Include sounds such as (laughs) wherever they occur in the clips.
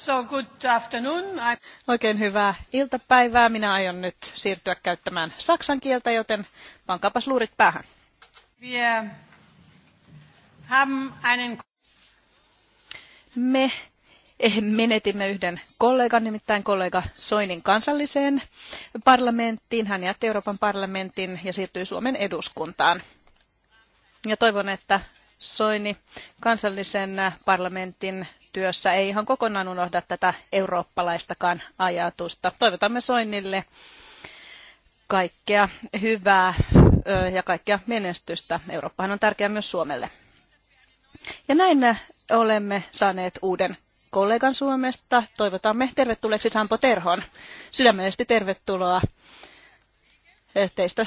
So good afternoon. I... Oikein hyvää iltapäivää. Minä aion nyt siirtyä käyttämään saksan kieltä, joten pankaapas luurit päähän. Wir haben einen... Me eh, menetimme yhden kollegan, nimittäin kollega Soinin kansalliseen parlamenttiin. Hän jätti Euroopan parlamentin ja siirtyi Suomen eduskuntaan. Ja toivon, että Soini kansallisen parlamentin työssä ei ihan kokonaan unohda tätä eurooppalaistakaan ajatusta. Toivotamme Soinnille kaikkea hyvää ja kaikkea menestystä. Eurooppahan on tärkeää myös Suomelle. Ja näin olemme saaneet uuden kollegan Suomesta. Toivotamme tervetulleeksi Sampo Terhon. Sydämellisesti tervetuloa. Teistä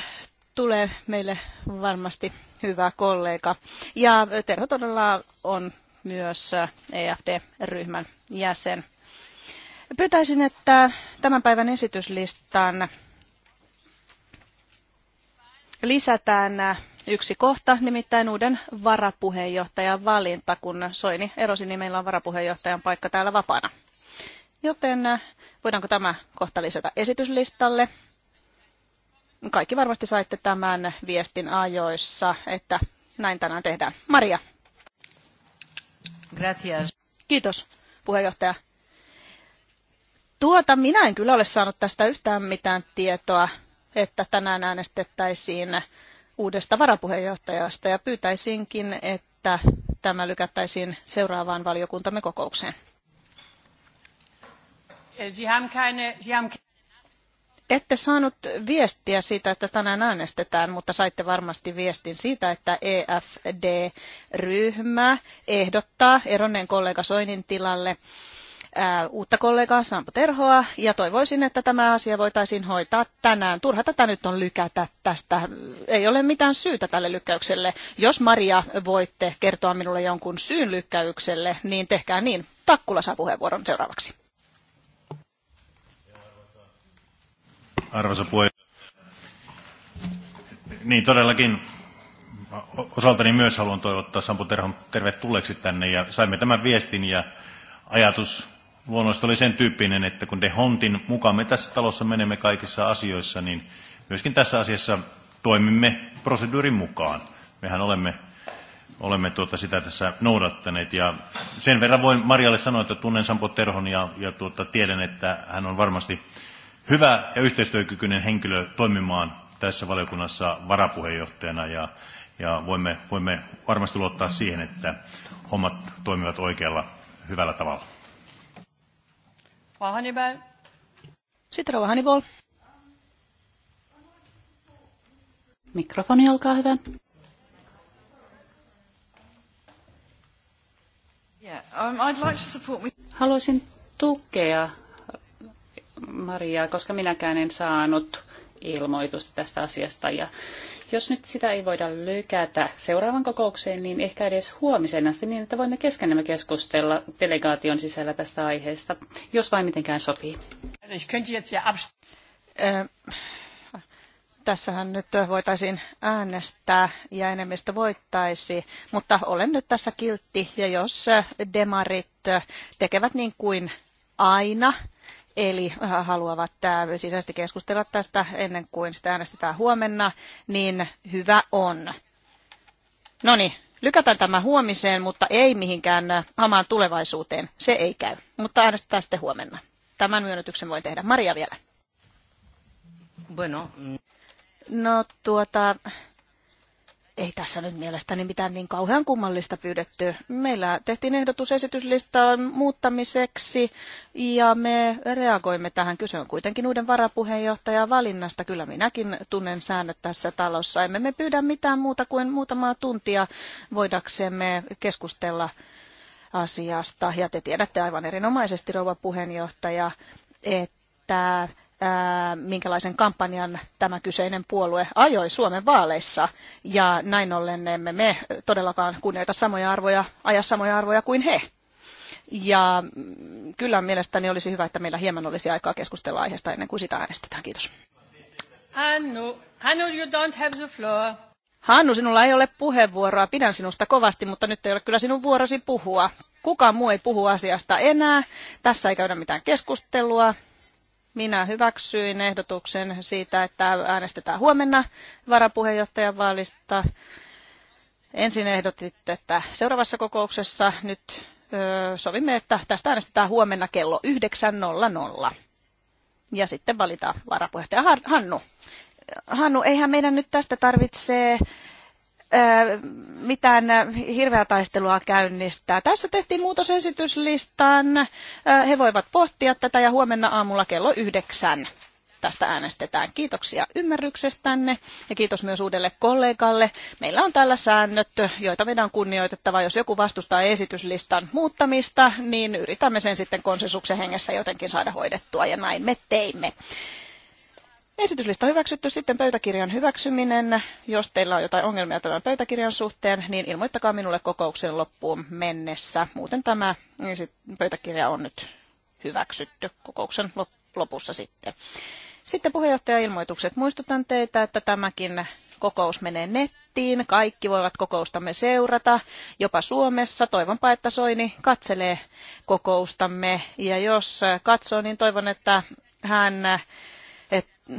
tulee meille varmasti hyvä kollega. Ja Terho todella on myös EFD-ryhmän jäsen. Pyytäisin, että tämän päivän esityslistan lisätään yksi kohta, nimittäin uuden varapuheenjohtajan valinta, kun Soini erosi, niin meillä on varapuheenjohtajan paikka täällä vapaana. Joten voidaanko tämä kohta lisätä esityslistalle? Kaikki varmasti saitte tämän viestin ajoissa, että näin tänään tehdään. Maria, Gracias. Kiitos, puheenjohtaja. Tuota, minä en kyllä ole saanut tästä yhtään mitään tietoa, että tänään äänestettäisiin uudesta varapuheenjohtajasta ja pyytäisinkin, että tämä lykättäisiin seuraavaan valiokuntamme kokoukseen. Eh, Sie haben keine, Sie haben... Ette saanut viestiä siitä, että tänään äänestetään, mutta saitte varmasti viestin siitä, että EFD-ryhmä ehdottaa eronneen kollega Soinin tilalle äh, uutta kollegaa Sampo Terhoa ja toivoisin, että tämä asia voitaisiin hoitaa tänään. Turha tätä nyt on lykätä tästä. Ei ole mitään syytä tälle lykkäykselle. Jos Maria voitte kertoa minulle jonkun syyn lykkäykselle, niin tehkää niin. Takkula saa puheenvuoron seuraavaksi. arvoisa puheenjohtaja. Niin todellakin osaltani myös haluan toivottaa Sampo Terhon tervetulleeksi tänne ja saimme tämän viestin ja ajatus luonnollisesti oli sen tyyppinen, että kun De Hontin mukaan me tässä talossa menemme kaikissa asioissa, niin myöskin tässä asiassa toimimme proseduurin mukaan. Mehän olemme, olemme tuota sitä tässä noudattaneet ja sen verran voin Marjalle sanoa, että tunnen Sampo Terhon ja, ja tuota, tiedän, että hän on varmasti hyvä ja yhteistyökykyinen henkilö toimimaan tässä valiokunnassa varapuheenjohtajana ja, ja voimme, voimme varmasti luottaa siihen, että hommat toimivat oikealla hyvällä tavalla. Hannibal. Sitten rouva Hannibal. Mikrofoni, olkaa hyvä. Um, Haluaisin tukea Mariaa, koska minäkään en saanut ilmoitusta tästä asiasta. Ja jos nyt sitä ei voida lykätä seuraavan kokoukseen, niin ehkä edes huomisen asti niin, että voimme keskenämme keskustella delegaation sisällä tästä aiheesta, jos vain mitenkään sopii. Äh, tässähän nyt voitaisiin äänestää ja enemmistö voittaisi, mutta olen nyt tässä kiltti ja jos demarit tekevät niin kuin aina. Eli äh, haluavat äh, sisäisesti keskustella tästä ennen kuin sitä äänestetään huomenna, niin hyvä on. No niin, lykätään tämä huomiseen, mutta ei mihinkään äh, hamaan tulevaisuuteen. Se ei käy, mutta äänestetään sitten huomenna. Tämän myönnytyksen voi tehdä. Maria vielä. Bueno. Mm. No tuota, ei tässä nyt mielestäni mitään niin kauhean kummallista pyydetty. Meillä tehtiin ehdotus esityslistan muuttamiseksi ja me reagoimme tähän. Kyse on kuitenkin uuden varapuheenjohtajan valinnasta. Kyllä minäkin tunnen säännöt tässä talossa. Emme me pyydä mitään muuta kuin muutamaa tuntia voidaksemme keskustella asiasta. Ja te tiedätte aivan erinomaisesti, rouva puheenjohtaja, että että minkälaisen kampanjan tämä kyseinen puolue ajoi Suomen vaaleissa. Ja näin ollen emme me todellakaan kunnioita samoja arvoja, aja samoja arvoja kuin he. Ja mm, kyllä mielestäni olisi hyvä, että meillä hieman olisi aikaa keskustella aiheesta ennen kuin sitä äänestetään. Kiitos. Hannu, Hannu, you don't have the floor. Hannu, sinulla ei ole puheenvuoroa. Pidän sinusta kovasti, mutta nyt ei ole kyllä sinun vuorosi puhua. Kukaan muu ei puhu asiasta enää. Tässä ei käydä mitään keskustelua. Minä hyväksyin ehdotuksen siitä, että äänestetään huomenna varapuheenjohtajan vaalista. Ensin ehdotit, että seuraavassa kokouksessa nyt sovimme, että tästä äänestetään huomenna kello 9.00. Ja sitten valitaan varapuheenjohtaja Hannu. Hannu, eihän meidän nyt tästä tarvitse Äh, mitään äh, hirveää taistelua käynnistää. Tässä tehtiin muutosesityslistaan. Äh, he voivat pohtia tätä ja huomenna aamulla kello yhdeksän tästä äänestetään. Kiitoksia ymmärryksestänne ja kiitos myös uudelle kollegalle. Meillä on täällä säännöt, joita meidän on kunnioitettava. Jos joku vastustaa esityslistan muuttamista, niin yritämme sen sitten konsensuksen hengessä jotenkin saada hoidettua ja näin me teimme. Esityslista hyväksytty, sitten pöytäkirjan hyväksyminen. Jos teillä on jotain ongelmia tämän pöytäkirjan suhteen, niin ilmoittakaa minulle kokouksen loppuun mennessä. Muuten tämä niin sit, pöytäkirja on nyt hyväksytty kokouksen lopussa sitten. Sitten puheenjohtajailmoitukset. Muistutan teitä, että tämäkin kokous menee nettiin. Kaikki voivat kokoustamme seurata, jopa Suomessa. Toivonpa, että Soini katselee kokoustamme. Ja jos katsoo, niin toivon, että hän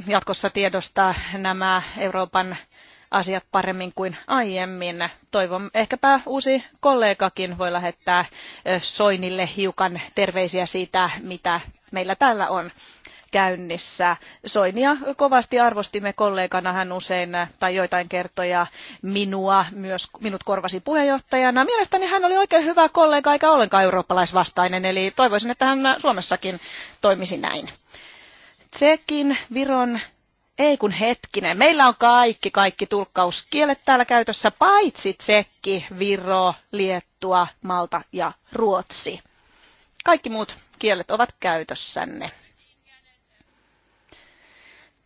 jatkossa tiedostaa nämä Euroopan asiat paremmin kuin aiemmin. Toivon, ehkäpä uusi kollegakin voi lähettää Soinille hiukan terveisiä siitä, mitä meillä täällä on käynnissä. Soinia kovasti arvostimme kollegana, hän usein tai joitain kertoja minua, myös minut korvasi puheenjohtajana. Mielestäni hän oli oikein hyvä kollega eikä ollenkaan eurooppalaisvastainen, eli toivoisin, että hän Suomessakin toimisi näin. Tsekin, Viron, ei kun hetkinen, meillä on kaikki, kaikki tulkkauskielet täällä käytössä, paitsi Tsekki, Viro, Liettua, Malta ja Ruotsi. Kaikki muut kielet ovat käytössänne.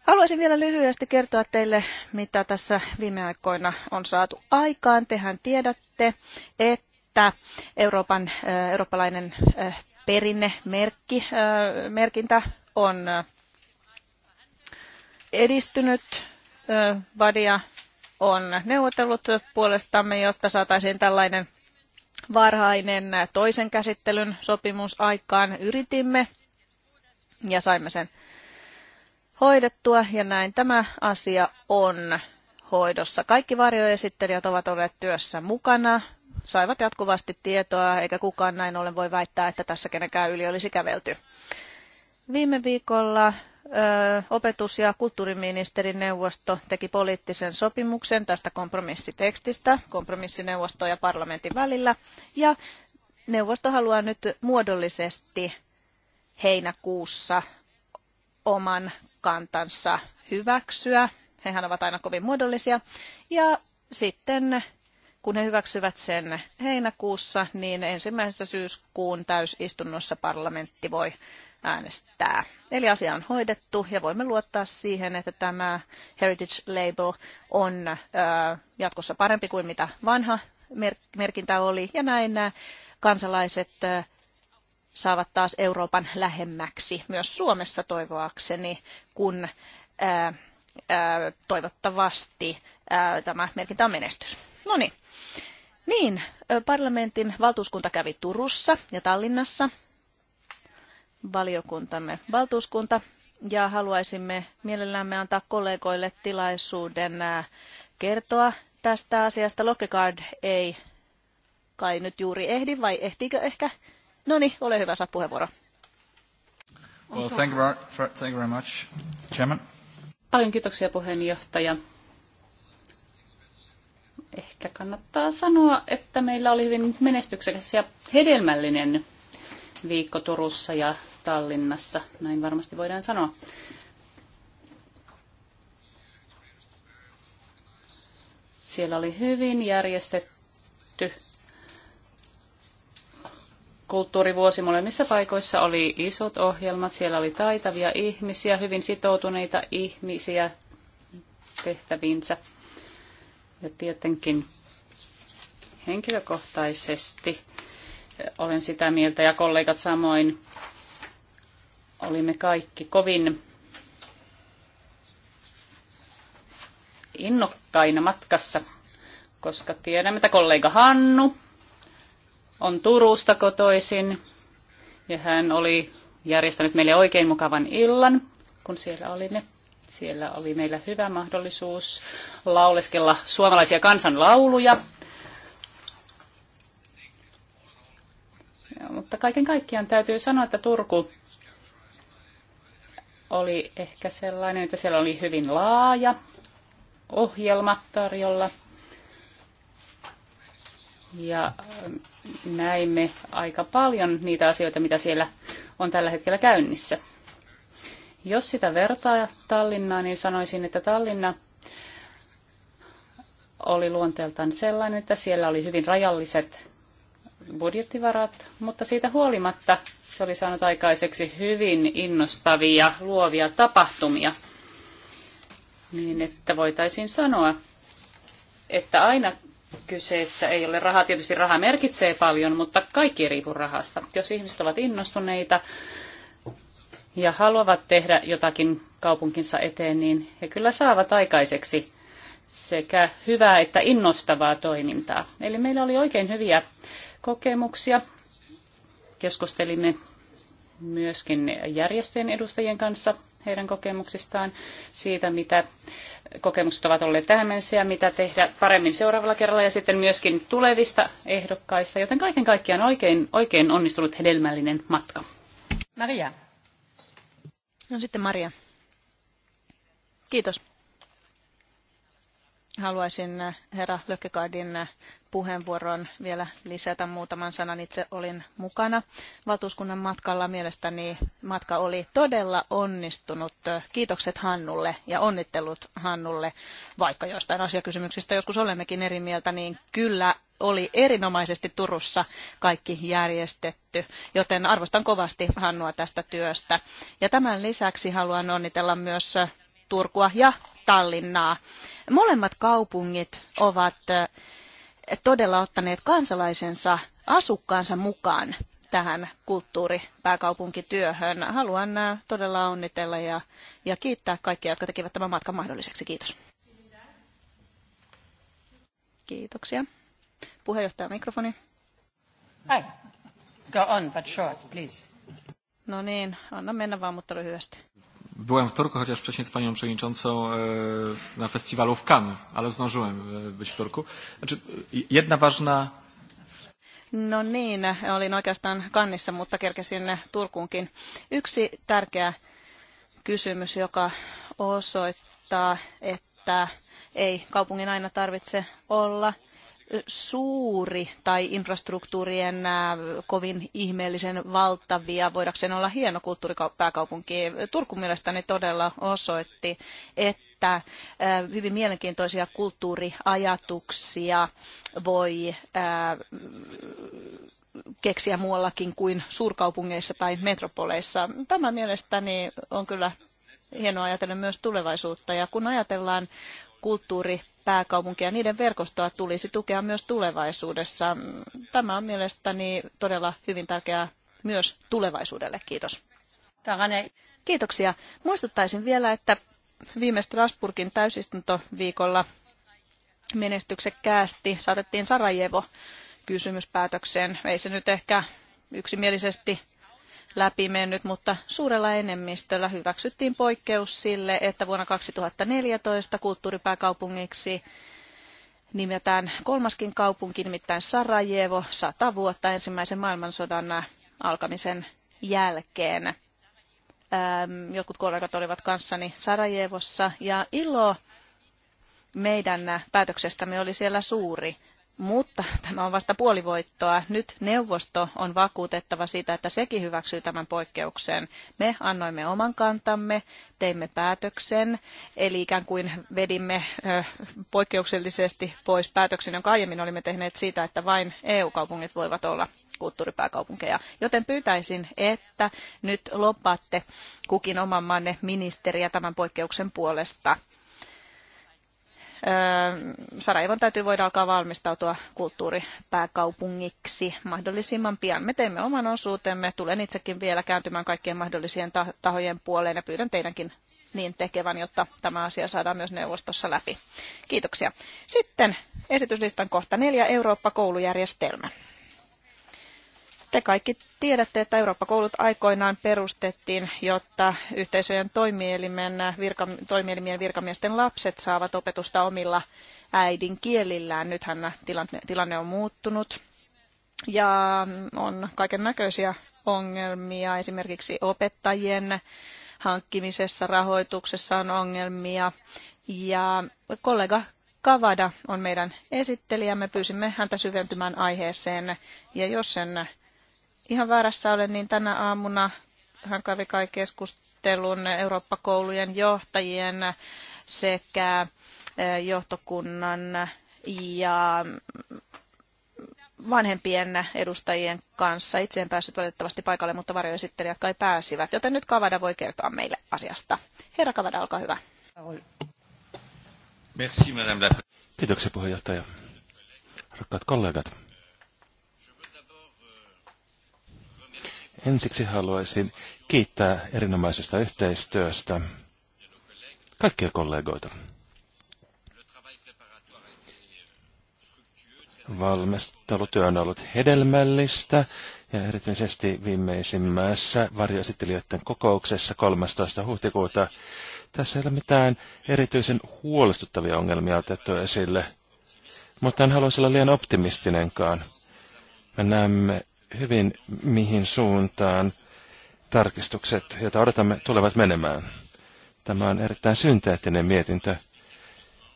Haluaisin vielä lyhyesti kertoa teille, mitä tässä viime aikoina on saatu aikaan. Tehän tiedätte, että Euroopan, äh, eurooppalainen äh, perinnemerkki, äh, merkintä on edistynyt. Vadia on neuvotellut puolestamme, jotta saataisiin tällainen varhainen toisen käsittelyn sopimus aikaan. Yritimme ja saimme sen hoidettua ja näin tämä asia on hoidossa. Kaikki varjoesittelijät ovat olleet työssä mukana, saivat jatkuvasti tietoa, eikä kukaan näin ollen voi väittää, että tässä kenenkään yli olisi kävelty. Viime viikolla opetus- ja kulttuuriministerineuvosto teki poliittisen sopimuksen tästä kompromissitekstistä kompromissineuvoston ja parlamentin välillä. Ja neuvosto haluaa nyt muodollisesti heinäkuussa oman kantansa hyväksyä. Hehän ovat aina kovin muodollisia. Ja sitten kun he hyväksyvät sen heinäkuussa, niin ensimmäisessä syyskuun täysistunnossa parlamentti voi äänestää. Eli asia on hoidettu ja voimme luottaa siihen, että tämä Heritage Label on jatkossa parempi kuin mitä vanha merkintä oli. Ja näin nämä kansalaiset saavat taas Euroopan lähemmäksi myös Suomessa toivoakseni, kun toivottavasti tämä merkintä on menestys. No niin. Niin, parlamentin valtuuskunta kävi Turussa ja Tallinnassa valiokuntamme valtuuskunta ja haluaisimme mielellämme antaa kollegoille tilaisuuden kertoa tästä asiasta. Lockegaard ei kai nyt juuri ehdi vai ehtiikö ehkä? No niin, ole hyvä, saat puheenvuoro. Well, thank you, very, thank you very much, Chairman. Paljon kiitoksia puheenjohtaja. Ehkä kannattaa sanoa, että meillä oli hyvin menestyksekäs ja hedelmällinen viikko Turussa ja Tallinnassa, näin varmasti voidaan sanoa. Siellä oli hyvin järjestetty kulttuurivuosi molemmissa paikoissa oli isot ohjelmat, siellä oli taitavia ihmisiä, hyvin sitoutuneita ihmisiä tehtäviinsä. Ja tietenkin henkilökohtaisesti olen sitä mieltä ja kollegat samoin olimme kaikki kovin innokkaina matkassa, koska tiedämme, että kollega Hannu on Turusta kotoisin ja hän oli järjestänyt meille oikein mukavan illan, kun siellä olimme. Siellä oli meillä hyvä mahdollisuus lauleskella suomalaisia kansanlauluja Mutta kaiken kaikkiaan täytyy sanoa, että Turku oli ehkä sellainen, että siellä oli hyvin laaja ohjelma tarjolla. Ja ähm, näimme aika paljon niitä asioita, mitä siellä on tällä hetkellä käynnissä. Jos sitä vertaa Tallinnaan, niin sanoisin, että Tallinna oli luonteeltaan sellainen, että siellä oli hyvin rajalliset budjettivarat, mutta siitä huolimatta se oli saanut aikaiseksi hyvin innostavia, luovia tapahtumia. Niin, että voitaisiin sanoa, että aina kyseessä ei ole raha. Tietysti raha merkitsee paljon, mutta kaikki ei riipu rahasta. Jos ihmiset ovat innostuneita ja haluavat tehdä jotakin kaupunkinsa eteen, niin he kyllä saavat aikaiseksi sekä hyvää että innostavaa toimintaa. Eli meillä oli oikein hyviä kokemuksia. Keskustelimme myöskin järjestöjen edustajien kanssa heidän kokemuksistaan siitä, mitä kokemukset ovat olleet tähän mennessä ja mitä tehdä paremmin seuraavalla kerralla ja sitten myöskin tulevista ehdokkaista, joten kaiken kaikkiaan oikein, oikein onnistunut hedelmällinen matka. Maria. No sitten Maria. Kiitos. Haluaisin eh, herra Lökkekaidin eh, puheenvuoroon vielä lisätä muutaman sanan. Itse olin mukana valtuuskunnan matkalla. Mielestäni matka oli todella onnistunut. Kiitokset Hannulle ja onnittelut Hannulle, vaikka jostain asiakysymyksistä joskus olemmekin eri mieltä, niin kyllä oli erinomaisesti Turussa kaikki järjestetty, joten arvostan kovasti Hannua tästä työstä. Ja tämän lisäksi haluan onnitella myös Turkua ja Tallinnaa. Molemmat kaupungit ovat todella ottaneet kansalaisensa, asukkaansa mukaan tähän kulttuuripääkaupunkityöhön. Haluan äh, todella onnitella ja, ja kiittää kaikkia, jotka tekivät tämän matkan mahdolliseksi. Kiitos. Kiitoksia. Puheenjohtaja mikrofoni. Hi. Go on, but short, please. No niin, anna mennä vaan, mutta lyhyesti. Byłem w Turku, chociaż wcześniej z panią przewodniczącą e, na festiwalu w Cannes, ale zdążyłem e, być w Turku. Znaczy, e, jedna ważna... No niin, olin oikeastaan kannissa, mutta kerkesin Turkuunkin. Yksi tärkeä kysymys, joka osoittaa, että ei kaupungin aina tarvitse olla suuri tai infrastruktuurien kovin ihmeellisen valtavia, voidakseen olla hieno kulttuuripääkaupunki. Turku mielestäni todella osoitti, että hyvin mielenkiintoisia kulttuuriajatuksia voi keksiä muuallakin kuin suurkaupungeissa tai metropoleissa. Tämä mielestäni on kyllä hienoa ajatella myös tulevaisuutta. Ja kun ajatellaan kulttuuri ja niiden verkostoa tulisi tukea myös tulevaisuudessa. Tämä on mielestäni todella hyvin tärkeää myös tulevaisuudelle. Kiitos. Kiitoksia. Muistuttaisin vielä, että viime Strasburgin täysistuntoviikolla menestyksekkäästi saatettiin Sarajevo kysymyspäätökseen. Ei se nyt ehkä yksimielisesti läpi mennyt, mutta suurella enemmistöllä hyväksyttiin poikkeus sille, että vuonna 2014 kulttuuripääkaupungiksi nimetään kolmaskin kaupunki, nimittäin Sarajevo, sata vuotta ensimmäisen maailmansodan alkamisen jälkeen. Jotkut kollegat olivat kanssani Sarajevossa ja ilo meidän päätöksestämme oli siellä suuri mutta tämä on vasta puolivoittoa. Nyt neuvosto on vakuutettava siitä, että sekin hyväksyy tämän poikkeuksen. Me annoimme oman kantamme, teimme päätöksen, eli ikään kuin vedimme poikkeuksellisesti pois päätöksen, jonka aiemmin olimme tehneet siitä, että vain EU-kaupungit voivat olla kulttuuripääkaupunkeja. Joten pyytäisin, että nyt lopatte kukin oman maanne ministeriä tämän poikkeuksen puolesta. Öö, Sarajevon täytyy voida alkaa valmistautua kulttuuripääkaupungiksi mahdollisimman pian. Me teemme oman osuutemme. Tulen itsekin vielä kääntymään kaikkien mahdollisien tahojen puoleen ja pyydän teidänkin niin tekevän, jotta tämä asia saadaan myös neuvostossa läpi. Kiitoksia. Sitten esityslistan kohta neljä Eurooppa-koulujärjestelmä. Te kaikki tiedätte, että Eurooppa-koulut aikoinaan perustettiin, jotta yhteisöjen toimielimen, virka, toimielimien virkamiesten lapset saavat opetusta omilla äidinkielillään. Nythän tilanne, tilanne on muuttunut ja on kaiken näköisiä ongelmia, esimerkiksi opettajien hankkimisessa, rahoituksessa on ongelmia. Ja kollega Kavada on meidän esittelijämme. Pyysimme häntä syventymään aiheeseen ja jos sen ihan väärässä olen, niin tänä aamuna hän kävi kai keskustelun Eurooppa-koulujen johtajien sekä e, johtokunnan ja vanhempien edustajien kanssa. Itse en päässyt valitettavasti paikalle, mutta varjoesittelijät kai pääsivät, joten nyt Kavada voi kertoa meille asiasta. Herra Kavada, olkaa hyvä. Merci, madame Kiitoksia puheenjohtaja. Rakkaat kollegat. Ensiksi haluaisin kiittää erinomaisesta yhteistyöstä kaikkia kollegoita. Valmistelutyö on ollut hedelmällistä ja erityisesti viimeisimmässä varjoesittelijöiden kokouksessa 13. huhtikuuta. Tässä ei ole mitään erityisen huolestuttavia ongelmia otettu esille, mutta en haluaisi olla liian optimistinenkaan. Me näemme hyvin, mihin suuntaan tarkistukset, joita odotamme, tulevat menemään. Tämä on erittäin synteettinen mietintö,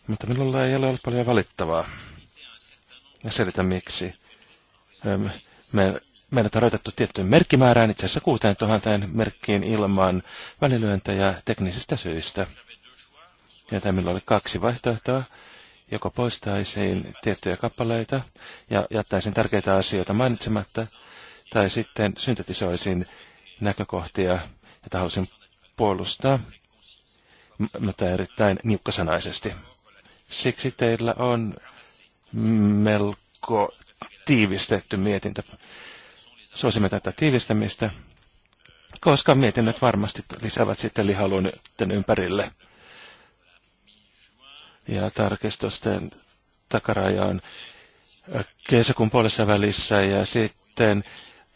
mutta minulla ei ole ollut paljon valittavaa. Ja selitän miksi. Me, meillä on rajoitettu tiettyyn merkkimäärään, itse asiassa 6000 merkkiin ilman välilyöntejä teknisistä syistä. Ja tämä oli kaksi vaihtoehtoa. Joko poistaisin tiettyjä kappaleita ja jättäisin tärkeitä asioita mainitsematta – tai sitten syntetisoisin näkökohtia, joita halusin puolustaa, mutta erittäin niukkasanaisesti. Siksi teillä on melko tiivistetty mietintö. Suosimme tätä tiivistämistä, koska mietinnöt varmasti lisäävät sitten lihaluun ympärille. Ja tarkistusten takarajaan kesäkuun puolessa välissä ja sitten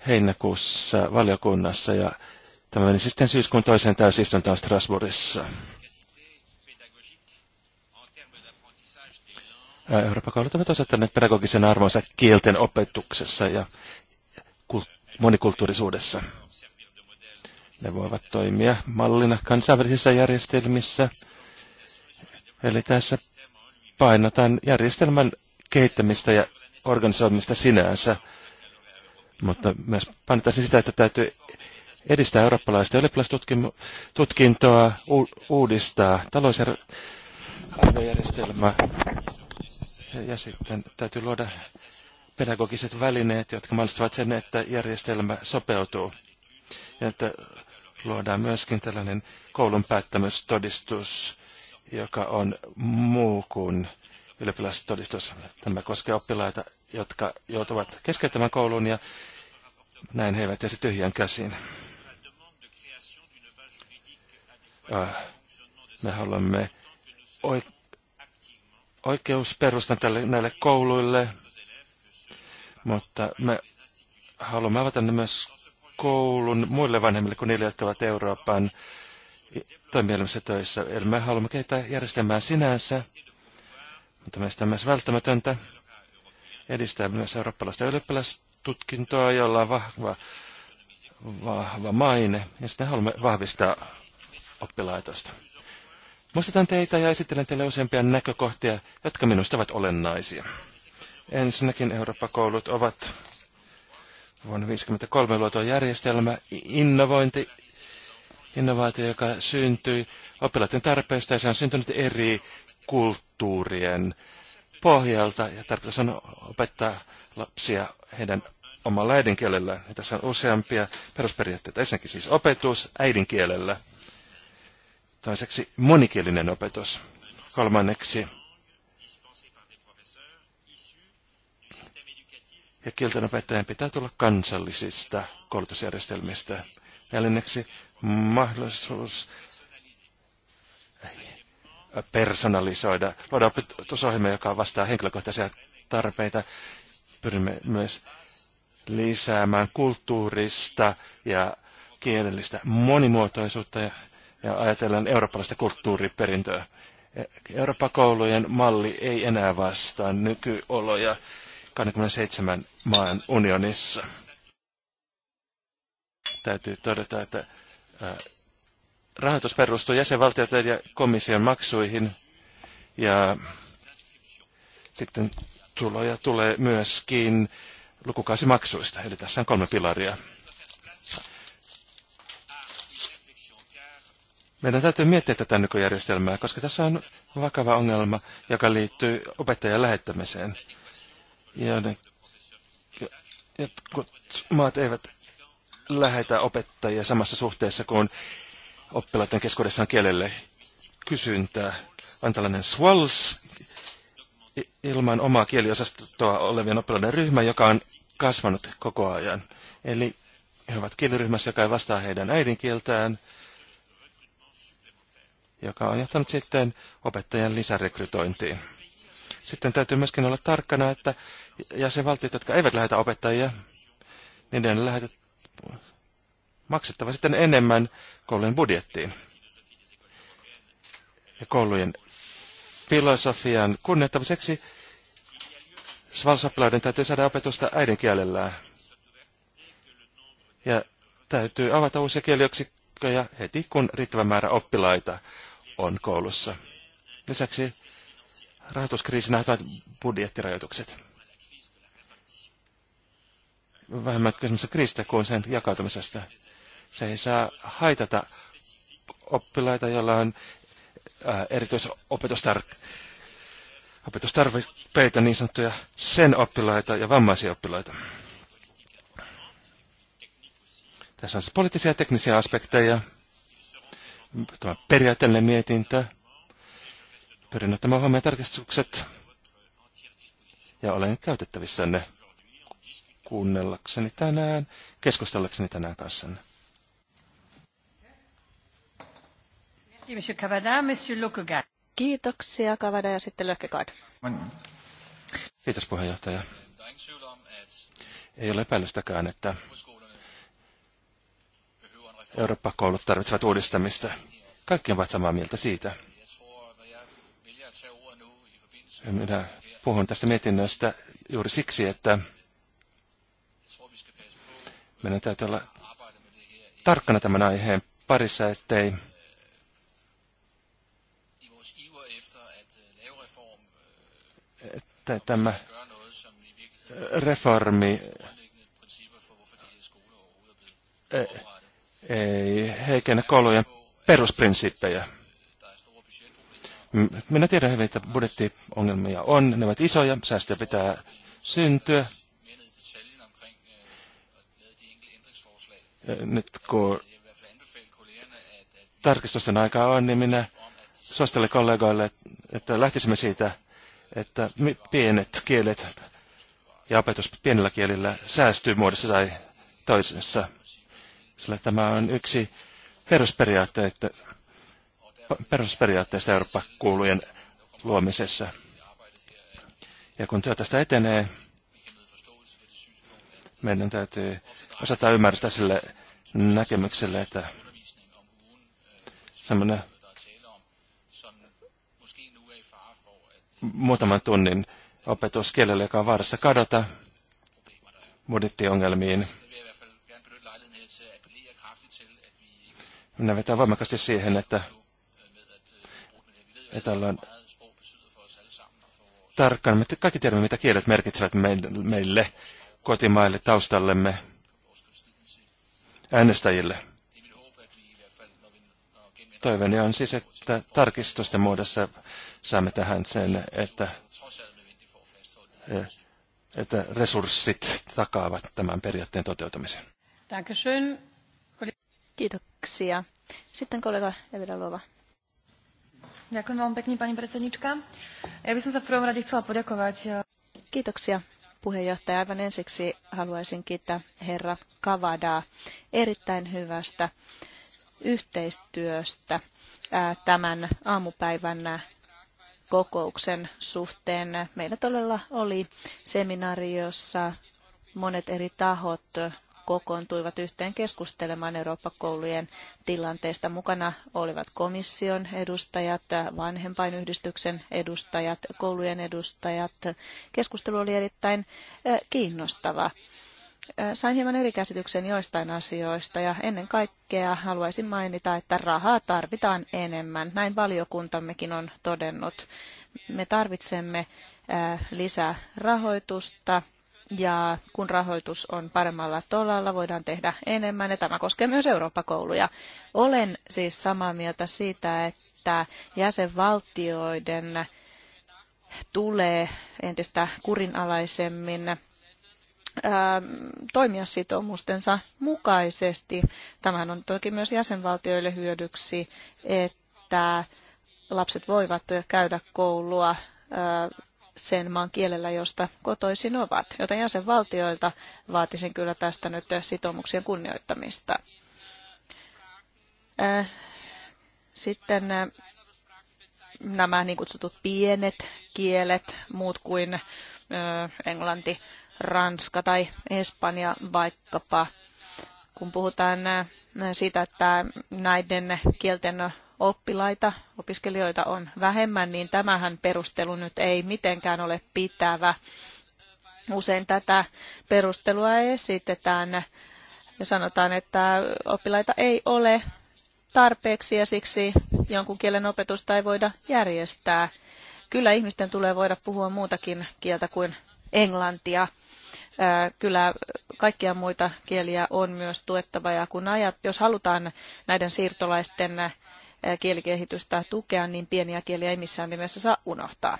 heinäkuussa valiokunnassa ja tämä meni sitten syyskuun toiseen täysistuntoon Strasbourgissa. Euroopan koulut ovat osoittaneet pedagogisen arvonsa kielten opetuksessa ja monikulttuurisuudessa. Ne voivat toimia mallina kansainvälisissä järjestelmissä. Eli tässä painotan järjestelmän kehittämistä ja organisoimista sinänsä, mutta myös painottaisin sitä, että täytyy edistää eurooppalaista ylioppilastutkintoa, u- uudistaa talous- ja ja sitten täytyy luoda pedagogiset välineet, jotka mahdollistavat sen, että järjestelmä sopeutuu. Ja että luodaan myöskin tällainen koulun päättämystodistus, joka on muu kuin ylioppilastodistus. Tämä koskee oppilaita jotka joutuvat keskeyttämään koulun ja näin he eivät jäisi tyhjän käsiin. Äh, me haluamme oikeusperustan tälle, näille kouluille, mutta me haluamme avata ne myös koulun muille vanhemmille kuin niille, jotka ovat Euroopan toimielimissä töissä. Eli me haluamme kehittää järjestelmää sinänsä, mutta meistä on myös välttämätöntä, edistää myös eurooppalaista ylioppilastutkintoa, jolla on vahva, vahva maine, ja sitten haluamme vahvistaa oppilaitosta. Muistutan teitä ja esittelen teille useampia näkökohtia, jotka minusta ovat olennaisia. Ensinnäkin Eurooppa-koulut ovat vuonna 1953 luotu järjestelmä, innovointi, innovaatio, joka syntyi oppilaiden tarpeesta ja se on syntynyt eri kulttuurien pohjalta ja tarkoitus on opettaa lapsia heidän omalla äidinkielellään. Ja tässä on useampia perusperiaatteita. Ensinnäkin siis opetus äidinkielellä. Toiseksi monikielinen opetus. Kolmanneksi ja kieltenopettajan pitää tulla kansallisista koulutusjärjestelmistä. Neljänneksi mahdollisuus personalisoida, luoda opetusohjelma, joka vastaa henkilökohtaisia tarpeita. Pyrimme myös lisäämään kulttuurista ja kielellistä monimuotoisuutta ja, ja ajatellaan eurooppalaista kulttuuriperintöä. Euroopan koulujen malli ei enää vastaa nykyoloja 27 maan unionissa. Täytyy todeta, että rahoitus perustuu jäsenvaltioiden ja komission maksuihin ja sitten tuloja tulee myöskin lukukausimaksuista. Eli tässä on kolme pilaria. Meidän täytyy miettiä tätä nykyjärjestelmää, koska tässä on vakava ongelma, joka liittyy opettajan lähettämiseen. Ja ne, jotkut maat eivät lähetä opettajia samassa suhteessa kuin oppilaiden keskuudessaan kielelle kysyntää. On tällainen SWALS, ilman omaa kieliosastoa olevien oppilaiden ryhmä, joka on kasvanut koko ajan. Eli he ovat kieliryhmässä, joka ei vastaa heidän äidinkieltään, joka on johtanut sitten opettajan lisärekrytointiin. Sitten täytyy myöskin olla tarkkana, että jäsenvaltiot, jotka eivät lähetä opettajia, niiden lähetet, maksettava sitten enemmän koulujen budjettiin. Ja koulujen filosofian kunnioittamiseksi svalsoppilaiden täytyy saada opetusta äidinkielellään. Ja täytyy avata uusia kieliyksikköjä heti, kun riittävä määrä oppilaita on koulussa. Lisäksi rahoituskriisi nähtävät budjettirajoitukset. Vähemmän kysymys kriisistä kuin sen jakautumisesta. Se ei saa haitata oppilaita, joilla on äh, erityisopetustarpeita, niin sanottuja sen oppilaita ja vammaisia oppilaita. Tässä on siis poliittisia ja teknisiä aspekteja. Tämä periaatteellinen mietintö. Pyrin ottamaan huomioon tarkistukset. Ja olen käytettävissänne kuunnellakseni tänään, keskustellakseni tänään kanssanne. Kiitoksia Kavada ja sitten Lökkekard. Kiitos puheenjohtaja. Ei ole epäilystäkään, että Eurooppa-koulut tarvitsevat uudistamista. Kaikki ovat samaa mieltä siitä. Minä puhun tästä mietinnöstä juuri siksi, että meidän täytyy olla tarkkana tämän aiheen parissa, ettei tämä reformi e, ei heikennä koulujen perusprinsiippejä. Minä tiedän hyvin, että budjettiongelmia on, ne ovat isoja, säästöjä pitää syntyä. E, nyt kun tarkistusten aikaa on, niin minä suosittelen kollegoille, että lähtisimme siitä että pienet kielet ja opetus pienillä kielillä säästyy muodossa tai toisessa. Sillä tämä on yksi perusperiaatteista, perusperiaatteista Eurooppa-kuulujen luomisessa. Ja kun työ tästä etenee, meidän täytyy osata ymmärtää sille näkemykselle, että semmoinen muutaman tunnin opetus kielellä, joka on vaarassa kadota budjettiongelmiin. Minä vetän voimakkaasti siihen, että, että ollaan tarkkaan. Me kaikki tiedämme, mitä kielet merkitsevät meille, kotimaille, taustallemme, äänestäjille. Toiveeni on siis, että tarkistusten muodossa saamme tähän sen, että, että resurssit takaavat tämän periaatteen toteutumisen. Kiitoksia. Sitten kollega Evira Luova. Ďakujem veľmi pekne, pani predsednička. Ja by som sa v prvom rade chcela poďakovať. Eh, Kiitoksia, puheenjohtaja. Aivan ensiksi haluaisin kiittää herra Kavadaa erittäin hyvästä yhteistyöstä tämän aamupäivän kokouksen suhteen. Meillä todella oli seminaari, jossa monet eri tahot kokoontuivat yhteen keskustelemaan Eurooppa-koulujen tilanteesta. Mukana olivat komission edustajat, vanhempainyhdistyksen edustajat, koulujen edustajat. Keskustelu oli erittäin kiinnostava sain hieman eri käsityksen joistain asioista ja ennen kaikkea haluaisin mainita, että rahaa tarvitaan enemmän. Näin valiokuntammekin on todennut. Me tarvitsemme lisää rahoitusta ja kun rahoitus on paremmalla tolalla, voidaan tehdä enemmän ja tämä koskee myös Eurooppa-kouluja. Olen siis samaa mieltä siitä, että jäsenvaltioiden tulee entistä kurinalaisemmin toimia sitoumustensa mukaisesti. Tämähän on toki myös jäsenvaltioille hyödyksi, että lapset voivat käydä koulua sen maan kielellä, josta kotoisin ovat. Joten jäsenvaltioilta vaatisin kyllä tästä nyt sitoumuksien kunnioittamista. Sitten nämä niin kutsutut pienet kielet, muut kuin englanti, Ranska tai Espanja vaikkapa, kun puhutaan äh, siitä, että näiden kielten oppilaita, opiskelijoita on vähemmän, niin tämähän perustelu nyt ei mitenkään ole pitävä. Usein tätä perustelua esitetään ja sanotaan, että oppilaita ei ole tarpeeksi ja siksi jonkun kielen opetusta ei voida järjestää. Kyllä ihmisten tulee voida puhua muutakin kieltä kuin englantia kyllä kaikkia muita kieliä on myös tuettava ja kun ajat, jos halutaan näiden siirtolaisten kielikehitystä tukea, niin pieniä kieliä ei missään nimessä saa unohtaa.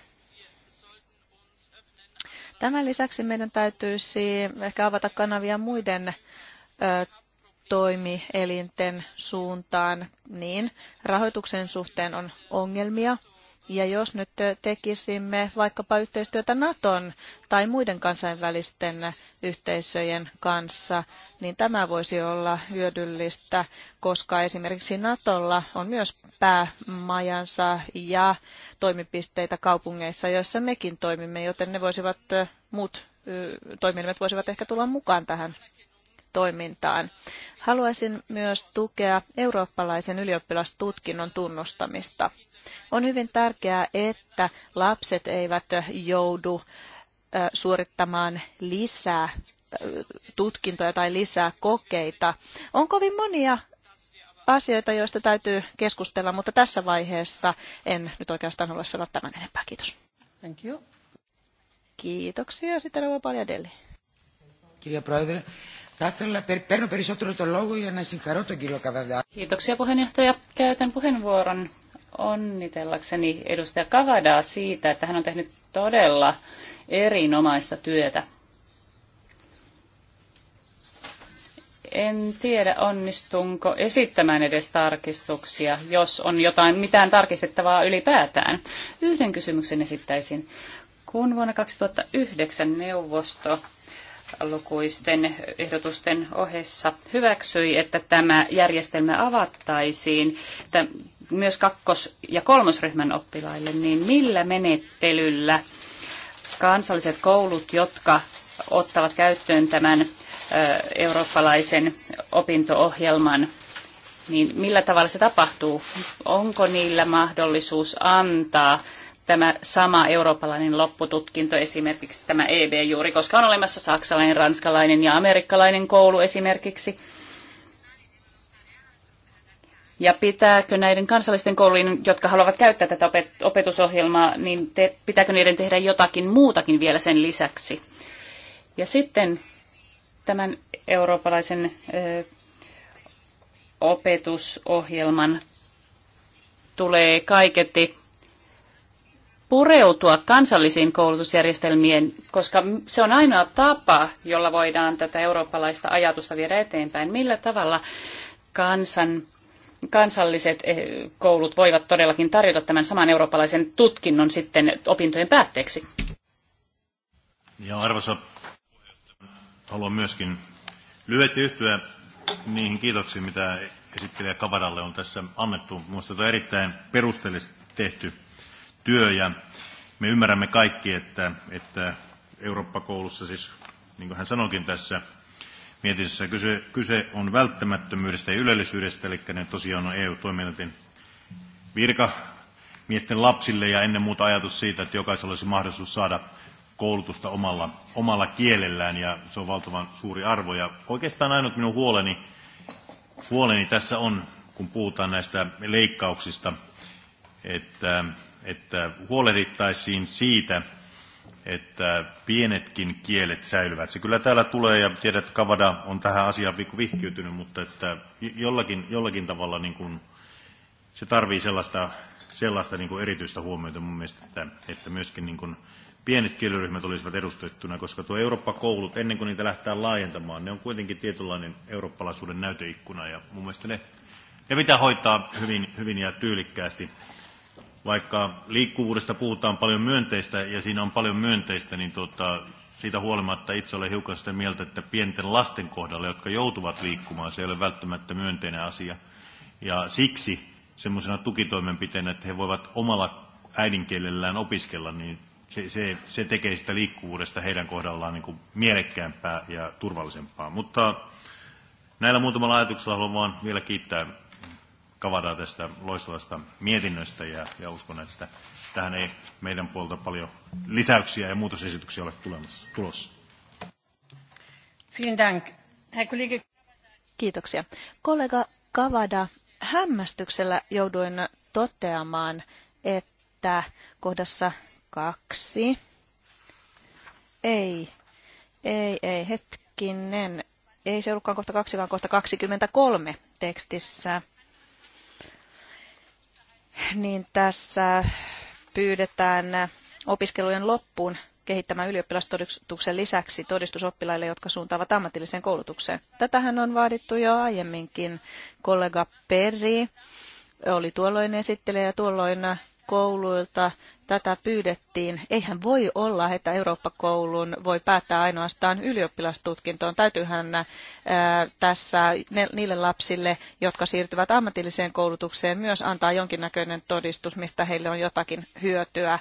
Tämän lisäksi meidän täytyisi ehkä avata kanavia muiden toimielinten suuntaan, niin rahoituksen suhteen on ongelmia, ja jos nyt tekisimme vaikkapa yhteistyötä Naton tai muiden kansainvälisten yhteisöjen kanssa, niin tämä voisi olla hyödyllistä, koska esimerkiksi Natolla on myös päämajansa ja toimipisteitä kaupungeissa, joissa mekin toimimme, joten ne voisivat muut toimielimet voisivat ehkä tulla mukaan tähän toimintaan. Haluaisin myös tukea eurooppalaisen ylioppilastutkinnon tunnustamista. On hyvin tärkeää, että lapset eivät joudu suorittamaan lisää tutkintoja tai lisää kokeita. On kovin monia asioita, joista täytyy keskustella, mutta tässä vaiheessa en nyt oikeastaan halua sanoa tämän enempää. Kiitos. Thank you. Kiitoksia. Sitten rouva Paljadelli. Kirja Proedre. Θα ήθελα, παίρνω περισσότερο το λόγο για να συγχαρώ τον κύριο Καβαδά. Kiitoksia puheenjohtaja. Käytän puheenvuoron onnitellakseni edustaja Kavadaa siitä, että hän on tehnyt todella erinomaista työtä. En tiedä, onnistunko esittämään edes tarkistuksia, jos on jotain mitään tarkistettavaa ylipäätään. Yhden kysymyksen esittäisin. Kun vuonna 2009 neuvosto lukuisten ehdotusten ohessa hyväksyi, että tämä järjestelmä avattaisiin myös kakkos- ja kolmosryhmän oppilaille, niin millä menettelyllä kansalliset koulut, jotka ottavat käyttöön tämän eurooppalaisen opinto-ohjelman, niin millä tavalla se tapahtuu? Onko niillä mahdollisuus antaa tämä sama eurooppalainen loppututkinto, esimerkiksi tämä EB juuri, koska on olemassa saksalainen, ranskalainen ja amerikkalainen koulu esimerkiksi. Ja pitääkö näiden kansallisten koulujen, jotka haluavat käyttää tätä opetusohjelmaa, niin te, pitääkö niiden tehdä jotakin muutakin vielä sen lisäksi? Ja sitten tämän eurooppalaisen ö, opetusohjelman tulee kaiketi pureutua kansallisiin koulutusjärjestelmiin, koska se on ainoa tapa, jolla voidaan tätä eurooppalaista ajatusta viedä eteenpäin. Millä tavalla kansan, kansalliset eh, koulut voivat todellakin tarjota tämän saman eurooppalaisen tutkinnon sitten opintojen päätteeksi? Ja arvoisa haluan myöskin lyhyesti yhtyä niihin kiitoksiin, mitä esittelijä Kavadalle on tässä annettu. Minusta on erittäin perusteellisesti tehty työ ja me ymmärrämme kaikki, että, että Eurooppa-koulussa siis, niin kuin hän sanoikin tässä mietinnössä, kyse, kyse on välttämättömyydestä ja ylellisyydestä, eli ne tosiaan on eu toiminnan virka miesten lapsille ja ennen muuta ajatus siitä, että jokaisella olisi mahdollisuus saada koulutusta omalla, omalla kielellään ja se on valtavan suuri arvo. Ja oikeastaan ainut minun huoleni, huoleni tässä on, kun puhutaan näistä leikkauksista, että että huolehdittaisiin siitä, että pienetkin kielet säilyvät. Se kyllä täällä tulee, ja tiedät, että Kavada on tähän asiaan vihkiytynyt, mutta että jollakin, jollakin tavalla niin kuin, se tarvii sellaista, sellaista niin kuin erityistä huomiota mun mielestä, että, että myöskin niin kuin, pienet kieliryhmät olisivat edustettuna, koska tuo Eurooppa-koulut, ennen kuin niitä lähtee laajentamaan, ne on kuitenkin tietynlainen eurooppalaisuuden näyteikkuna, ja mun mielestä ne, ne pitää hoitaa hyvin, hyvin ja tyylikkäästi vaikka liikkuvuudesta puhutaan paljon myönteistä ja siinä on paljon myönteistä, niin tuota, siitä huolimatta itse olen hiukan sitä mieltä, että pienten lasten kohdalla, jotka joutuvat liikkumaan, se ei ole välttämättä myönteinen asia. Ja siksi semmoisena tukitoimenpiteenä, että he voivat omalla äidinkielellään opiskella, niin se, se, se tekee sitä liikkuvuudesta heidän kohdallaan niin kuin mielekkäämpää ja turvallisempaa. Mutta näillä muutamalla ajatuksella haluan vaan vielä kiittää Kavadaa tästä loistavasta mietinnöstä ja, ja uskon, että tähän ei meidän puolta paljon lisäyksiä ja muutosesityksiä ole tulemassa, tulossa. Kiitoksia. Kollega Kavada, hämmästyksellä jouduin toteamaan, että kohdassa kaksi. Ei, ei, ei, hetkinen. Ei se ollutkaan kohta kaksi, vaan kohta 23 tekstissä niin tässä pyydetään opiskelujen loppuun kehittämään ylioppilastodistuksen lisäksi todistusoppilaille, jotka suuntaavat ammatilliseen koulutukseen. Tätähän on vaadittu jo aiemminkin. Kollega Perri oli tuolloin esittelijä ja tuolloin kouluilta tätä pyydettiin. Eihän voi olla, että Eurooppa-koulun voi päättää ainoastaan ylioppilastutkintoon. Täytyyhän ää, äh, tässä ne, niille lapsille, jotka siirtyvät ammatilliseen koulutukseen, myös antaa jonkinnäköinen todistus, mistä heille on jotakin hyötyä. Ää,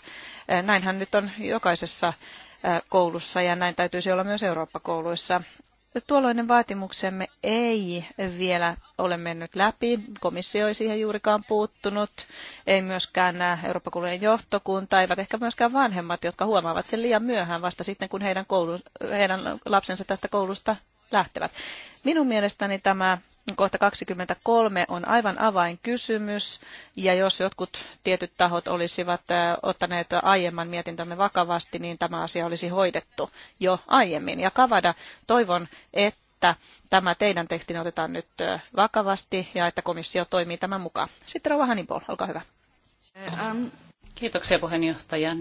äh, näinhän nyt on jokaisessa äh, koulussa ja näin täytyisi olla myös Eurooppa-kouluissa. Tuolloinen vaatimuksemme ei vielä ole mennyt läpi. Komissio ei siihen juurikaan puuttunut. Ei myöskään nämä Euroopan johtokunta, eivät ehkä myöskään vanhemmat, jotka huomaavat sen liian myöhään vasta sitten, kun heidän, koulu, heidän lapsensa tästä koulusta lähtevät. Minun mielestäni tämä kohta 23 on aivan avainkysymys, ja jos jotkut tietyt tahot olisivat ottaneet aiemman mietintömme vakavasti, niin tämä asia olisi hoidettu jo aiemmin. Ja Kavada, toivon, että tämä teidän tekstin otetaan nyt vakavasti ja että komissio toimii tämän mukaan. Sitten Rova Hannibal, olkaa hyvä. Kiitoksia puheenjohtaja.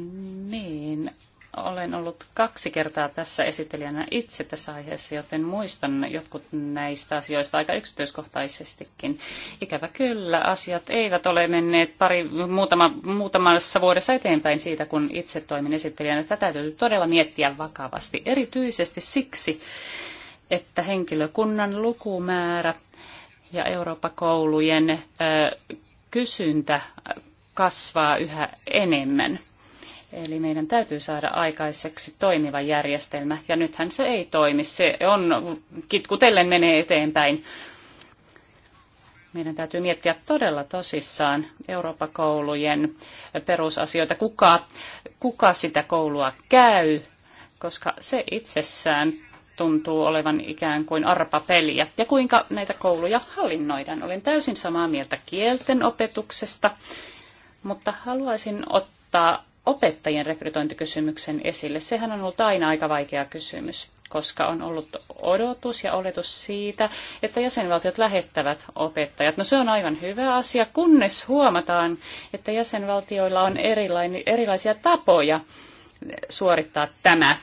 Niin, olen ollut kaksi kertaa tässä esittelijänä itse tässä aiheessa, joten muistan jotkut näistä asioista aika yksityiskohtaisestikin. Ikävä kyllä, asiat eivät ole menneet pari, muutama, muutamassa vuodessa eteenpäin siitä, kun itse toimin esittelijänä. Tätä täytyy todella miettiä vakavasti, erityisesti siksi, että henkilökunnan lukumäärä ja Eurooppa-koulujen kysyntä kasvaa yhä enemmän. Eli meidän täytyy saada aikaiseksi toimiva järjestelmä, ja nythän se ei toimi. Se on, kitkutellen menee eteenpäin. Meidän täytyy miettiä todella tosissaan Euroopakoulujen perusasioita, kuka, kuka sitä koulua käy, koska se itsessään tuntuu olevan ikään kuin arpapeliä. Ja kuinka näitä kouluja hallinnoidaan. Olen täysin samaa mieltä kielten opetuksesta, mutta haluaisin ottaa opettajien rekrytointikysymyksen esille. Sehän on ollut aina aika vaikea kysymys, koska on ollut odotus ja oletus siitä, että jäsenvaltiot lähettävät opettajat. No se on aivan hyvä asia, kunnes huomataan, että jäsenvaltioilla on erilaisia tapoja suorittaa tämä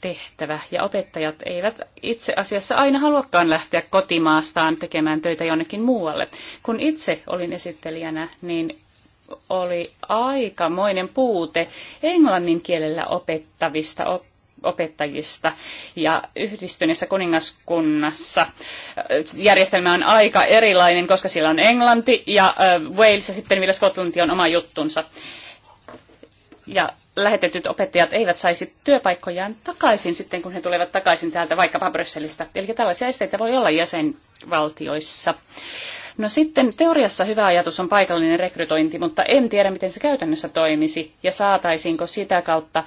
tehtävä. Ja opettajat eivät itse asiassa aina haluakaan lähteä kotimaastaan tekemään töitä jonnekin muualle. Kun itse olin esittelijänä, niin oli aikamoinen puute englannin kielellä opettavista op- opettajista. Ja yhdistyneessä kuningaskunnassa järjestelmä on aika erilainen, koska siellä on englanti ja Wales ja sitten vielä Skotlanti on oma juttunsa. Ja lähetetyt opettajat eivät saisi työpaikkojaan takaisin sitten, kun he tulevat takaisin täältä vaikkapa Brysselistä. Eli tällaisia esteitä voi olla jäsenvaltioissa. No sitten teoriassa hyvä ajatus on paikallinen rekrytointi, mutta en tiedä, miten se käytännössä toimisi ja saataisiinko sitä kautta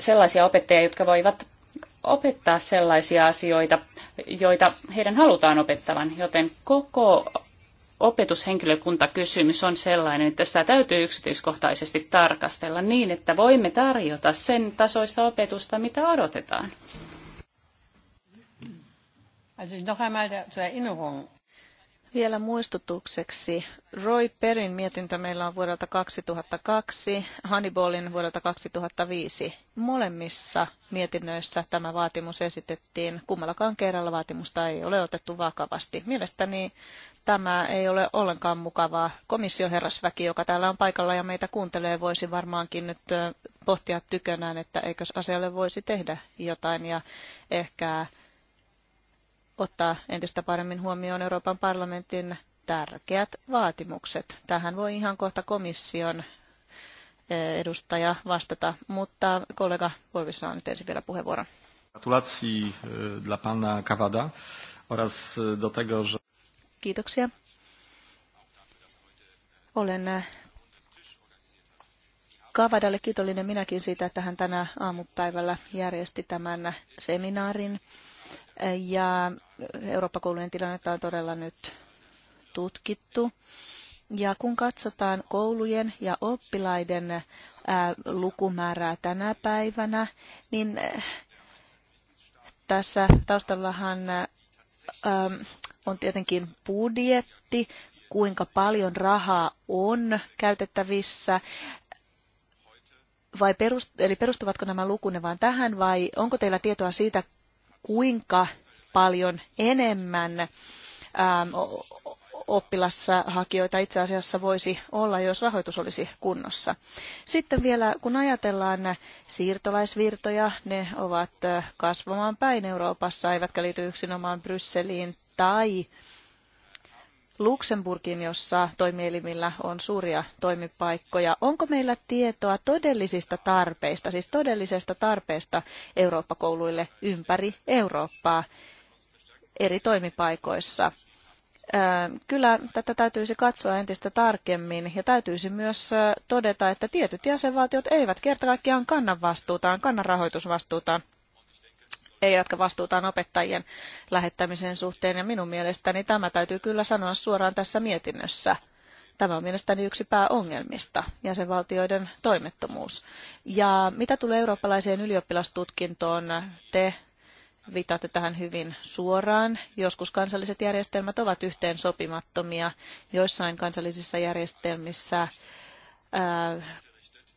sellaisia opettajia, jotka voivat opettaa sellaisia asioita, joita heidän halutaan opettavan, joten koko opetushenkilökuntakysymys on sellainen, että sitä täytyy yksityiskohtaisesti tarkastella niin, että voimme tarjota sen tasoista opetusta, mitä odotetaan. Also noch einmal zur Erinnerung. Vielä muistutukseksi, Roy Perin mietintö meillä on vuodelta 2002, Hannibalin vuodelta 2005. Molemmissa mietinnöissä tämä vaatimus esitettiin, kummallakaan kerralla vaatimusta ei ole otettu vakavasti. Mielestäni tämä ei ole ollenkaan mukavaa. Komissioherrasväki, joka täällä on paikalla ja meitä kuuntelee, voisi varmaankin nyt pohtia tykönään, että eikös asialle voisi tehdä jotain ja ehkä ottaa entistä paremmin huomioon Euroopan parlamentin tärkeät vaatimukset. Tähän voi ihan kohta komission eh, edustaja vastata, mutta kollega Kurvis saa nyt ensin vielä puheenvuoron. Eh, pana eh, Kiitoksia. Olen Kavadalle kiitollinen minäkin siitä, että hän tänä aamupäivällä järjesti tämän seminaarin. Ja Eurooppa-koulujen tilannetta on todella nyt tutkittu. Ja kun katsotaan koulujen ja oppilaiden lukumäärää tänä päivänä, niin tässä taustallahan on tietenkin budjetti, kuinka paljon rahaa on käytettävissä, vai perust, eli perustuvatko nämä lukunne vain tähän, vai onko teillä tietoa siitä, kuinka paljon enemmän ähm, oppilassa hakijoita itse asiassa voisi olla, jos rahoitus olisi kunnossa. Sitten vielä, kun ajatellaan siirtolaisvirtoja, ne ovat äh, kasvamaan päin Euroopassa, eivätkä liity yksinomaan Brysseliin tai Luxemburgin, jossa toimielimillä on suuria toimipaikkoja. Onko meillä tietoa todellisista tarpeista, siis todellisesta tarpeesta Eurooppa-kouluille ympäri Eurooppaa? eri toimipaikoissa. Kyllä tätä täytyisi katsoa entistä tarkemmin ja täytyisi myös todeta, että tietyt jäsenvaltiot eivät kerta kaikkiaan kanna vastuutaan, kannan rahoitusvastuutaan eivätkä vastuutaan opettajien lähettämisen suhteen. Ja minun mielestäni tämä täytyy kyllä sanoa suoraan tässä mietinnössä. Tämä on mielestäni yksi pääongelmista, jäsenvaltioiden toimettomuus. Ja mitä tulee eurooppalaiseen ylioppilastutkintoon, te viittaatte tähän hyvin suoraan. Joskus kansalliset järjestelmät ovat yhteen sopimattomia. Joissain kansallisissa järjestelmissä äh,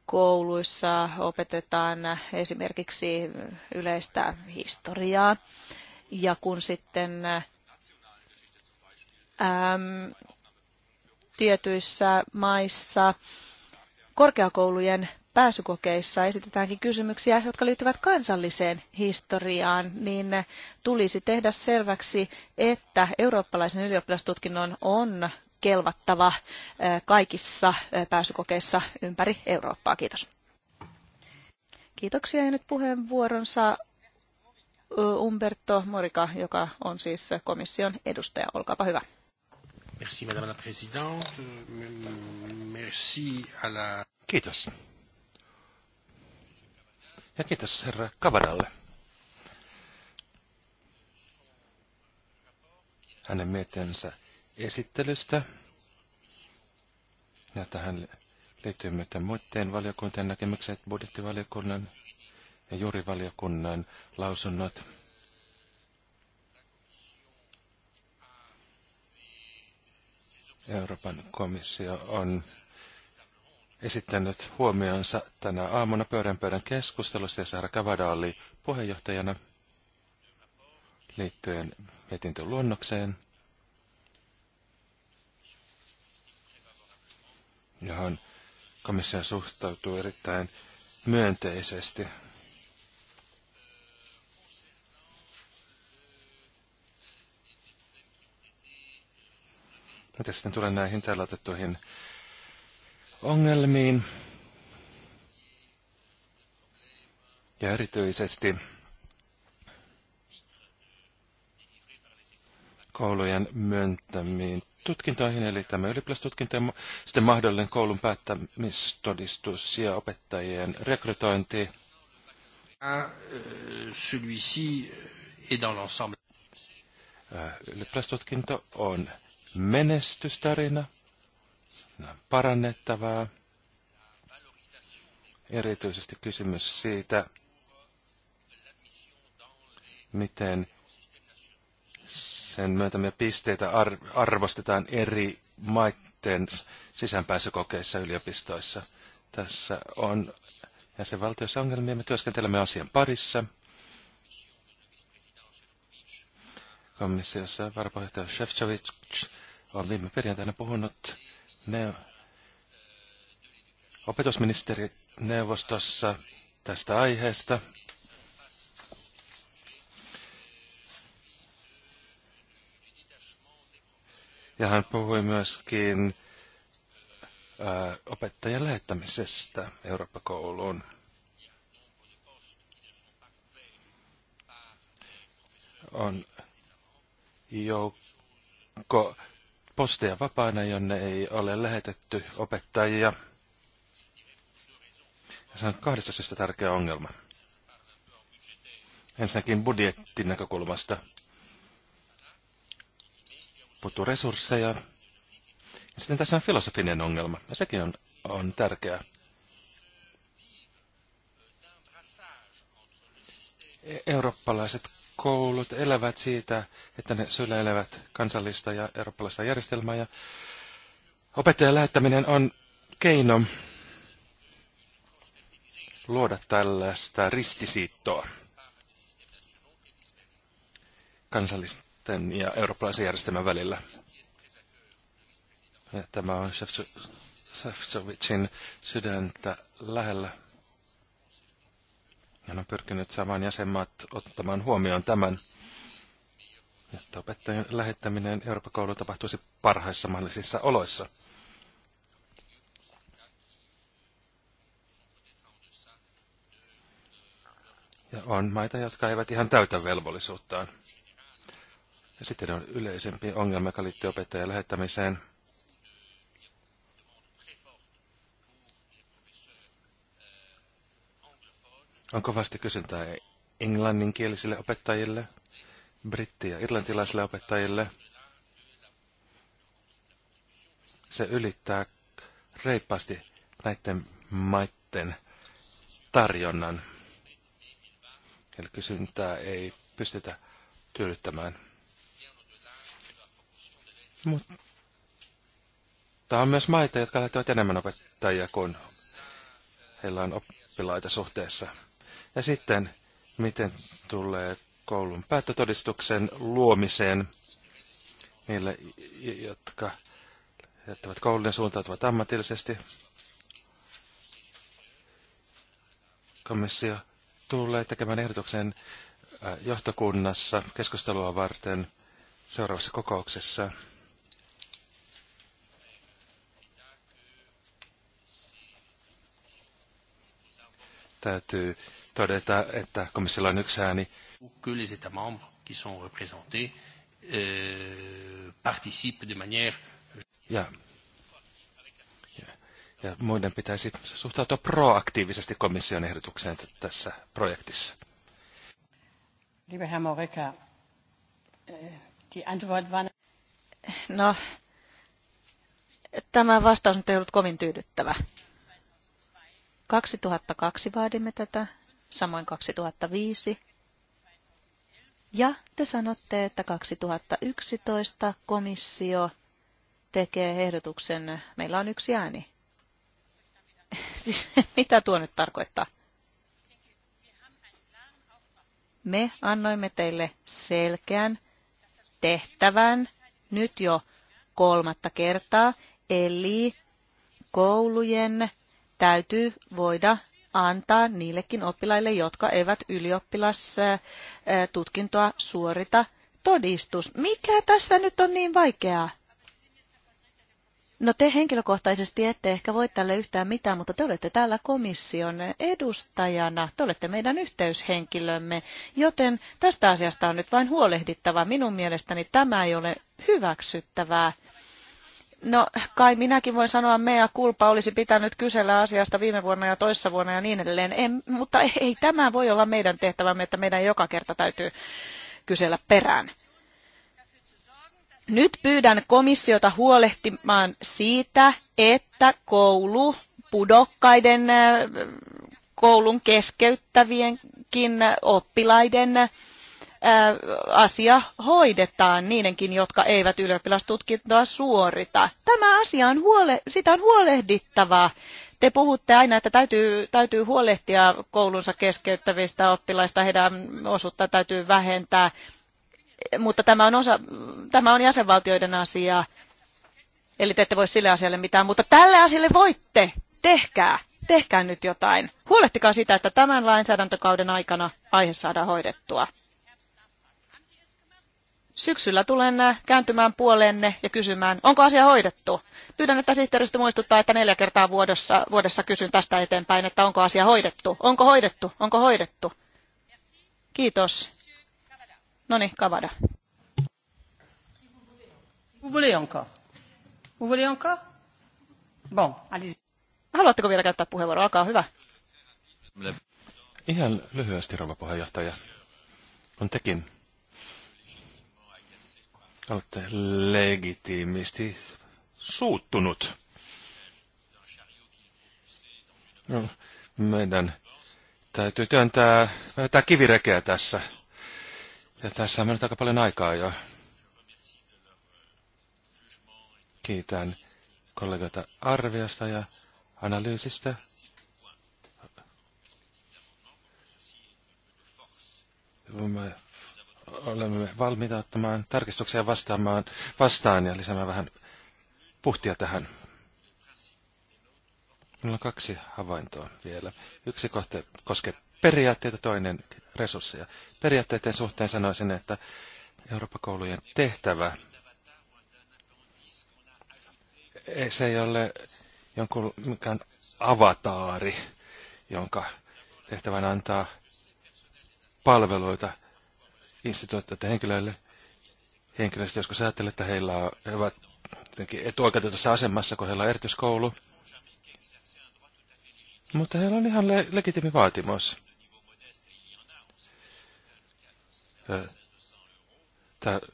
kouluissa opetetaan esimerkiksi yleistä historiaa. Ja kun sitten äm, tietyissä maissa korkeakoulujen pääsykokeissa esitetäänkin kysymyksiä, jotka liittyvät kansalliseen historiaan, niin tulisi tehdä selväksi, että eurooppalaisen ylioppilastutkinnon on kelvattava eh, kaikissa eh, pääsykokeissa ympäri Eurooppaa. Kiitos. Kiitoksia ja nyt puheenvuoronsa Umberto Morica, joka on siis komission edustaja. Olkaapa hyvä. Merci, madame la présidente. Merci à la... Kiitos ja kiitos herra Kavadalle. hänen mietensä esittelystä. Ja tähän liittyy myöten muiden valiokuntien näkemykset, budjettivaliokunnan ja juurivaliokunnan lausunnot. Euroopan komissio on esittänyt huomionsa tänä aamuna pöydänpöydän pöydän keskustelussa ja Saara Kavada oli puheenjohtajana liittyen luonnokseen, johon komissio suhtautuu erittäin myönteisesti. Mitä sitten tulee näihin täällä otettuihin ongelmiin. Ja erityisesti koulujen myöntämiin tutkintoihin, eli tämä ylioppilastutkinto ja sitten mahdollinen koulun päättämistodistus ja opettajien rekrytointi. Ah, euh, celui Ylioppilastutkinto on menestystarina, parannettavaa. Erityisesti kysymys siitä, miten sen myötämiä pisteitä ar- arvostetaan eri maiden sisäänpääsykokeissa yliopistoissa. Tässä on jäsenvaltioissa ongelmia. Me työskentelemme asian parissa. Komissiossa varapuheenjohtaja Shevchovic on viime perjantaina puhunut ne, opetusministerineuvostossa tästä aiheesta. Ja hän puhui myöskin opettajan lähettämisestä Eurooppa-kouluun. On joukko postia vapaana, jonne ei ole lähetetty opettajia. Se on kahdesta syystä tärkeä ongelma. Ensinnäkin budjettin näkökulmasta. Puuttuu resursseja. Ja sitten tässä on filosofinen ongelma, ja sekin on, on tärkeä. E- eurooppalaiset koulut elävät siitä, että ne syleilevät kansallista ja eurooppalaista järjestelmää. Ja opettajan lähettäminen on keino luoda tällaista ristisiittoa kansallisten ja eurooppalaisen järjestelmän välillä. Ja tämä on Shevchovicin sydäntä lähellä ja on pyrkinyt saamaan jäsenmaat ottamaan huomioon tämän, että opettajien lähettäminen Euroopan kouluun tapahtuisi parhaissa mahdollisissa oloissa. Ja on maita, jotka eivät ihan täytä velvollisuuttaan. Ja sitten on yleisempi ongelma, joka liittyy opettajan lähettämiseen – On kovasti kysyntää englanninkielisille opettajille, britti- ja irlantilaisille opettajille. Se ylittää reippaasti näiden maiden tarjonnan. Eli kysyntää ei pystytä tyydyttämään. Mutta on myös maita, jotka lähettävät enemmän opettajia kuin heillä on oppilaita suhteessa. Ja sitten, miten tulee koulun päättötodistuksen luomiseen niille, jotka jättävät koulun suuntautuvat ammatillisesti. Komissio tulee tekemään ehdotuksen äh, johtokunnassa keskustelua varten seuraavassa kokouksessa. Täytyy todeta, että komissiolla on yksi ääni. Que les États membres qui sont représentés euh, participent de manière... Ja, ja, ja muiden pitäisi suhtautua proaktiivisesti komission ehdotukseen tässä projektissa. Liebe Herr Moreka, äh, die Antwort war... No, tämä vastaus on ollut kovin tyydyttävä. 2002 vaadimme tätä samoin 2005. Ja te sanotte, että 2011 komissio tekee ehdotuksen, meillä on yksi ääni. (laughs) siis mitä tuo nyt tarkoittaa? Me annoimme teille selkeän tehtävän nyt jo kolmatta kertaa, eli koulujen täytyy voida antaa niillekin oppilaille, jotka eivät ylioppilastutkintoa suorita todistus. Mikä tässä nyt on niin vaikeaa? No te henkilökohtaisesti ette ehkä voi tälle yhtään mitään, mutta te olette täällä komission edustajana. Te olette meidän yhteyshenkilömme, joten tästä asiasta on nyt vain huolehdittava. Minun mielestäni tämä ei ole hyväksyttävää. No, kai minäkin voin sanoa, mea kulpa olisi pitänyt kysellä asiasta viime vuonna ja toissa vuonna ja niin edelleen. En, mutta ei tämä voi olla meidän tehtävämme, että meidän joka kerta täytyy kysellä perään. Nyt pyydän komissiota huolehtimaan siitä, että koulu pudokkaiden äh, koulun keskeyttävienkin oppilaiden asia hoidetaan niidenkin, jotka eivät ylioppilastutkintoa suorita. Tämä asia on huole, sitä on huolehdittava. Te puhutte aina, että täytyy, täytyy huolehtia koulunsa keskeyttävistä oppilaista, heidän osuutta täytyy vähentää, mutta tämä on, osa, tämä on jäsenvaltioiden asia, eli te ette voi sille asialle mitään, mutta tälle asialle voitte, tehkää tehkää nyt jotain. Huolehtikaa sitä, että tämän lainsäädäntökauden aikana aihe saadaan hoidettua. Syksyllä tulen äh, kääntymään puoleenne ja kysymään, onko asia hoidettu. Pyydän, että sihteeristö muistuttaa, että neljä kertaa vuodessa, vuodessa kysyn tästä eteenpäin, että onko asia hoidettu. Onko hoidettu? Onko hoidettu? Kiitos. No niin, Kavada. Vous voulez encore? Vous voulez encore? Bon, Haluatteko vielä käyttää puheenvuoroa? Olkaa hyvä. Ihan lyhyesti, rouva puheenjohtaja. On tekin Olette legitiimisti suuttunut. No, meidän täytyy työntää, vetää kivirekeä tässä. Ja tässä on mennyt aika paljon aikaa jo. Kiitän kollegata arviosta ja analyysistä. Mä olemme valmiita ottamaan tarkistuksia vastaamaan, vastaan ja lisäämään vähän puhtia tähän. Minulla on kaksi havaintoa vielä. Yksi kohte koskee periaatteita, toinen resursseja. Periaatteiden suhteen sanoisin, että Eurooppa-koulujen tehtävä, se ei ole jonkun mikään avataari, jonka tehtävän antaa palveluita instituutioita henkilöille. Henkilöistä joskus ajattelee, että heillä on, he ovat jotenkin etuoikeutetussa asemassa, kun heillä on erityiskoulu. Mutta heillä on ihan le- legitimi vaatimus.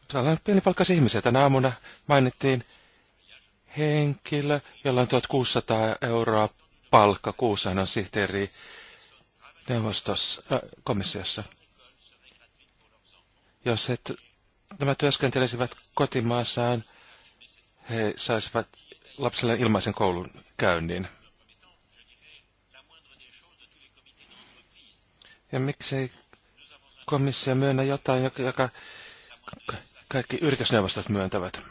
Täällä on pienipalkkaisia ihmisiä. Tänä aamuna mainittiin henkilö, jolla on 1600 euroa palkka kuussa. Hän on sihteeri neuvostossa, äh, komissiossa. Jos he nämä työskentelisivät kotimaassaan, he saisivat lapselle ilmaisen koulun käynnin. Ja miksei komissio myönnä jotain, joka kaikki yritysneuvostot myöntävät?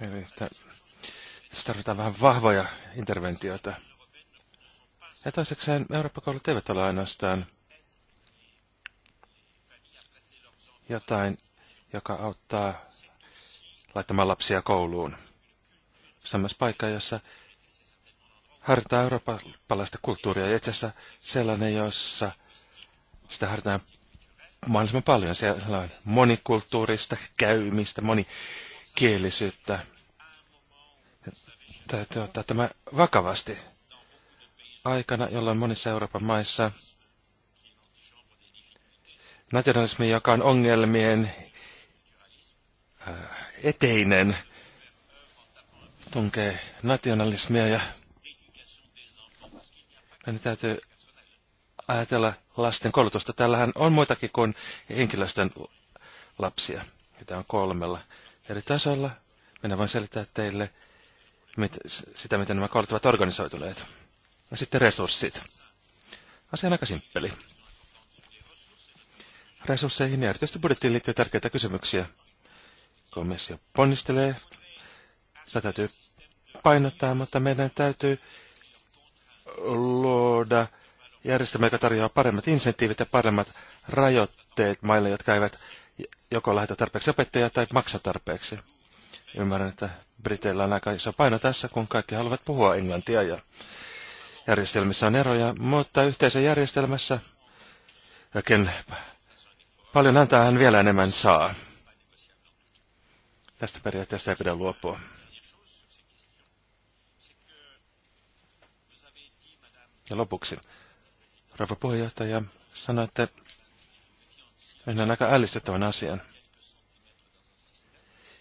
Eli tässä tarvitaan vähän vahvoja interventioita. Ja toisekseen Eurooppa-koulut eivät ole ainoastaan jotain, joka auttaa laittamaan lapsia kouluun. Se on myös paikka, jossa harjoitetaan eurooppalaista kulttuuria ja itse asiassa sellainen, jossa sitä harjoitetaan mahdollisimman paljon. Siellä on monikulttuurista käymistä, monikielisyyttä. täytyy ottaa tämä vakavasti aikana, jolloin monissa Euroopan maissa nationalismi, joka on ongelmien äh, eteinen, tunkee nationalismia ja meidän täytyy ajatella lasten koulutusta. Täällähän on muitakin kuin henkilöstön lapsia, mitä on kolmella eri tasolla. Minä voin selittää teille mit, sitä, miten nämä koulut ovat organisoituneet. Ja sitten resurssit. Asia on aika simppeli. Resursseihin ja erityisesti budjettiin liittyy tärkeitä kysymyksiä. Komissio ponnistelee, sitä täytyy painottaa, mutta meidän täytyy luoda järjestelmä, joka tarjoaa paremmat insentiivit ja paremmat rajoitteet maille, jotka eivät joko lähetä tarpeeksi opettajia tai maksa tarpeeksi. Ymmärrän, että Briteillä on aika iso paino tässä, kun kaikki haluavat puhua englantia ja järjestelmissä on eroja, mutta yhteisön järjestelmässä ken paljon antaa hän vielä enemmän saa. Tästä periaatteesta ei pidä luopua. Ja lopuksi, rouva puheenjohtaja, sanoitte mennään aika ällistyttävän asian.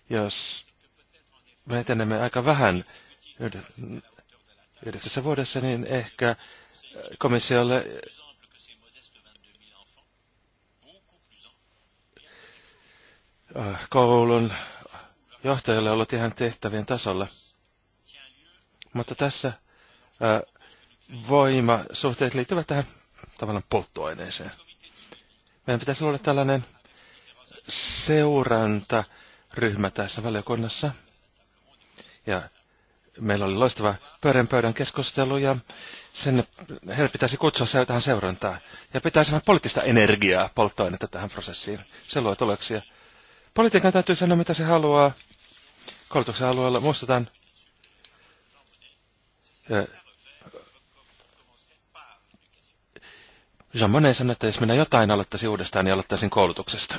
Jos me etenemme aika vähän yhdeksässä vuodessa, niin ehkä komissiolle koulun johtajalle ollut ihan tehtävien tasolla. Mutta tässä voimasuhteet liittyvät tähän tavallaan polttoaineeseen. Meidän pitäisi luoda tällainen seurantaryhmä tässä valiokunnassa. Ja meillä oli loistava pyörän pöydän keskustelu ja sen, heille pitäisi kutsua se, tähän seurantaan. Ja pitäisi saada poliittista energiaa, polttoainetta tähän prosessiin. Se luo tuloksia. Politiikan täytyy sanoa, mitä se haluaa. Koulutuksen alueella muistetaan Jean Monnet sanoi, että jos minä jotain aloittaisin uudestaan, niin aloittaisin koulutuksesta.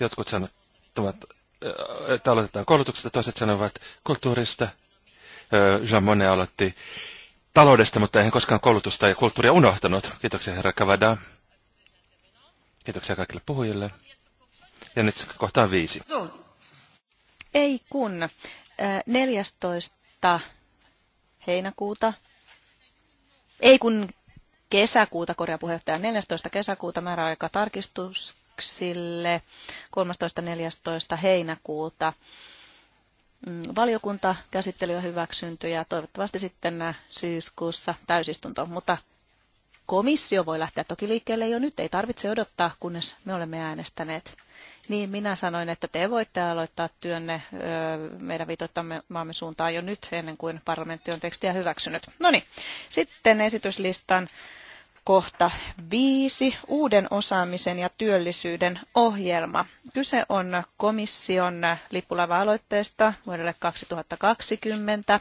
Jotkut sanottavat, että aloitetaan koulutuksesta, toiset sanovat kulttuurista. Jean Monnet aloitti taloudesta, mutta eihän koskaan koulutusta ja kulttuuria unohtanut. Kiitoksia herra Kavada. Kiitoksia kaikille puhujille. Ja nyt kohtaan viisi. Ei kun. 14. heinäkuuta. Ei kun kesäkuuta, korjapuheenjohtaja 14. kesäkuuta määräaika tarkistus päätöksille 13.14. heinäkuuta. Mm, valiokunta käsittely on hyväksynty ja toivottavasti sitten äh, syyskuussa täysistunto, mutta komissio voi lähteä toki liikkeelle jo nyt, ei tarvitse odottaa, kunnes me olemme äänestäneet. Niin, minä sanoin, että te voitte aloittaa työnne meidän viitoittamme maamme suuntaan jo nyt, ennen kuin parlamentti on tekstiä hyväksynyt. No niin, sitten esityslistan kohta viisi, uuden osaamisen ja työllisyyden ohjelma. Kyse on komission lippulaiva-aloitteesta vuodelle 2020.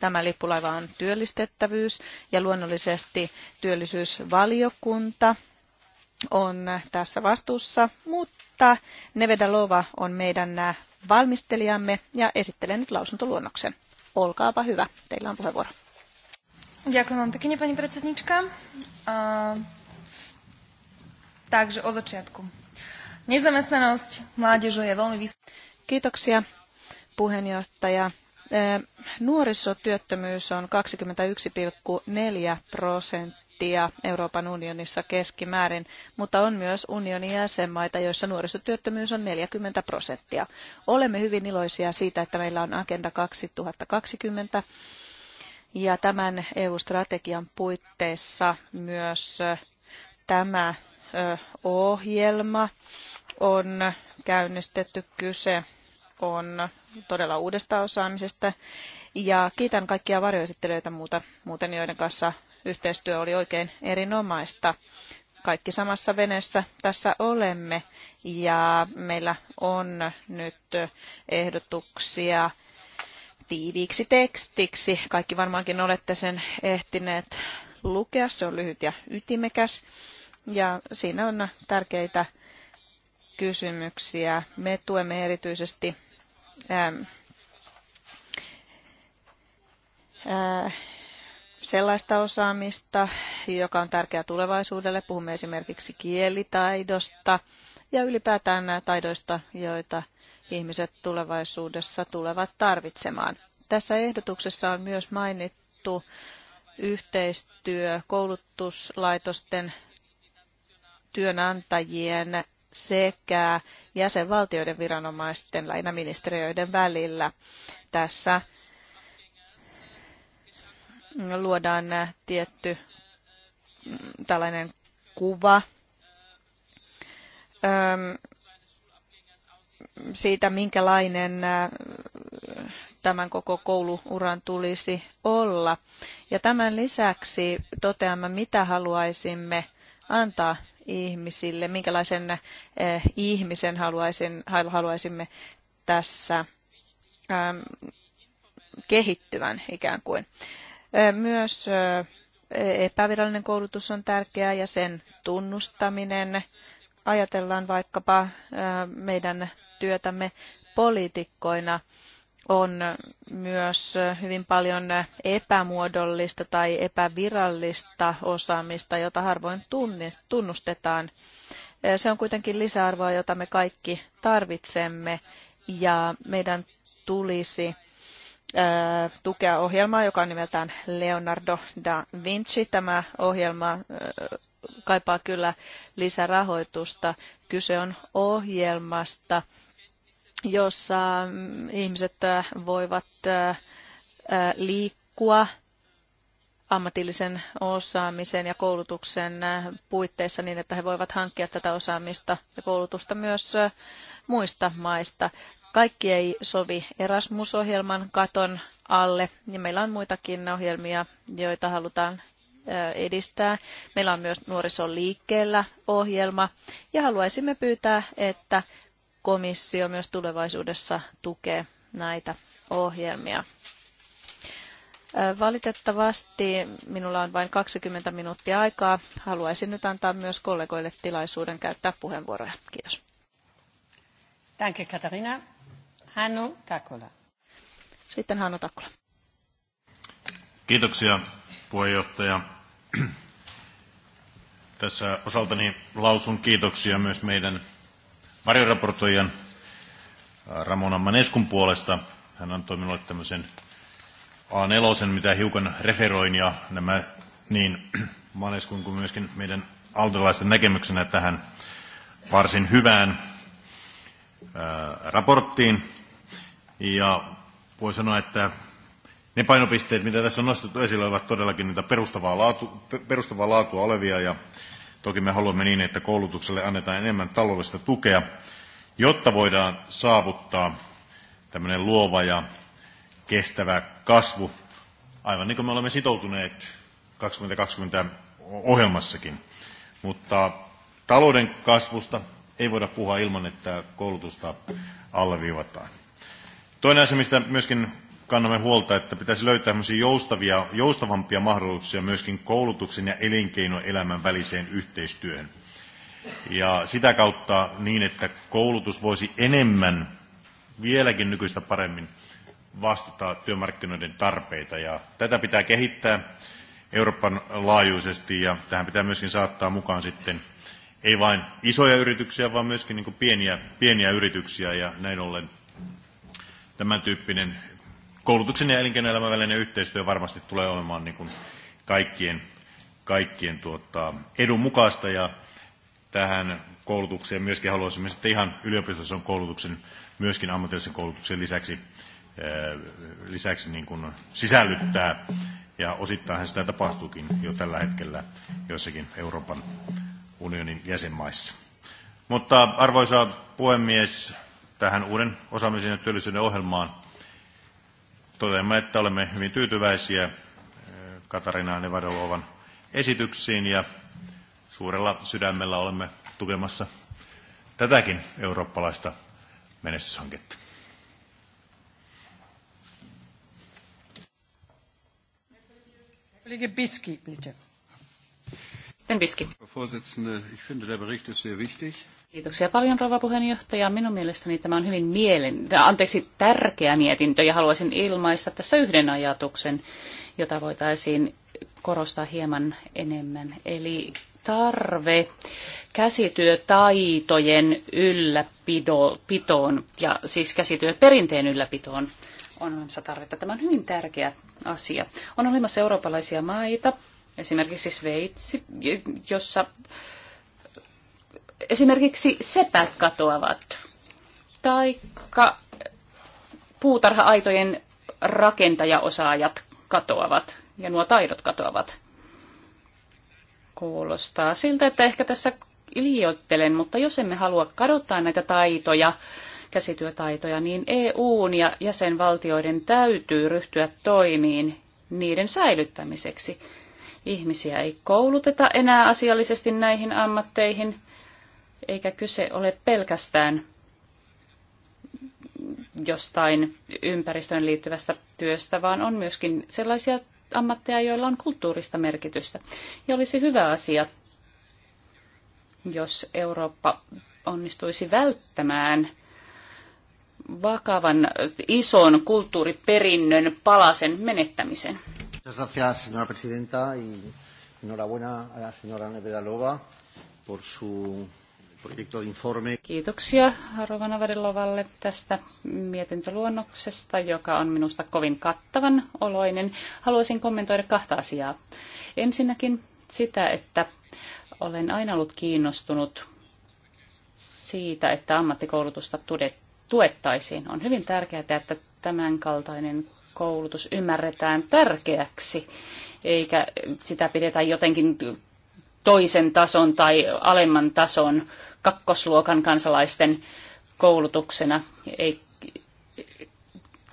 Tämä lippulaiva on työllistettävyys ja luonnollisesti työllisyysvaliokunta on tässä vastuussa, mutta Nevedalova on meidän valmistelijamme ja esittelen nyt lausuntoluonnoksen. Olkaapa hyvä, teillä on puheenvuoro. Ďakujem vám pekne, pani predsednička. takže od začiatku. Nezamestnanosť mládežu je veľmi vysoká. Kiitoksia, puheenjohtaja. E, nuorisotyöttömyys on 21,4 prosenttia Euroopan unionissa keskimäärin, mutta on myös unionin jäsenmaita, joissa nuorisotyöttömyys on 40 prosenttia. Olemme hyvin iloisia siitä, että meillä on Agenda 2020 ja tämän EU-strategian puitteissa myös tämä ohjelma on käynnistetty. Kyse on todella uudesta osaamisesta. Ja kiitän kaikkia varjoesittelijöitä muuta, muuten, joiden kanssa yhteistyö oli oikein erinomaista. Kaikki samassa veneessä tässä olemme ja meillä on nyt ehdotuksia tiiviiksi tekstiksi. Kaikki varmaankin olette sen ehtineet lukea. Se on lyhyt ja ytimekäs. Ja siinä on tärkeitä kysymyksiä. Me tuemme erityisesti ähm, äh, sellaista osaamista, joka on tärkeää tulevaisuudelle. Puhumme esimerkiksi kielitaidosta ja ylipäätään taidoista, joita ihmiset tulevaisuudessa tulevat tarvitsemaan. Tässä ehdotuksessa on myös mainittu yhteistyö koulutuslaitosten työnantajien sekä jäsenvaltioiden viranomaisten lähinnä ministeriöiden välillä. Tässä luodaan tietty mm, tällainen kuva siitä, minkälainen äh, tämän koko kouluuran tulisi olla. Ja tämän lisäksi toteamme, mitä haluaisimme antaa ihmisille, minkälaisen äh, ihmisen haluaisimme tässä ähm, kehittyvän ikään kuin. Äh, myös epävirallinen koulutus on tärkeää ja sen tunnustaminen ajatellaan vaikkapa äh, meidän työtämme poliitikkoina, on myös hyvin paljon epämuodollista tai epävirallista osaamista, jota harvoin tunnustetaan. Äh, se on kuitenkin lisäarvoa, jota me kaikki tarvitsemme ja meidän tulisi äh, tukea ohjelmaa, joka on nimeltään Leonardo da Vinci. Tämä ohjelma kaipaa kyllä lisärahoitusta. Kyse on ohjelmasta, jossa mm, ihmiset voivat liikkua ammatillisen osaamisen ja koulutuksen puitteissa niin, että he voivat hankkia tätä osaamista ja koulutusta myös muista maista. Kaikki ei sovi Erasmus-ohjelman katon alle, ja meillä on muitakin ohjelmia, joita halutaan edistää. Meillä on myös nuorison liikkeellä ohjelma ja haluaisimme pyytää, että komissio myös tulevaisuudessa tukee näitä ohjelmia. Valitettavasti minulla on vain 20 minuuttia aikaa. Haluaisin nyt antaa myös kollegoille tilaisuuden käyttää puheenvuoroja. Kiitos. Danke Katarina. Hannu Takula. Sitten Hannu Takula. Kiitoksia puheenjohtaja. (clears throat) Tässä osaltani lausun kiitoksia myös meidän varjoraportoijan Ramona Maneskun puolesta. Hän antoi minulle tämmöisen A4, mitä hiukan referoin, ja nämä niin (clears throat) Maneskun kuin myöskin meidän aldelaisten näkemyksenä tähän varsin hyvään raporttiin. Ja voi sanoa, että ne painopisteet, mitä tässä on nostettu esille, ovat todellakin niitä perustavaa, laatu, perustavaa laatua olevia ja toki me haluamme niin, että koulutukselle annetaan enemmän taloudellista tukea, jotta voidaan saavuttaa tämmöinen luova ja kestävä kasvu, aivan niin kuin me olemme sitoutuneet 2020 ohjelmassakin. Mutta talouden kasvusta ei voida puhua ilman, että koulutusta alleviivataan. Toinen asia, mistä myöskin kannamme huolta, että pitäisi löytää joustavia, joustavampia mahdollisuuksia myöskin koulutuksen ja elinkeinoelämän väliseen yhteistyöhön. Ja sitä kautta niin, että koulutus voisi enemmän, vieläkin nykyistä paremmin, vastata työmarkkinoiden tarpeita. Ja tätä pitää kehittää Euroopan laajuisesti ja tähän pitää myöskin saattaa mukaan sitten ei vain isoja yrityksiä, vaan myöskin niin pieniä, pieniä yrityksiä ja näin ollen tämän tyyppinen koulutuksen ja elinkeinoelämän välinen yhteistyö varmasti tulee olemaan niin kuin kaikkien, kaikkien tuota, edun mukaista ja tähän koulutukseen myöskin haluaisimme sitten ihan yliopistotason koulutuksen, myöskin ammatillisen koulutuksen lisäksi, eh, lisäksi niin kuin sisällyttää. Ja osittainhan sitä tapahtuukin jo tällä hetkellä joissakin Euroopan unionin jäsenmaissa. Mutta arvoisa puhemies, tähän uuden osaamisen ja työllisyyden ohjelmaan toteamme, että olemme hyvin tyytyväisiä eh, Katarina Nevadalovan esityksiin ja suurella sydämellä olemme tukemassa tätäkin eurooppalaista menestyshanketta. Kollege Biski, bitte. Herr Vorsitzende, ich finde, der Bericht ist sehr wichtig. Kiitoksia paljon, rouva puheenjohtaja. Minun mielestäni tämä on hyvin mielen, anteeksi, tärkeä mietintö ja haluaisin ilmaista tässä yhden ajatuksen, jota voitaisiin korostaa hieman enemmän. Eli tarve käsityötaitojen ylläpitoon ja siis käsityöperinteen ylläpitoon on olemassa tarvetta. Tämä on hyvin tärkeä asia. On olemassa eurooppalaisia maita, esimerkiksi Sveitsi, jossa esimerkiksi sepät katoavat, taikka puutarha-aitojen rakentajaosaajat katoavat ja nuo taidot katoavat. Kuulostaa siltä, että ehkä tässä liioittelen, mutta jos emme halua kadottaa näitä taitoja, käsityötaitoja, niin EUn ja jäsenvaltioiden täytyy ryhtyä toimiin niiden säilyttämiseksi. Ihmisiä ei kouluteta enää asiallisesti näihin ammatteihin, eikä kyse ole pelkästään jostain ympäristöön liittyvästä työstä, vaan on myöskin sellaisia ammatteja, joilla on kulttuurista merkitystä. Ja olisi hyvä asia, jos Eurooppa onnistuisi välttämään vakavan ison kulttuuriperinnön palasen menettämisen. Gracias, señora presidenta, y enhorabuena a la señora Nevedalova por su Kiitoksia Rovana Vadilovalle tästä mietintöluonnoksesta, joka on minusta kovin kattavan oloinen. Haluaisin kommentoida kahta asiaa. Ensinnäkin sitä, että olen aina ollut kiinnostunut siitä, että ammattikoulutusta tuettaisiin. On hyvin tärkeää, että tämänkaltainen koulutus ymmärretään tärkeäksi, eikä sitä pidetä jotenkin toisen tason tai alemman tason kakkosluokan kansalaisten koulutuksena. Ei,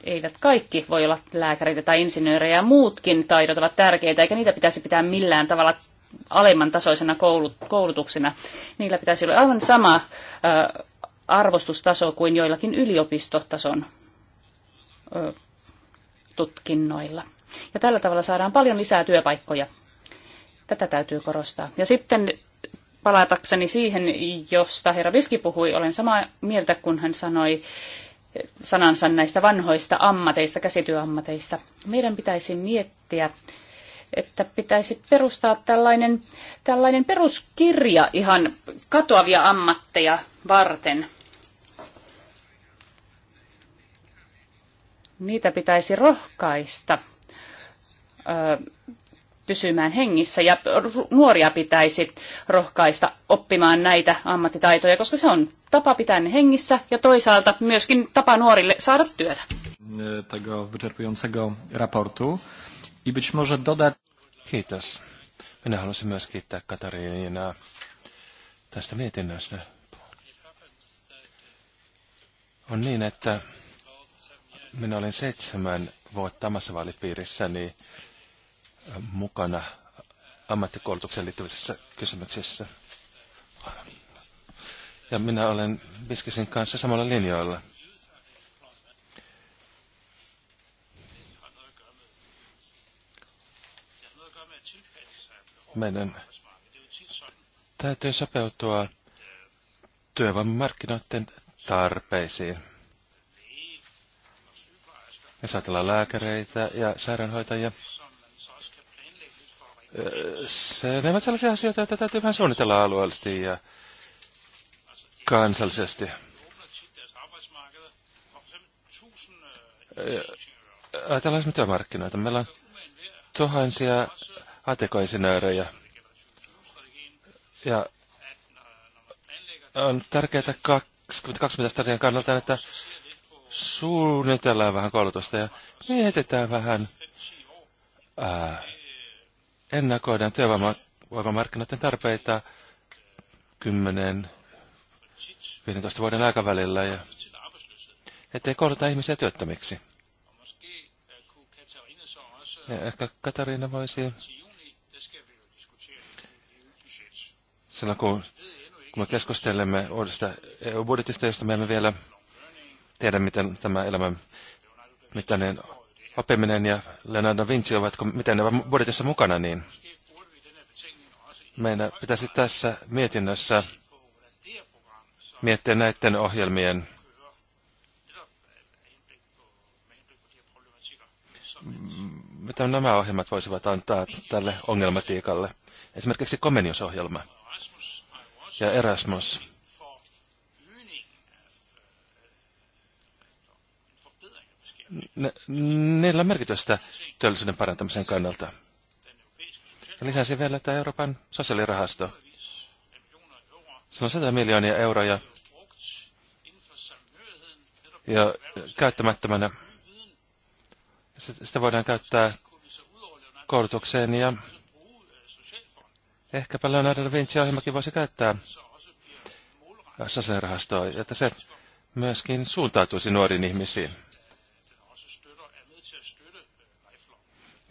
eivät kaikki voi olla lääkäreitä tai insinöörejä muutkin taidot ovat tärkeitä, eikä niitä pitäisi pitää millään tavalla alemman tasoisena koulutuksena. Niillä pitäisi olla aivan sama arvostustaso kuin joillakin yliopistotason tutkinnoilla. Ja tällä tavalla saadaan paljon lisää työpaikkoja. Tätä täytyy korostaa. Ja sitten palatakseni siihen, josta herra Viski puhui, olen samaa mieltä, kun hän sanoi sanansa näistä vanhoista ammateista, käsityöammateista. Meidän pitäisi miettiä, että pitäisi perustaa tällainen, tällainen peruskirja ihan katoavia ammatteja varten. Niitä pitäisi rohkaista pysymään hengissä ja nuoria pitäisi rohkaista oppimaan näitä ammattitaitoja, koska se on tapa pitää ne hengissä ja toisaalta myöskin tapa nuorille saada työtä. Tego wyczerpującego raportu. I być może dodać... Kiitos. Minä haluaisin myös kiittää Katariinaa tästä mietinnöstä. On niin, että minä olin seitsemän vuotta omassa vaalipiirissäni niin mukana ammattikoulutukseen liittyvissä kysymyksissä. Ja minä olen Biskisin kanssa samalla linjoilla. Meidän täytyy sopeutua työvoimamarkkinoiden tarpeisiin. Jos ajatellaan lääkäreitä ja sairaanhoitajia, Öö, se, ne ovat sellaisia asioita, joita täytyy vähän suunnitella alueellisesti ja kansallisesti. Öö, ajatellaan esimerkiksi työmarkkinoita. Meillä on tuhansia ATK-insinöörejä. Ja on tärkeää 22 strategian kannalta, että suunnitellaan vähän koulutusta ja mietitään vähän ää, ennakoidaan työvoimamarkkinoiden tarpeita 10-15 vuoden aikavälillä ja ettei kouluta ihmisiä työttömiksi. Ja ehkä Katariina voisi silloin kun, kun me keskustelemme uudesta EU-budjetista, josta me emme vielä tiedä, miten tämä elämän mittainen oppiminen ja Leonardo Vinci ovat, miten ne ovat budjetissa mukana, niin meidän pitäisi tässä mietinnössä miettiä näiden ohjelmien mitä nämä ohjelmat voisivat antaa tälle ongelmatiikalle. Esimerkiksi Komenius-ohjelma ja Erasmus ne, niillä on merkitystä työllisyyden parantamisen kannalta. Ja lisäsi vielä tämä Euroopan sosiaalirahasto. Se on 100 miljoonia euroja ja käyttämättömänä. Sitä voidaan käyttää koulutukseen ja ehkäpä Leonardo da Vinci-ohjelmakin voisi käyttää sosiaalirahastoa, että se myöskin suuntautuisi nuoriin ihmisiin.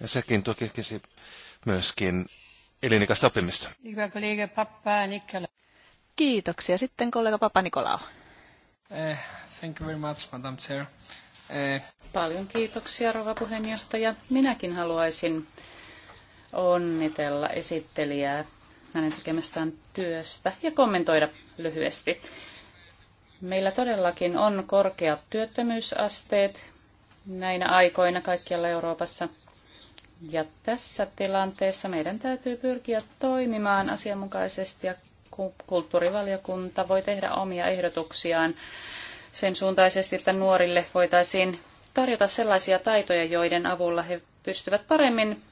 Ja sekin tukisi myöskin elinikäistä oppimista. Hyvä kollega Pappa Nikola. Kiitoksia. Sitten kollega Papa Nikola. Eh, thank you very much, Madam Chair. Eh. Paljon kiitoksia, rouva puheenjohtaja. Minäkin haluaisin onnitella esittelijää hänen tekemästään työstä ja kommentoida lyhyesti. Meillä todellakin on korkeat työttömyysasteet näinä aikoina kaikkialla Euroopassa. Ja tässä tilanteessa meidän täytyy pyrkiä toimimaan asianmukaisesti ja kulttuurivaliokunta voi tehdä omia ehdotuksiaan sen suuntaisesti, että nuorille voitaisiin tarjota sellaisia taitoja, joiden avulla he pystyvät paremmin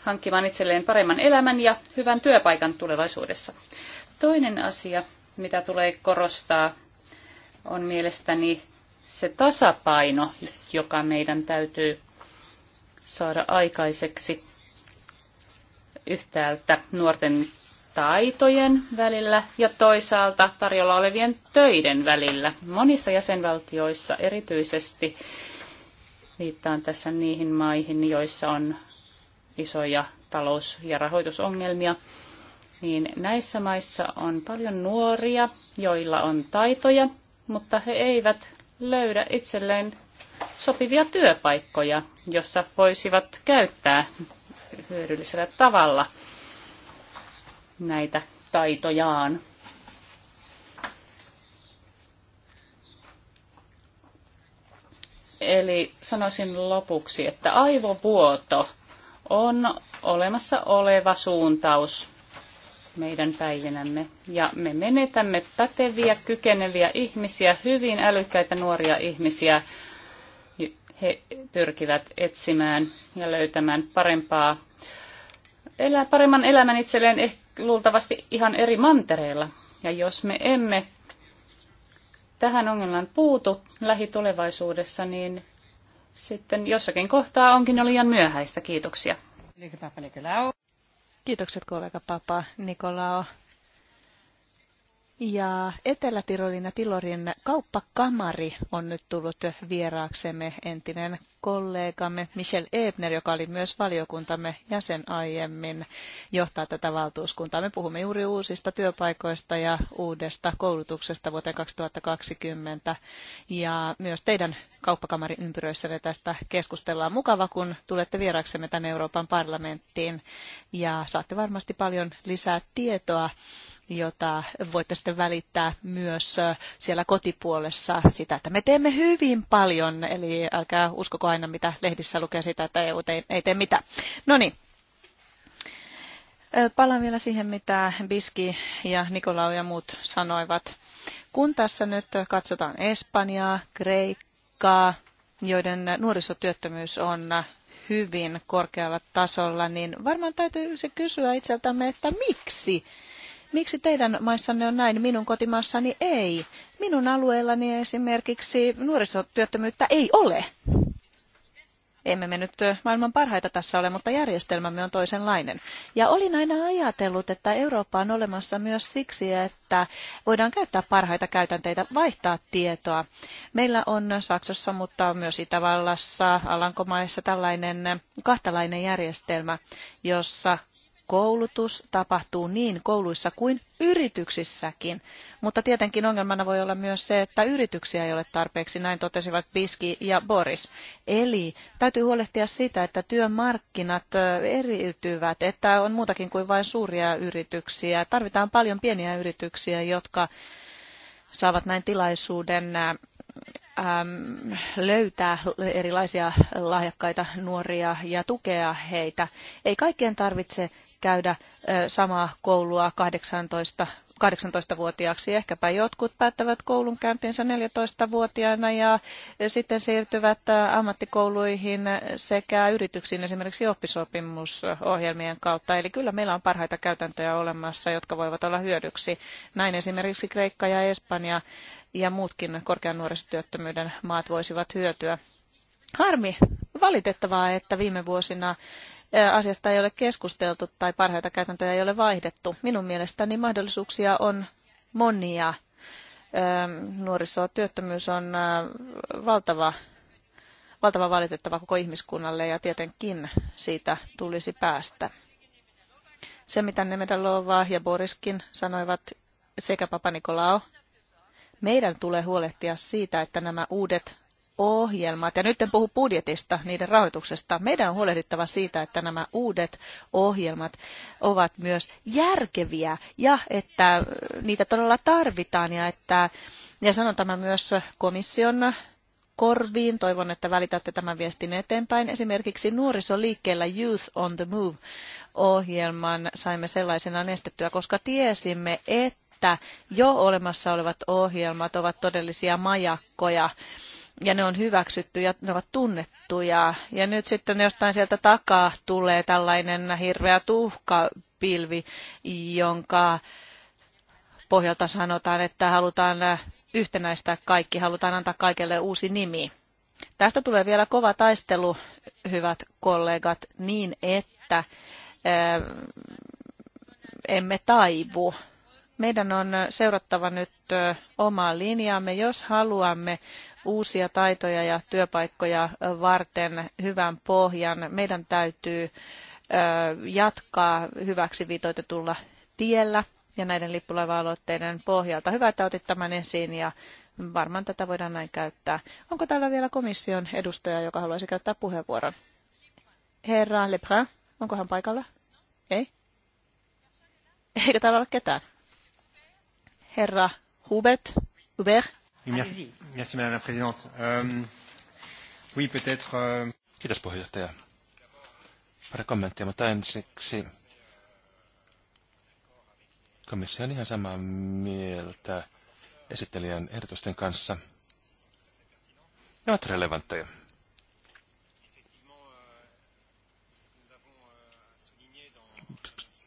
hankkimaan itselleen paremman elämän ja hyvän työpaikan tulevaisuudessa. Toinen asia, mitä tulee korostaa, on mielestäni se tasapaino, joka meidän täytyy saada aikaiseksi yhtäältä nuorten taitojen välillä ja toisaalta tarjolla olevien töiden välillä. Monissa jäsenvaltioissa erityisesti viittaan tässä niihin maihin, joissa on isoja talous- ja rahoitusongelmia, niin näissä maissa on paljon nuoria, joilla on taitoja, mutta he eivät löydä itselleen sopivia työpaikkoja, jossa voisivat käyttää hyödyllisellä tavalla näitä taitojaan. Eli sanoisin lopuksi, että aivovuoto on olemassa oleva suuntaus meidän päivinämme. Ja me menetämme päteviä, kykeneviä ihmisiä, hyvin älykkäitä nuoria ihmisiä he pyrkivät etsimään ja löytämään parempaa, elää, paremman elämän itselleen ehkä luultavasti ihan eri mantereilla. Ja jos me emme tähän ongelmaan puutu lähitulevaisuudessa, niin sitten jossakin kohtaa onkin jo liian myöhäistä. Kiitoksia. Kiitokset kollega Papa Nikolao. Ja Etelä-Tirolin ja Tilorin kauppakamari on nyt tullut vieraaksemme entinen kollegamme Michel Ebner, joka oli myös valiokuntamme jäsen aiemmin, johtaa tätä valtuuskuntaa. Me puhumme juuri uusista työpaikoista ja uudesta koulutuksesta vuoteen 2020 ja myös teidän kauppakamarin ympyröissänne tästä keskustellaan. Mukava, kun tulette vieraaksemme tänne Euroopan parlamenttiin ja saatte varmasti paljon lisää tietoa jota voitte sitten välittää myös siellä kotipuolessa sitä, että me teemme hyvin paljon, eli älkää uskoko aina mitä lehdissä lukee sitä, että EU ei, ei tee mitään. No niin, Palaan vielä siihen, mitä Biski ja Nikolau ja muut sanoivat. Kun tässä nyt katsotaan Espanjaa, Kreikkaa, joiden nuorisotyöttömyys on hyvin korkealla tasolla, niin varmaan täytyy se kysyä itseltämme, että miksi Miksi teidän maissanne on näin, minun kotimaassani ei? Minun alueellani esimerkiksi nuorisotyöttömyyttä ei ole. Emme me nyt maailman parhaita tässä ole, mutta järjestelmämme on toisenlainen. Ja olin aina ajatellut, että Eurooppa on olemassa myös siksi, että voidaan käyttää parhaita käytänteitä, vaihtaa tietoa. Meillä on Saksassa, mutta on myös Itävallassa, Alankomaissa tällainen kahtalainen järjestelmä, jossa koulutus tapahtuu niin kouluissa kuin yrityksissäkin. Mutta tietenkin ongelmana voi olla myös se, että yrityksiä ei ole tarpeeksi, näin totesivat Piski ja Boris. Eli täytyy huolehtia siitä, että työmarkkinat eriytyvät, että on muutakin kuin vain suuria yrityksiä. Tarvitaan paljon pieniä yrityksiä, jotka saavat näin tilaisuuden löytää erilaisia lahjakkaita nuoria ja tukea heitä. Ei kaikkien tarvitse käydä samaa koulua 18 18-vuotiaaksi. Ehkäpä jotkut päättävät koulunkäyntinsä 14-vuotiaana ja sitten siirtyvät ammattikouluihin sekä yrityksiin esimerkiksi oppisopimusohjelmien kautta. Eli kyllä meillä on parhaita käytäntöjä olemassa, jotka voivat olla hyödyksi. Näin esimerkiksi Kreikka ja Espanja ja muutkin korkean nuorisotyöttömyyden maat voisivat hyötyä. Harmi, valitettavaa, että viime vuosina asiasta ei ole keskusteltu tai parhaita käytäntöjä ei ole vaihdettu. Minun mielestäni mahdollisuuksia on monia. Nuorisotyöttömyys on valtava, valtava valitettava koko ihmiskunnalle ja tietenkin siitä tulisi päästä. Se, mitä Nemedalova ja Boriskin sanoivat sekä Papa Nikolao, meidän tulee huolehtia siitä, että nämä uudet ohjelmat, ja nyt en puhu budjetista, niiden rahoituksesta, meidän on huolehdittava siitä, että nämä uudet ohjelmat ovat myös järkeviä ja että äh, niitä todella tarvitaan ja että ja sanon tämä myös komission korviin. Toivon, että välitätte tämän viestin eteenpäin. Esimerkiksi nuorisoliikkeellä Youth on the Move-ohjelman saimme sellaisena estettyä, koska tiesimme, että jo olemassa olevat ohjelmat ovat todellisia majakkoja ja ne on hyväksytty ja ne ovat tunnettuja. Ja nyt sitten jostain sieltä takaa tulee tällainen hirveä tuhkapilvi, jonka pohjalta sanotaan, että halutaan yhtenäistää kaikki, halutaan antaa kaikelle uusi nimi. Tästä tulee vielä kova taistelu, hyvät kollegat, niin että eh, emme taivu meidän on seurattava nyt omaa linjaamme, jos haluamme uusia taitoja ja työpaikkoja varten hyvän pohjan. Meidän täytyy jatkaa hyväksi viitoitetulla tiellä ja näiden lippulaiva-aloitteiden pohjalta. Hyvä, että otit tämän esiin ja varmaan tätä voidaan näin käyttää. Onko täällä vielä komission edustaja, joka haluaisi käyttää puheenvuoron? Herra Lebrun, onko hän paikalla? Ei? Eikö täällä ole ketään? herra Hubert. Hubert. Merci, merci madame la présidente. Euh, oui, peut-être... Euh... Kiitos puheenjohtaja. Pari kommenttia, mutta ensiksi komissio on ihan samaa mieltä esittelijän ehdotusten kanssa. Ne ovat relevantteja.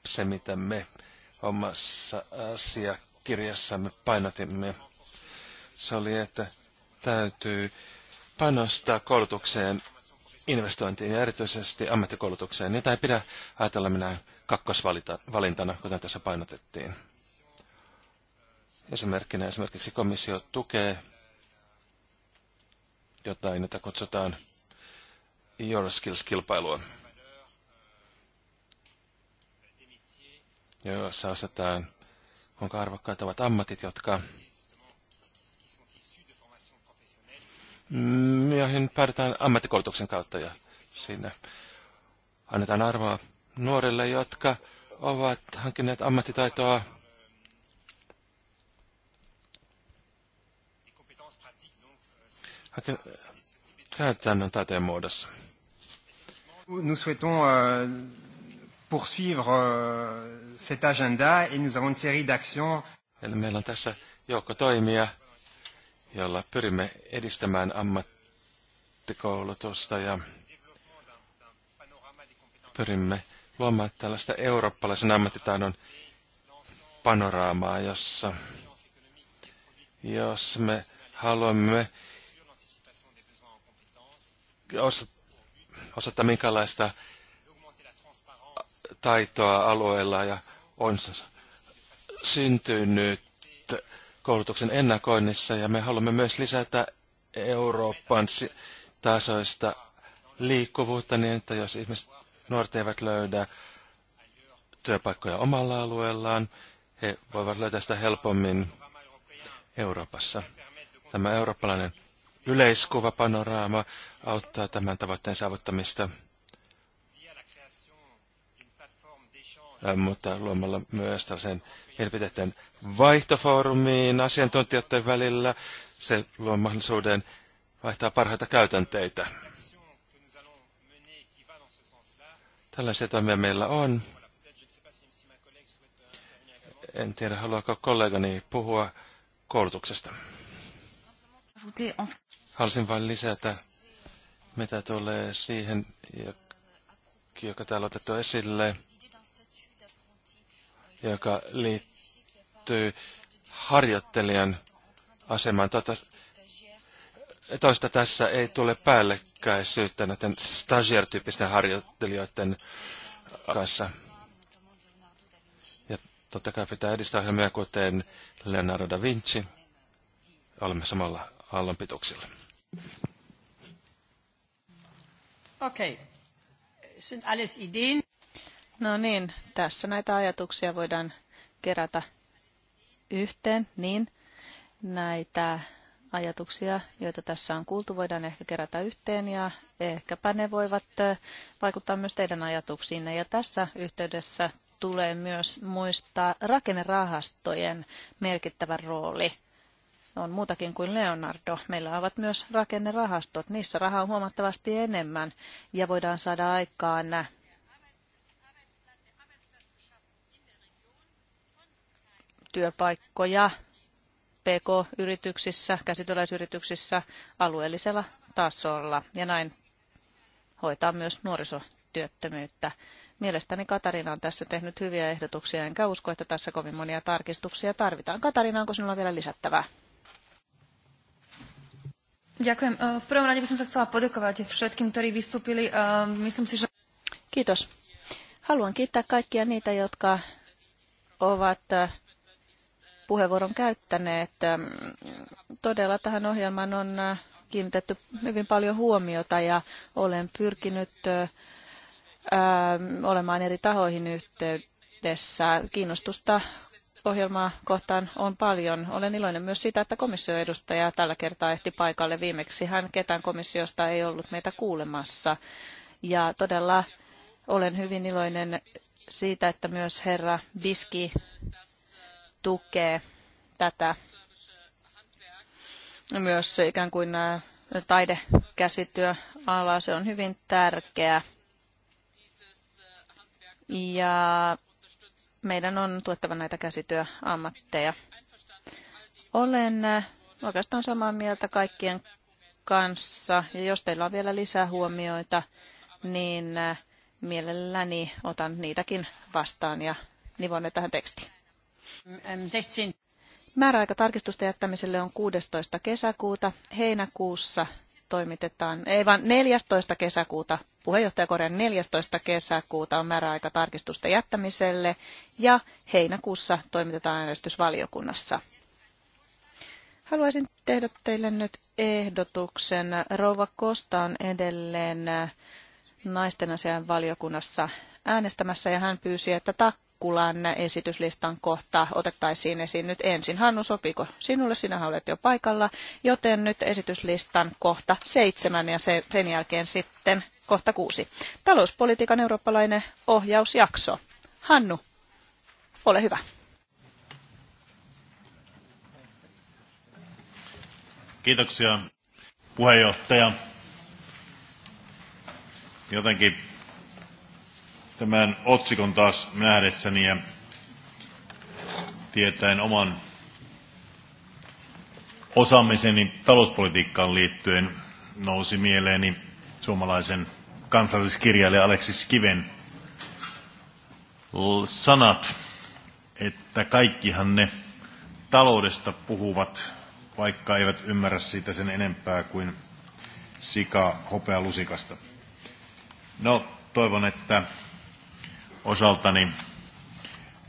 Se, mitä me omassa asiakkaassa kirjassamme painotimme. Se oli, että täytyy panostaa koulutukseen, investointiin ja erityisesti ammattikoulutukseen. Niitä ei pidä ajatella minä kakkosvalintana, kuten tässä painotettiin. Esimerkkinä esimerkiksi komissio tukee jotain, jota kutsutaan skills kilpailua jossa osataan kuinka arvokkaita ovat ammatit, jotka joihin päädytään ammattikoulutuksen kautta ja siinä annetaan arvoa nuorille, jotka ovat hankineet ammattitaitoa käytännön taiteen muodossa. Nous souhaitons euh, poursuivre euh, cet agenda et nous avons une série d'actions. Eli meillä on tässä joukko toimia, jolla pyrimme edistämään ammattikoulutusta ja pyrimme luomaan tällaista eurooppalaisen ammattitaidon panoraamaa, jossa jos me haluamme osata, osata minkälaista taitoa alueella ja on syntynyt koulutuksen ennakoinnissa ja me haluamme myös lisätä Euroopan tasoista liikkuvuutta niin, että jos ihmiset, nuoret eivät löydä työpaikkoja omalla alueellaan, he voivat löytää sitä helpommin Euroopassa. Tämä eurooppalainen yleiskuva panoraama auttaa tämän tavoitteen saavuttamista – Äh, mutta luomalla myös tällaisen mielipiteiden vaihtofoorumiin asiantuntijoiden välillä. Se luo mahdollisuuden vaihtaa parhaita käytänteitä. Tällaisia toimia meillä on. En tiedä, haluaako kollegani puhua koulutuksesta. Haluaisin vain lisätä, mitä tulee siihen, joka täällä on otettu esille joka liittyy harjoittelijan asemaan. Tuota, toista tässä ei tule päällekkäisyyttä näiden stagiaire harjoittelijoiden kanssa. Ja totta kai pitää edistää ohjelmia kuten Leonardo da Vinci. Olemme samalla aallonpituksilla. Okei. Okay. Sind alles Ideen? No niin, tässä näitä ajatuksia voidaan kerätä yhteen, niin näitä ajatuksia, joita tässä on kuultu, voidaan ehkä kerätä yhteen ja ehkäpä ne voivat vaikuttaa myös teidän ajatuksiinne. Ja tässä yhteydessä tulee myös muistaa rakennerahastojen merkittävä rooli. On muutakin kuin Leonardo. Meillä ovat myös rakennerahastot. Niissä rahaa on huomattavasti enemmän ja voidaan saada aikaan työpaikkoja PK-yrityksissä, käsityöläisyrityksissä alueellisella tasolla ja näin hoitaa myös nuorisotyöttömyyttä. Mielestäni Katarina on tässä tehnyt hyviä ehdotuksia, enkä usko, että tässä kovin monia tarkistuksia tarvitaan. Katarina, onko sinulla vielä lisättävää? Ďakujem. E, v prvom rade by som sa chcela poďakovať všetkým, ktorí vystúpili. E, myslím si, že... Kiitos. Haluan kiittää kaikkia niitä, jotka ovat puheenvuoron käyttäneet. Todella tähän ohjelmaan on kiinnitetty hyvin paljon huomiota ja olen pyrkinyt olemaan eri tahoihin yhteydessä. Kiinnostusta ohjelmaa kohtaan on paljon. Olen iloinen myös siitä, että komission edustaja tällä kertaa ehti paikalle. Viimeksi hän ketään komissiosta ei ollut meitä kuulemassa. Ja todella olen hyvin iloinen siitä, että myös herra Biski tukee tätä myös ikään kuin taidekäsityöala. Se on hyvin tärkeä. Ja meidän on tuettava näitä käsityöammatteja. Olen oikeastaan samaa mieltä kaikkien kanssa. Ja jos teillä on vielä lisää huomioita, niin mielelläni otan niitäkin vastaan ja nivon ne tähän tekstiin. Määräaika tarkistusten jättämiselle on 16. kesäkuuta. Heinäkuussa toimitetaan, ei vaan 14. kesäkuuta, puheenjohtajakorjan 14. kesäkuuta on määräaika tarkistusten jättämiselle ja heinäkuussa toimitetaan äänestysvaliokunnassa. Haluaisin tehdä teille nyt ehdotuksen. Rouva Kosta on edelleen naisten asian valiokunnassa äänestämässä ja hän pyysi, että Pikkulan esityslistan kohta otettaisiin esiin nyt ensin. Hannu, sopiiko sinulle? Sinä olet jo paikalla, joten nyt esityslistan kohta seitsemän ja sen jälkeen sitten kohta kuusi. Talouspolitiikan eurooppalainen ohjausjakso. Hannu, ole hyvä. Kiitoksia puheenjohtaja. Jotenkin tämän otsikon taas nähdessäni ja tietäen oman osaamiseni talouspolitiikkaan liittyen nousi mieleeni suomalaisen kansalliskirjailija Aleksis Kiven sanat, että kaikkihan ne taloudesta puhuvat, vaikka eivät ymmärrä siitä sen enempää kuin sika hopea lusikasta. No, toivon, että osaltani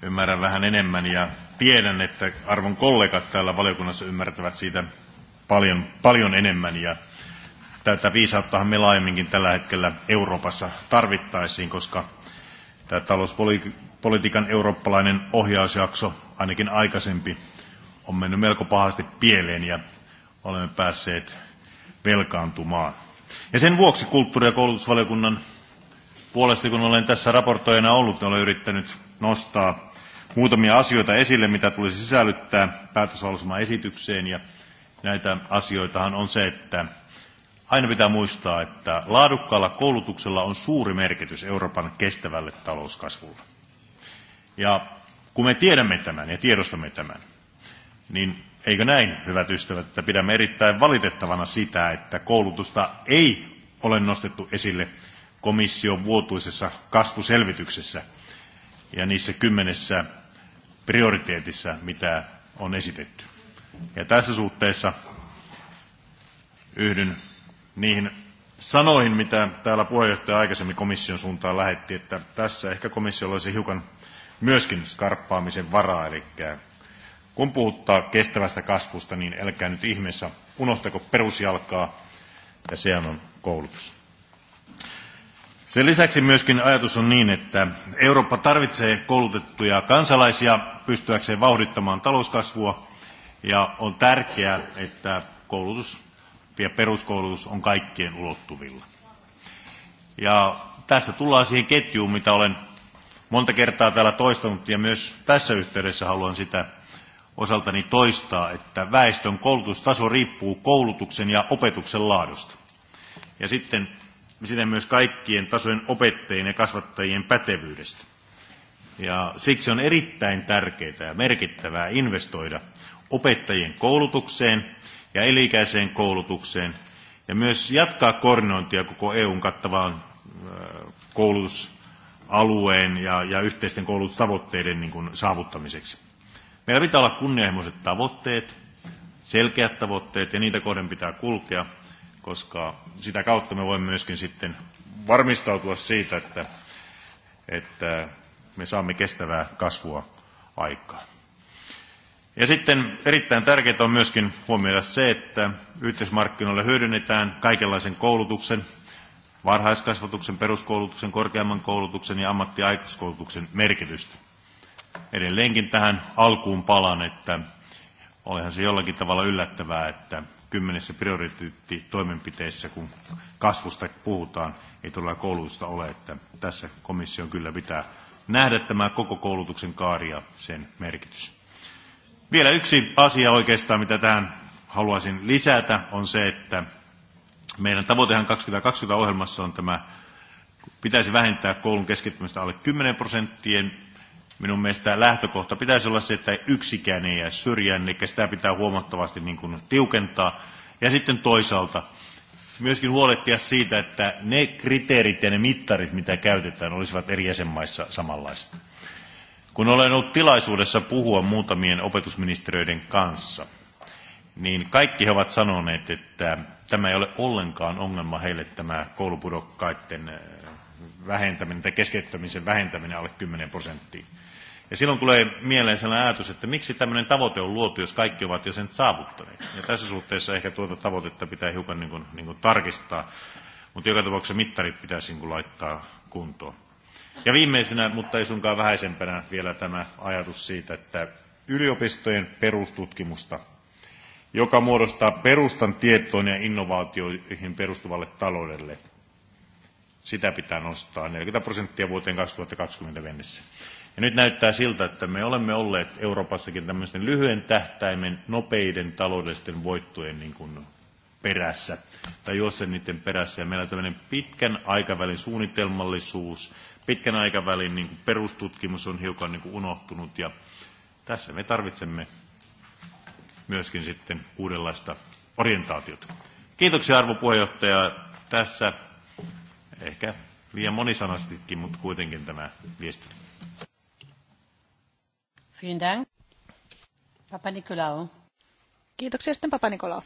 ymmärrän vähän enemmän ja tiedän, että arvon kollegat täällä valiokunnassa ymmärtävät siitä paljon, paljon enemmän ja tätä viisauttahan me laajemminkin tällä hetkellä Euroopassa tarvittaisiin, koska tämä talouspolitiikan eurooppalainen ohjausjakso, ainakin aikaisempi, on mennyt melko pahasti pieleen ja olemme päässeet velkaantumaan. Ja sen vuoksi kulttuuri- ja koulutusvaliokunnan puolesta, kun olen tässä raportoijana ollut, niin olen yrittänyt nostaa muutamia asioita esille, mitä tulisi sisällyttää päätöslausumaan esitykseen. Ja näitä asioitahan on se, että aina pitää muistaa, että laadukkaalla koulutuksella on suuri merkitys Euroopan kestävälle talouskasvulle. Ja kun me tiedämme tämän ja tiedostamme tämän, niin eikö näin, hyvät ystävät, että pidämme erittäin valitettavana sitä, että koulutusta ei ole nostettu esille – komission vuotuisessa kasvuselvityksessä ja niissä kymmenessä prioriteetissa, mitä on esitetty. Ja tässä suhteessa yhdyn niihin sanoihin, mitä täällä puheenjohtaja aikaisemmin komission suuntaan lähetti, että tässä ehkä komissiolla olisi hiukan myöskin skarppaamisen varaa, eli kun puhuttaa kestävästä kasvusta, niin älkää nyt ihmeessä unohtako perusjalkaa, ja sehän on koulutus. Sen lisäksi myöskin ajatus on niin, että Eurooppa tarvitsee koulutettuja kansalaisia pystyäkseen vauhdittamaan talouskasvua ja on tärkeää, että koulutus ja peruskoulutus on kaikkien ulottuvilla. Ja tästä tullaan siihen ketjuun, mitä olen monta kertaa täällä toistanut ja myös tässä yhteydessä haluan sitä osaltani toistaa, että väestön koulutustaso riippuu koulutuksen ja opetuksen laadusta. Ja sitten siten myös kaikkien tasojen opettajien ja kasvattajien pätevyydestä. Ja siksi on erittäin tärkeää ja merkittävää investoida opettajien koulutukseen ja elikäiseen koulutukseen ja myös jatkaa koordinointia koko EUn kattavaan koulutusalueen ja, ja yhteisten koulutustavoitteiden niin kuin, saavuttamiseksi. Meillä pitää olla kunnianhimoiset tavoitteet, selkeät tavoitteet ja niitä kohden pitää kulkea – koska sitä kautta me voimme myöskin sitten varmistautua siitä, että, että me saamme kestävää kasvua aikaa. Ja sitten erittäin tärkeää on myöskin huomioida se, että yhteismarkkinoille hyödynnetään kaikenlaisen koulutuksen, varhaiskasvatuksen, peruskoulutuksen, korkeamman koulutuksen ja ammattiaikuiskoulutuksen merkitystä. Edelleenkin tähän alkuun palan, että olihan se jollakin tavalla yllättävää, että kymmenessä prioriteettitoimenpiteessä, kun kasvusta puhutaan, ei todella koulutusta ole. Että tässä komission kyllä pitää nähdä tämä koko koulutuksen kaari ja sen merkitys. Vielä yksi asia oikeastaan, mitä tähän haluaisin lisätä, on se, että meidän tavoitehan 2020-ohjelmassa on tämä, pitäisi vähentää koulun keskittymistä alle 10 prosenttien minun mielestä lähtökohta pitäisi olla se, että yksikään ei jää syrjään, eli sitä pitää huomattavasti niin kuin tiukentaa. Ja sitten toisaalta myöskin huolehtia siitä, että ne kriteerit ja ne mittarit, mitä käytetään, olisivat eri jäsenmaissa samanlaiset. Kun olen ollut tilaisuudessa puhua muutamien opetusministeriöiden kanssa, niin kaikki he ovat sanoneet, että tämä ei ole ollenkaan ongelma heille tämä koulupudokkaiden äh, vähentäminen tai keskeyttämisen vähentäminen alle 10 prosenttiin. Ja silloin tulee mieleen sellainen ajatus, että miksi tämmöinen tavoite on luotu, jos kaikki ovat jo sen saavuttaneet. Ja tässä suhteessa ehkä tuota tavoitetta pitää hiukan niin kuin, niin kuin tarkistaa, mutta joka tapauksessa mittarit pitäisi niin kuin laittaa kuntoon. Ja viimeisenä, mutta ei sunkaan vähäisempänä, vielä tämä ajatus siitä, että yliopistojen perustutkimusta, joka muodostaa perustan tietoon ja innovaatioihin perustuvalle taloudelle, sitä pitää nostaa 40 prosenttia vuoteen 2020 mennessä. Ja nyt näyttää siltä, että me olemme olleet Euroopassakin tämmöisten lyhyen tähtäimen, nopeiden taloudellisten voittojen niin kuin perässä tai sen niiden perässä. Ja meillä on tämmöinen pitkän aikavälin suunnitelmallisuus, pitkän aikavälin niin kuin perustutkimus on hiukan niin kuin unohtunut ja tässä me tarvitsemme myöskin sitten uudenlaista orientaatiota. Kiitoksia arvo Tässä ehkä liian monisanastikin, mutta kuitenkin tämä viesti. Vielen Dank. Papa Kiitoksia sitten Papa Nikolaou.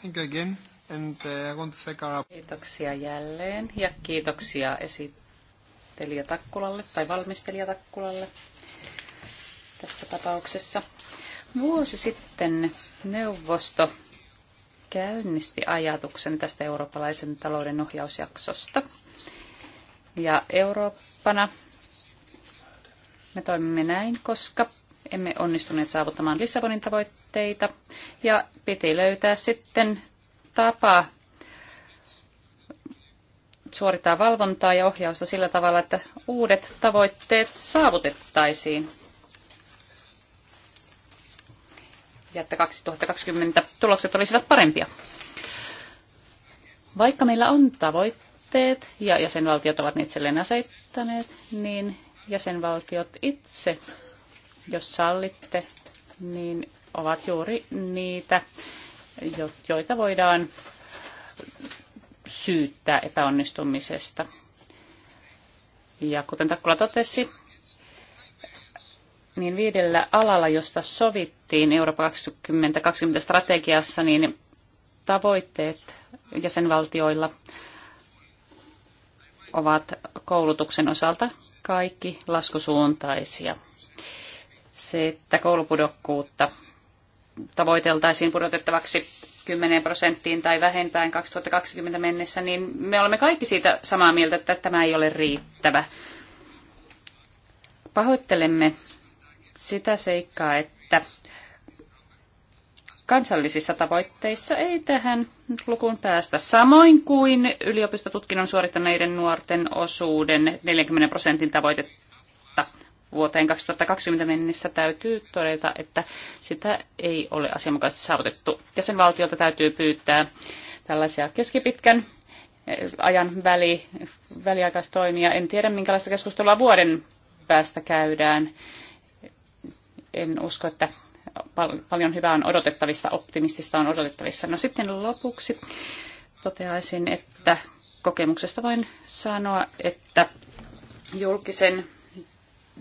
Thank you again. And, uh, I want to thank our... Kiitoksia jälleen ja kiitoksia esittelijä Takkulalle tai valmistelija Takkulalle tässä tapauksessa. Vuosi sitten neuvosto käynnisti ajatuksen tästä eurooppalaisen talouden ohjausjaksosta. Ja Eurooppana me toimimme näin, koska emme onnistuneet saavuttamaan Lissabonin tavoitteita ja piti löytää sitten tapa suorittaa valvontaa ja ohjausta sillä tavalla, että uudet tavoitteet saavutettaisiin. Ja että 2020 tulokset olisivat parempia. Vaikka meillä on tavoitteet ja jäsenvaltiot ovat ne itselleen asettaneet, niin jäsenvaltiot itse, jos sallitte, niin ovat juuri niitä, joita voidaan syyttää epäonnistumisesta. Ja kuten Takkula totesi, niin viidellä alalla, josta sovittiin Eurooppa 2020 strategiassa, niin tavoitteet jäsenvaltioilla ovat koulutuksen osalta kaikki laskusuuntaisia. Se, että koulupudokkuutta tavoiteltaisiin pudotettavaksi 10 prosenttiin tai vähempään 2020 mennessä, niin me olemme kaikki siitä samaa mieltä, että tämä ei ole riittävä. Pahoittelemme sitä seikkaa, että kansallisissa tavoitteissa ei tähän lukuun päästä. Samoin kuin yliopistotutkinnon suorittaneiden nuorten osuuden 40 prosentin tavoitetta vuoteen 2020 mennessä täytyy todeta, että sitä ei ole asianmukaisesti saavutettu. valtiolta täytyy pyytää tällaisia keskipitkän eh, ajan väli, väliaikaistoimia. En tiedä, minkälaista keskustelua vuoden päästä käydään. En usko, että pal- paljon hyvää on odotettavissa, optimistista on odotettavissa. No sitten lopuksi toteaisin, että kokemuksesta voin sanoa, että julkisen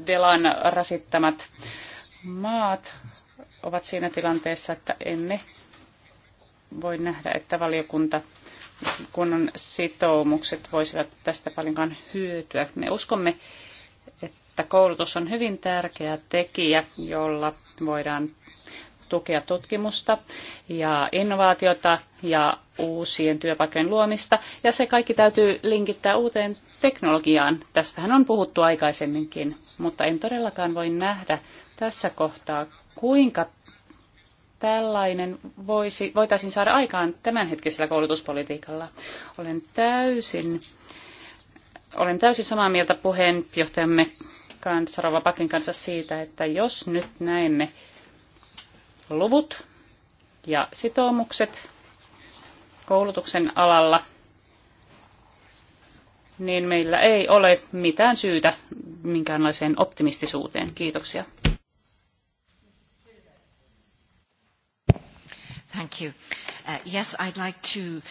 velan rasittamat maat ovat siinä tilanteessa, että emme voi nähdä, että valiokunta kunnon sitoumukset voisivat tästä paljonkaan hyötyä. Me uskomme että koulutus on hyvin tärkeä tekijä, jolla voidaan tukea tutkimusta ja innovaatiota ja uusien työpaikkojen luomista. Ja se kaikki täytyy linkittää uuteen teknologiaan. Tästähän on puhuttu aikaisemminkin, mutta en todellakaan voi nähdä tässä kohtaa, kuinka tällainen voisi, voitaisiin saada aikaan tämänhetkisellä koulutuspolitiikalla. Olen täysin, olen täysin samaa mieltä puheenjohtajamme kanssa, Rova Pakin kanssa siitä, että jos nyt näemme luvut ja sitoumukset koulutuksen alalla, niin meillä ei ole mitään syytä minkäänlaiseen optimistisuuteen. Kiitoksia. Thank you. Uh, yes, I'd like to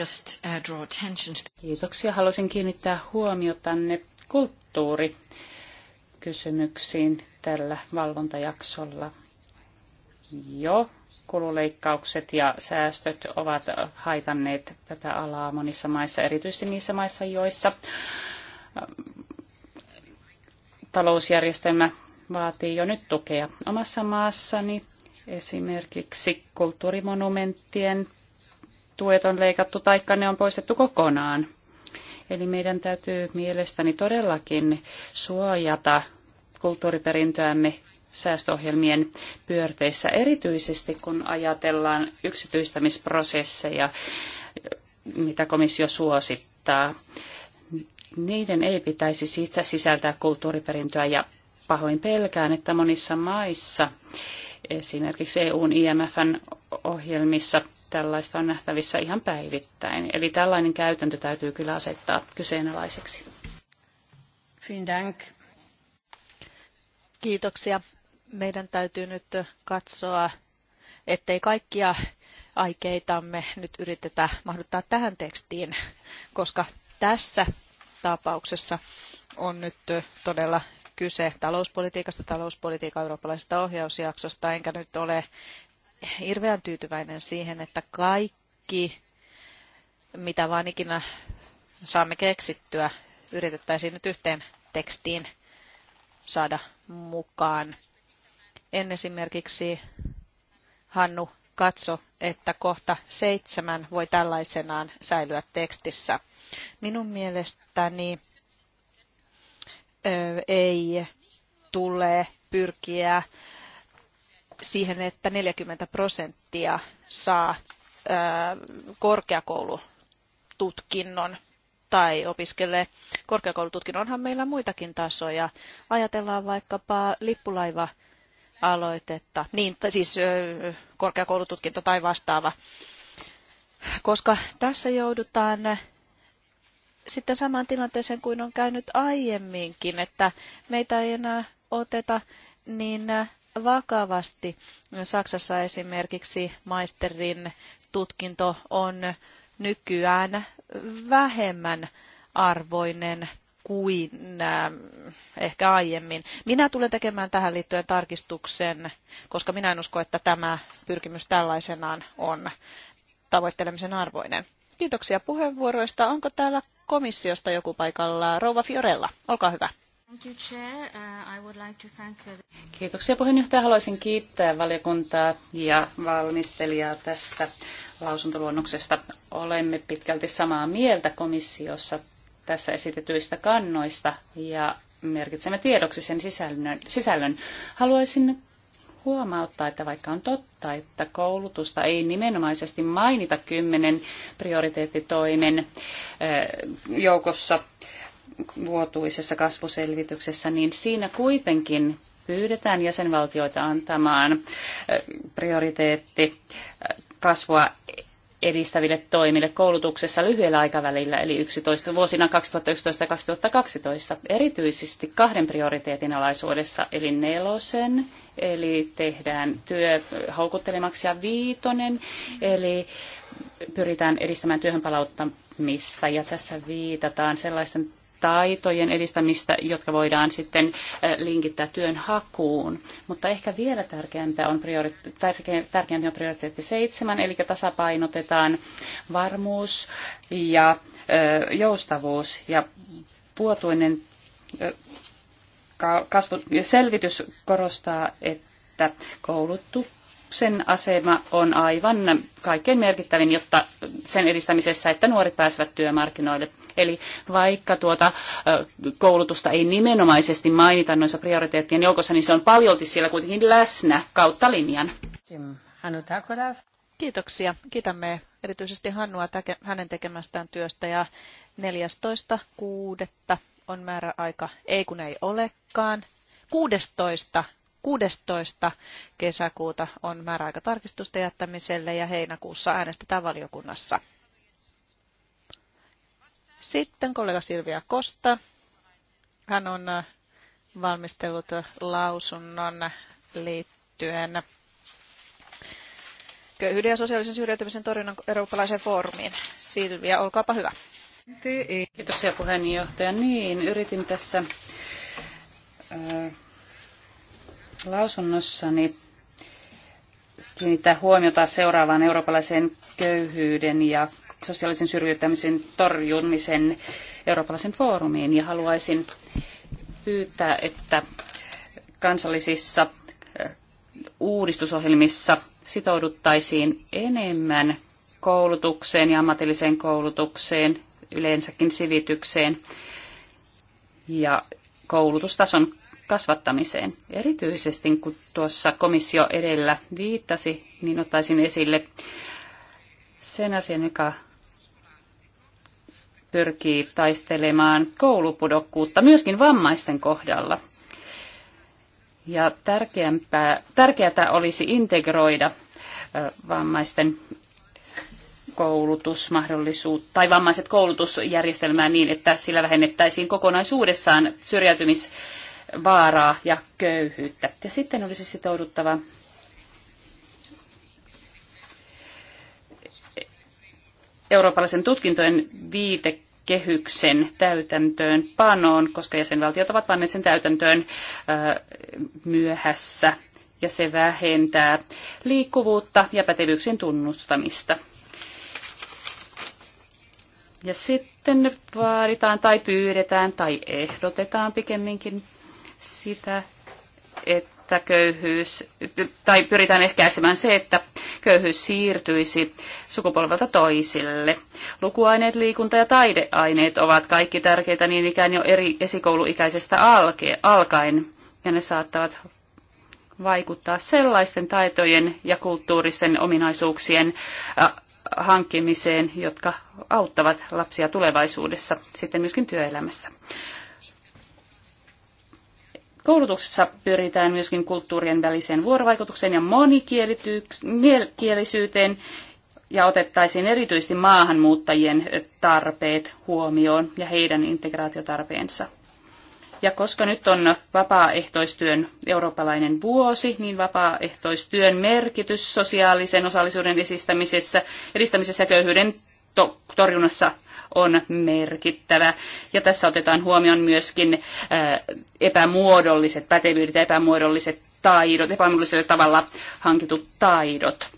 just uh, draw attention to... Kiitoksia. Haluaisin kiinnittää huomiotanne kulttuuri- kysymyksiin tällä valvontajaksolla. Jo kululeikkaukset ja säästöt ovat haitanneet tätä alaa monissa maissa, erityisesti niissä maissa, joissa ähm, talousjärjestelmä vaatii jo nyt tukea. Omassa maassani esimerkiksi kulttuurimonumenttien tuet on leikattu taikka ne on poistettu kokonaan. Eli meidän täytyy mielestäni todellakin suojata kulttuuriperintöämme säästöohjelmien pyörteissä, erityisesti kun ajatellaan yksityistämisprosesseja, mitä komissio suosittaa. Niiden ei pitäisi siitä sisältää kulttuuriperintöä ja pahoin pelkään, että monissa maissa, esimerkiksi EUn IMFn ohjelmissa, tällaista on nähtävissä ihan päivittäin. Eli tällainen käytäntö täytyy kyllä asettaa kyseenalaiseksi. Kiitoksia. Meidän täytyy nyt katsoa, ettei kaikkia aikeitamme nyt yritetä mahduttaa tähän tekstiin, koska tässä tapauksessa on nyt todella kyse talouspolitiikasta, talouspolitiikan eurooppalaisesta ohjausjaksosta, enkä nyt ole hirveän tyytyväinen siihen, että kaikki, mitä vaan ikinä saamme keksittyä, yritettäisiin nyt yhteen tekstiin saada mukaan. En esimerkiksi, Hannu, katso, että kohta seitsemän voi tällaisenaan säilyä tekstissä. Minun mielestäni ö, ei tule pyrkiä siihen, että 40 prosenttia saa korkeakoulututkinnon tai opiskelee korkeakoulututkinnon. Onhan meillä muitakin tasoja. Ajatellaan vaikkapa lippulaiva aloitetta, niin, siis korkeakoulututkinto tai vastaava. Koska tässä joudutaan sitten samaan tilanteeseen kuin on käynyt aiemminkin, että meitä ei enää oteta niin vakavasti. Saksassa esimerkiksi maisterin tutkinto on nykyään vähemmän arvoinen kuin ähm, ehkä aiemmin. Minä tulen tekemään tähän liittyen tarkistuksen, koska minä en usko, että tämä pyrkimys tällaisenaan on tavoittelemisen arvoinen. Kiitoksia puheenvuoroista. Onko täällä komissiosta joku paikalla? Rouva Fiorella, olkaa hyvä. Uh, Kiitoksia puheenjohtaja. Haluaisin kiittää valiokuntaa ja valmistelijaa tästä lausuntoluonnoksesta. Olemme pitkälti samaa mieltä komissiossa tässä esitetyistä kannoista ja merkitsemme tiedoksi sen sisällön. sisällön. Haluaisin huomauttaa, että vaikka on totta, että koulutusta ei nimenomaisesti mainita kymmenen prioriteettitoimen eh, joukossa vuotuisessa kasvuselvityksessä, niin siinä kuitenkin pyydetään jäsenvaltioita antamaan prioriteetti kasvua edistäville toimille koulutuksessa lyhyellä aikavälillä, eli 11, vuosina 2011 ja 2012, erityisesti kahden prioriteetin alaisuudessa, eli nelosen, eli tehdään työ houkuttelemaksi ja viitonen, eli pyritään edistämään työhön palauttamista ja tässä viitataan sellaisten taitojen edistämistä, jotka voidaan sitten linkittää työn hakuun. Mutta ehkä vielä tärkeämpää on, priori- tärke- tärkeämpi on prioriteetti seitsemän, eli tasapainotetaan varmuus ja ö, joustavuus ja vuotuinen ö, kasvu- selvitys korostaa, että kouluttu sen asema on aivan kaikkein merkittävin, jotta sen edistämisessä, että nuoret pääsevät työmarkkinoille. Eli vaikka tuota koulutusta ei nimenomaisesti mainita noissa prioriteettien joukossa, niin se on paljolti siellä kuitenkin läsnä kautta linjan. Kiitoksia. Kiitämme erityisesti Hannua hänen tekemästään työstä ja 14.6. on määräaika, ei kun ei olekaan, 16. 16. kesäkuuta on määräaika tarkistusta jättämiselle ja heinäkuussa äänestetään valiokunnassa. Sitten kollega Silvia Kosta. Hän on äh, valmistellut äh, lausunnon liittyen köyhyyden ja sosiaalisen syrjäytymisen torjunnan eurooppalaiseen foorumiin. Silvia, olkaapa hyvä. Kiitoksia puheenjohtaja. Niin, yritin tässä äh, Lausunnossani kiinnittää huomiota seuraavaan eurooppalaisen köyhyyden ja sosiaalisen syrjäytymisen torjumisen eurooppalaisen foorumiin ja haluaisin pyytää, että kansallisissa uudistusohjelmissa sitouduttaisiin enemmän koulutukseen ja ammatilliseen koulutukseen, yleensäkin sivitykseen ja koulutustason kasvattamiseen. Erityisesti kun tuossa komissio edellä viittasi, niin ottaisin esille sen asian, joka pyrkii taistelemaan koulupudokkuutta myöskin vammaisten kohdalla. Ja tärkeämpää, tärkeää olisi integroida vammaisten koulutusmahdollisuutta tai vammaiset koulutusjärjestelmää niin, että sillä vähennettäisiin kokonaisuudessaan syrjäytymis- vaaraa ja köyhyyttä. Ja sitten olisi sitouduttava eurooppalaisen tutkintojen viitekehyksen täytäntöön panoon, koska jäsenvaltiot ovat panneet sen täytäntöön myöhässä ja se vähentää liikkuvuutta ja pätevyyksien tunnustamista. Ja sitten vaaditaan tai pyydetään tai ehdotetaan pikemminkin sitä, että köyhyys, tai pyritään ehkäisemään se, että köyhyys siirtyisi sukupolvelta toisille. Lukuaineet, liikunta ja taideaineet ovat kaikki tärkeitä niin ikään jo eri esikouluikäisestä alkaen, ja ne saattavat vaikuttaa sellaisten taitojen ja kulttuuristen ominaisuuksien hankkimiseen, jotka auttavat lapsia tulevaisuudessa, sitten myöskin työelämässä. Koulutuksessa pyritään myöskin kulttuurien väliseen vuorovaikutukseen ja monikielisyyteen ja otettaisiin erityisesti maahanmuuttajien tarpeet huomioon ja heidän integraatiotarpeensa. Ja koska nyt on vapaaehtoistyön eurooppalainen vuosi, niin vapaaehtoistyön merkitys sosiaalisen osallisuuden edistämisessä, edistämisessä ja köyhyyden torjunnassa on merkittävä. Ja tässä otetaan huomioon myöskin äh, epämuodolliset pätevyydet ja epämuodolliset taidot, epämuodollisella tavalla hankitut taidot.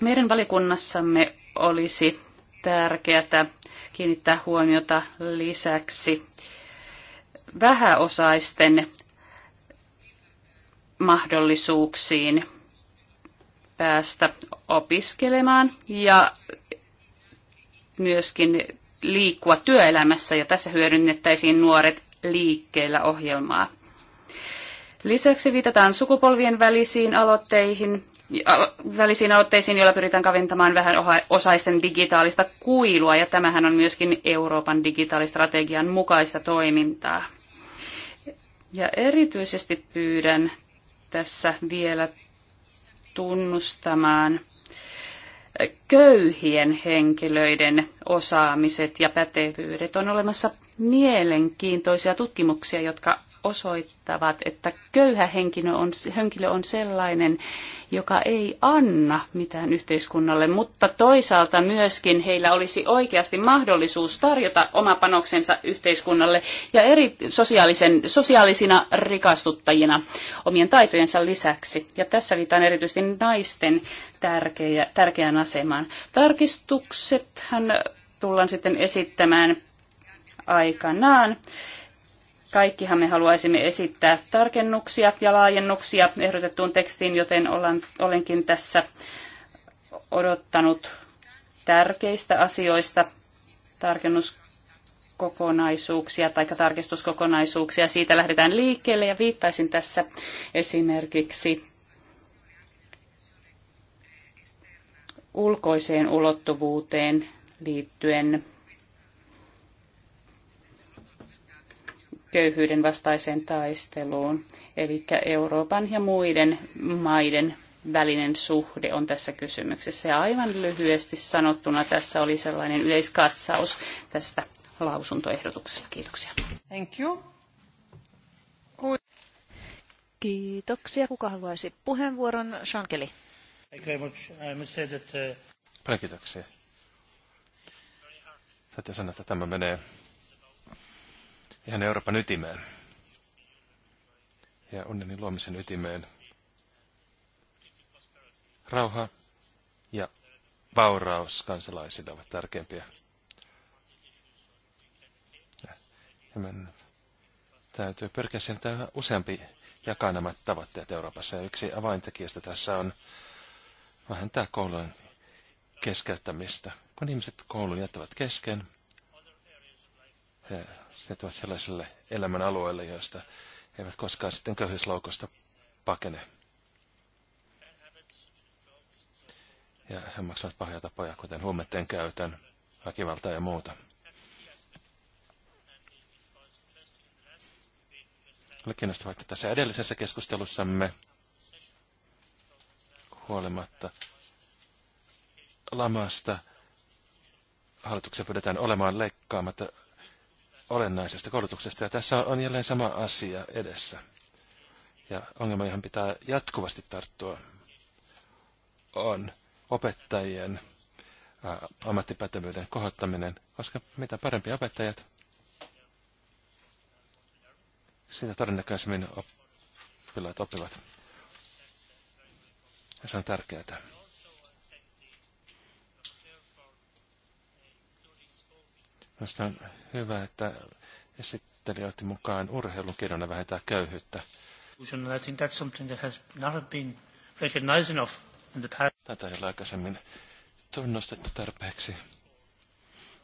Meidän valikunnassamme olisi tärkeää kiinnittää huomiota lisäksi vähäosaisten mahdollisuuksiin päästä opiskelemaan ja myöskin liikkua työelämässä ja tässä hyödynnettäisiin nuoret liikkeellä ohjelmaa. Lisäksi viitataan sukupolvien välisiin aloitteihin, välisiin aloitteisiin, joilla pyritään kaventamaan vähän osaisten digitaalista kuilua, ja tämähän on myöskin Euroopan digitaalistrategian mukaista toimintaa. Ja erityisesti pyydän tässä vielä tunnustamaan köyhien henkilöiden osaamiset ja pätevyydet. On olemassa mielenkiintoisia tutkimuksia, jotka osoittavat, että köyhä henkilö on, henkilö on sellainen, joka ei anna mitään yhteiskunnalle, mutta toisaalta myöskin heillä olisi oikeasti mahdollisuus tarjota oma panoksensa yhteiskunnalle ja eri sosiaalisen, sosiaalisina rikastuttajina omien taitojensa lisäksi. Ja tässä viitaan erityisesti naisten tärkeä, tärkeän asemaan. Tarkistuksethan tullaan sitten esittämään aikanaan. Kaikkihan me haluaisimme esittää tarkennuksia ja laajennuksia ehdotettuun tekstiin, joten olen, olenkin tässä odottanut tärkeistä asioista tarkennuskokonaisuuksia tai tarkistuskokonaisuuksia. Siitä lähdetään liikkeelle ja viittaisin tässä esimerkiksi ulkoiseen ulottuvuuteen liittyen köyhyyden vastaiseen taisteluun. Eli Euroopan ja muiden maiden välinen suhde on tässä kysymyksessä. Ja aivan lyhyesti sanottuna tässä oli sellainen yleiskatsaus tästä lausuntoehdotuksesta. Kiitoksia. Thank you. Kiitoksia. Kuka haluaisi puheenvuoron? Shankeli. Uh, Paljon kiitoksia. Täytyy sanoa, että tämä menee ihan Euroopan ytimeen ja unionin luomisen ytimeen. Rauha ja vauraus kansalaisille ovat tärkeimpiä. Ja meidän täytyy pyrkiä siihen, että useampi jakaa nämä tavoitteet Euroopassa. Ja yksi avaintekijästä tässä on vähentää koulujen keskeyttämistä. Kun ihmiset koulun jättävät kesken, he asetettavat sellaiselle elämän alueelle, joista he eivät koskaan sitten köyhyysloukosta pakene. Ja he maksavat pahoja tapoja, kuten huumeiden käytön, väkivaltaa ja muuta. Oli kiinnostavaa, että tässä edellisessä keskustelussamme huolimatta lamasta hallituksen pyydetään olemaan leikkaamatta olennaisesta koulutuksesta. Ja tässä on jälleen sama asia edessä. Ja ongelma, johon pitää jatkuvasti tarttua, on opettajien ammattipätevyyden kohottaminen, koska mitä parempi opettajat, sitä todennäköisemmin oppilaat oppivat. Ja se on tärkeää. Minusta on hyvä, että esitteli otti mukaan urheilun keinona vähentää köyhyyttä. Tätä ei ole aikaisemmin tunnustettu tarpeeksi.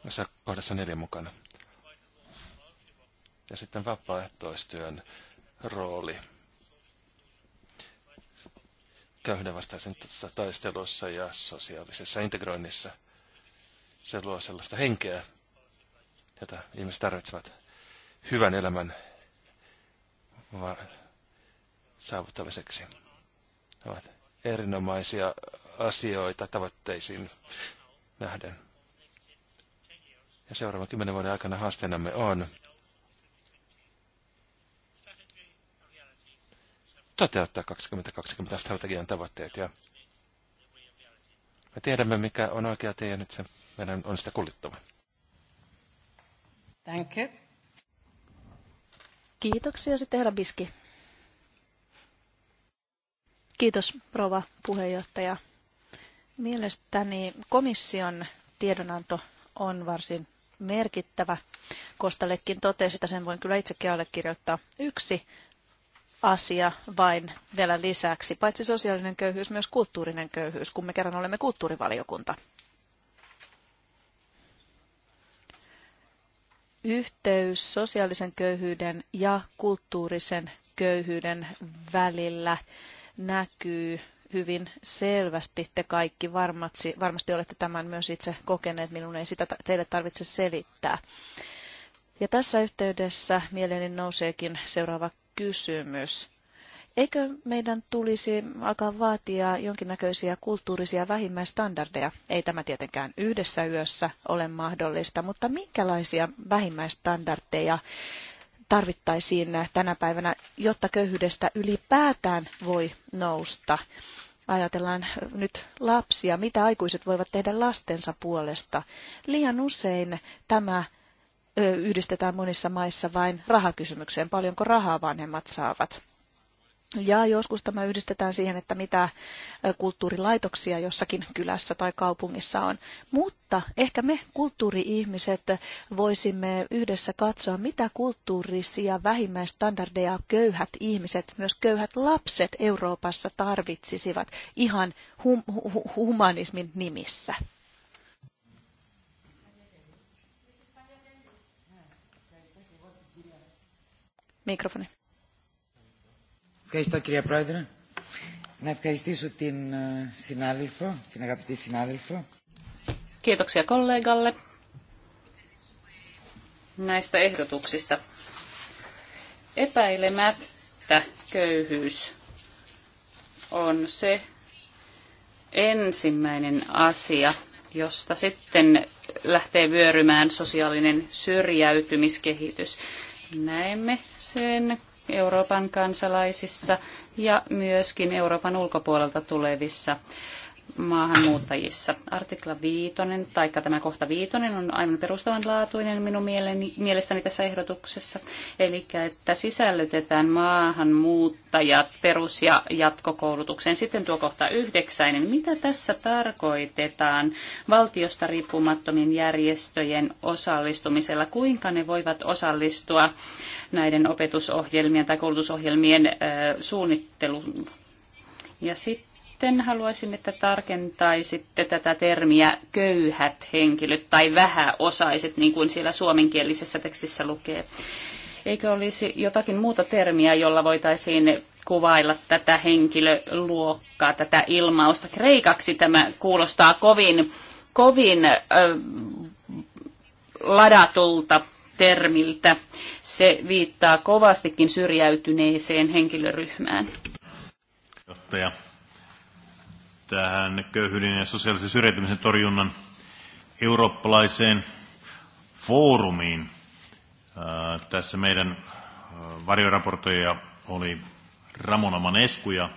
Osa kohdassa neljä mukana. Ja sitten vapaaehtoistyön rooli köyhden vastaisen taistelussa ja sosiaalisessa integroinnissa. Se luo sellaista henkeä, jota ihmiset tarvitsevat hyvän elämän saavuttamiseksi. Ne ovat erinomaisia asioita tavoitteisiin nähden. Ja seuraavan kymmenen vuoden aikana haasteenamme on toteuttaa 2020 strategian tavoitteet. Ja me tiedämme, mikä on oikea tie, ja nyt se meidän on sitä kuljettava. Danke. Kiitoksia sitten herra Biski. Kiitos rouva puheenjohtaja. Mielestäni komission tiedonanto on varsin merkittävä. Kostallekin totesi, että sen voin kyllä itsekin allekirjoittaa. Yksi asia vain vielä lisäksi, paitsi sosiaalinen köyhyys, myös kulttuurinen köyhyys, kun me kerran olemme kulttuurivaliokunta. yhteys sosiaalisen köyhyyden ja kulttuurisen köyhyyden välillä näkyy hyvin selvästi. Te kaikki varmasti, varmasti olette tämän myös itse kokeneet, minun ei sitä teille tarvitse selittää. Ja tässä yhteydessä mieleeni nouseekin seuraava kysymys. Eikö meidän tulisi alkaa vaatia jonkinnäköisiä kulttuurisia vähimmäistandardeja? Ei tämä tietenkään yhdessä yössä ole mahdollista, mutta minkälaisia vähimmäistandardeja tarvittaisiin tänä päivänä, jotta köyhyydestä ylipäätään voi nousta? ajatellaan nyt lapsia, mitä aikuiset voivat tehdä lastensa puolesta. Liian usein tämä yhdistetään monissa maissa vain rahakysymykseen, paljonko rahaa vanhemmat saavat. Ja joskus tämä yhdistetään siihen, että mitä kulttuurilaitoksia jossakin kylässä tai kaupungissa on. Mutta ehkä me kulttuuri-ihmiset voisimme yhdessä katsoa, mitä kulttuurisia vähimmäistandardeja köyhät ihmiset, myös köyhät lapset Euroopassa tarvitsisivat ihan hum- hu- humanismin nimissä. Mikrofoni. Ευχαριστώ κυρία Πρόεδρε. Να ευχαριστήσω την συνάδελφο, την αγαπητή συνάδελφο. Kiitoksia kollegalle näistä ehdotuksista. Epäilemättä köyhyys on se ensimmäinen asia, josta sitten lähtee vyörymään sosiaalinen syrjäytymiskehitys. Näemme sen Euroopan kansalaisissa ja myöskin Euroopan ulkopuolelta tulevissa maahanmuuttajissa. Artikla viitonen, taikka tämä kohta viitonen, on aivan perustavanlaatuinen minun mielestäni tässä ehdotuksessa. Eli että sisällytetään maahanmuuttajat perus- ja jatkokoulutukseen. Sitten tuo kohta yhdeksäinen. Mitä tässä tarkoitetaan valtiosta riippumattomien järjestöjen osallistumisella? Kuinka ne voivat osallistua näiden opetusohjelmien tai koulutusohjelmien suunnitteluun? Ja sitten sitten haluaisin, että tarkentaisitte tätä termiä köyhät henkilöt tai vähäosaiset, niin kuin siellä suomenkielisessä tekstissä lukee. Eikö olisi jotakin muuta termiä, jolla voitaisiin kuvailla tätä henkilöluokkaa, tätä ilmausta? Kreikaksi tämä kuulostaa kovin, kovin äh, ladatulta termiltä. Se viittaa kovastikin syrjäytyneeseen henkilöryhmään. Johtaja tähän köyhyyden ja sosiaalisen syrjäytymisen torjunnan eurooppalaiseen foorumiin. Tässä meidän varjoraportoija oli Ramona Manesku ja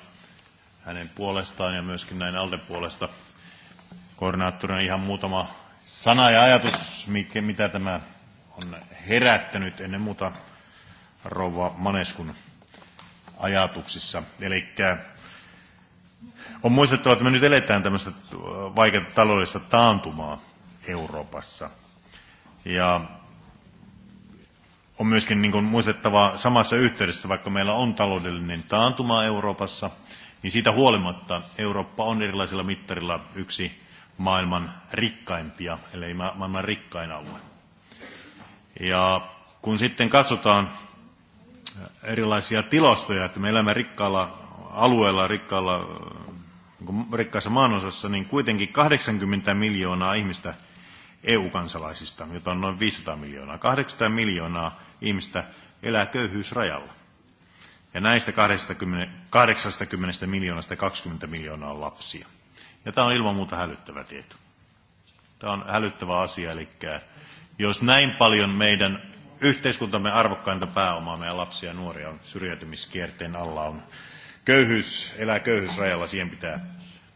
hänen puolestaan ja myöskin näin Alden puolesta koordinaattorina ihan muutama sana ja ajatus, mitä tämä on herättänyt ennen muuta rouva Maneskun ajatuksissa. Eli on muistettava, että me nyt eletään tämmöistä äh, vaikeaa taloudellista taantumaa Euroopassa. Ja on myöskin niin kuin muistettava samassa yhteydessä, vaikka meillä on taloudellinen taantuma Euroopassa, niin siitä huolimatta Eurooppa on erilaisilla mittarilla yksi maailman rikkaimpia, eli maailman rikkain alue. Ja kun sitten katsotaan äh, erilaisia tilastoja, että me elämme rikkaalla alueella, rikkaalla niin rikkaassa maanosassa, niin kuitenkin 80 miljoonaa ihmistä EU-kansalaisista, jota on noin 500 miljoonaa. 800 miljoonaa ihmistä elää köyhyysrajalla. Ja näistä 80, 80 miljoonasta 20 miljoonaa on lapsia. Ja tämä on ilman muuta hälyttävä tieto. Tämä on hälyttävä asia, eli jos näin paljon meidän yhteiskuntamme arvokkainta pääomaa, meidän lapsia ja nuoria on syrjäytymiskierteen alla, on Köyhyys elää köyhyysrajalla, siihen pitää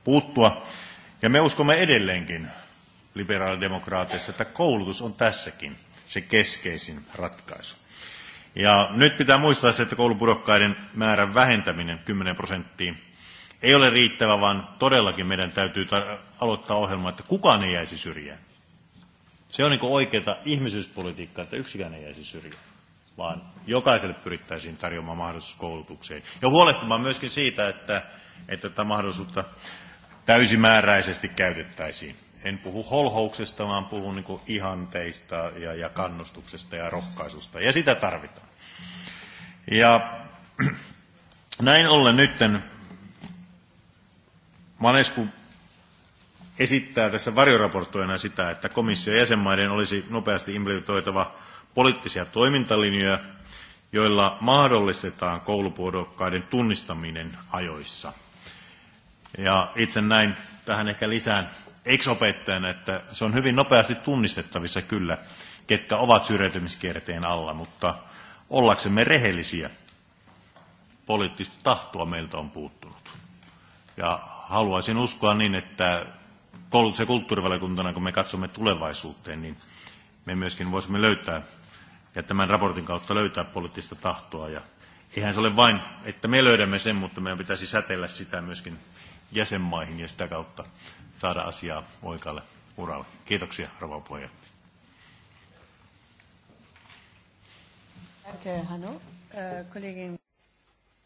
puuttua. Ja me uskomme edelleenkin liberaalidemokraateissa, että koulutus on tässäkin se keskeisin ratkaisu. Ja nyt pitää muistaa se, että koulupudokkaiden määrän vähentäminen 10 prosenttiin ei ole riittävä, vaan todellakin meidän täytyy aloittaa ohjelma, että kukaan ei jäisi syrjään. Se on niin oikeaa ihmisyyspolitiikkaa, että yksikään ei jäisi syrjään vaan jokaiselle pyrittäisiin tarjoamaan mahdollisuus koulutukseen. Ja huolehtimaan myöskin siitä, että, että tätä mahdollisuutta täysimääräisesti käytettäisiin. En puhu holhouksesta, vaan puhun niin kuin ihanteista ja, ja kannustuksesta ja rohkaisusta. Ja sitä tarvitaan. Ja näin ollen nytten Manesku esittää tässä varjoraportoina sitä, että komission jäsenmaiden olisi nopeasti implementoitava poliittisia toimintalinjoja, joilla mahdollistetaan koulupudokkaiden tunnistaminen ajoissa. Ja itse näin tähän ehkä lisään ex-opettajana, että se on hyvin nopeasti tunnistettavissa kyllä, ketkä ovat syrjäytymiskierteen alla, mutta ollaksemme rehellisiä, poliittista tahtoa meiltä on puuttunut. Ja haluaisin uskoa niin, että koulutus- ja kulttuurivaliokuntana, kun me katsomme tulevaisuuteen, niin me myöskin voisimme löytää ja tämän raportin kautta löytää poliittista tahtoa. Ja eihän se ole vain, että me löydämme sen, mutta meidän pitäisi säteillä sitä myöskin jäsenmaihin ja sitä kautta saada asiaa oikealle uralle. Kiitoksia, rouva puheenjohtaja.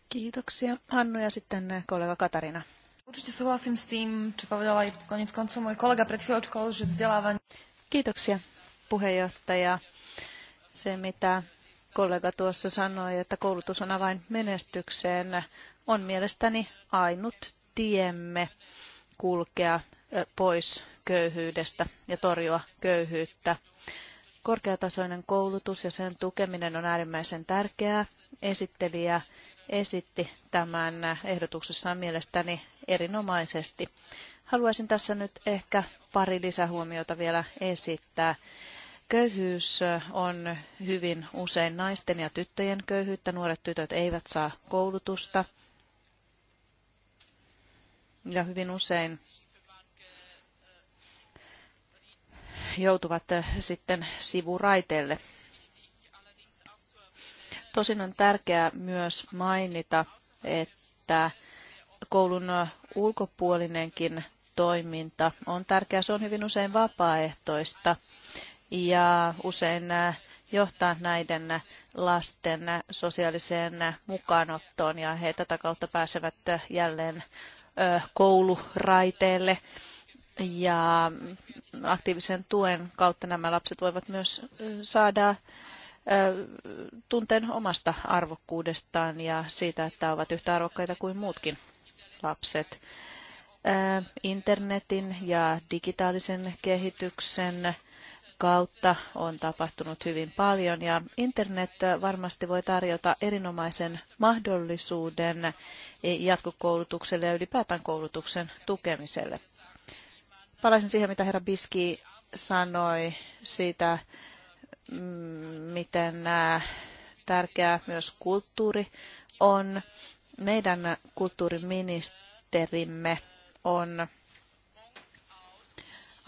Kiitoksia, Hannu ja sitten kollega Katarina. Určite súhlasím s tým, čo povedal aj konec koncov môj kolega pred chvíľočkou, že vzdelávanie... Kiitoksia, puheenjohtaja. Se, mitä kollega tuossa sanoi, että koulutus on avain menestykseen, on mielestäni ainut tiemme kulkea pois köyhyydestä ja torjua köyhyyttä. Korkeatasoinen koulutus ja sen tukeminen on äärimmäisen tärkeää. Esittelijä esitti tämän ehdotuksessaan mielestäni erinomaisesti. Haluaisin tässä nyt ehkä pari lisähuomiota vielä esittää. Köyhyys on hyvin usein naisten ja tyttöjen köyhyyttä. Nuoret tytöt eivät saa koulutusta. Ja hyvin usein joutuvat sitten sivuraiteelle. Tosin on tärkeää myös mainita, että koulun ulkopuolinenkin toiminta on tärkeää. Se on hyvin usein vapaaehtoista ja usein äh, johtaa näiden äh, lasten äh, sosiaaliseen mukaanottoon ja he tätä kautta pääsevät jälleen kouluraiteelle. Ja mm, aktiivisen tuen kautta nämä lapset voivat myös saada tunteen omasta arvokkuudestaan ja siitä, että ovat yhtä arvokkaita kuin muutkin lapset. Internetin ja digitaalisen kehityksen kautta on tapahtunut hyvin paljon ja internet varmasti voi tarjota erinomaisen mahdollisuuden jatkokoulutukselle ja ylipäätään koulutuksen tukemiselle. Palaisin siihen, mitä herra Biski sanoi siitä, mm, miten tärkeää myös kulttuuri on. Meidän kulttuuriministerimme on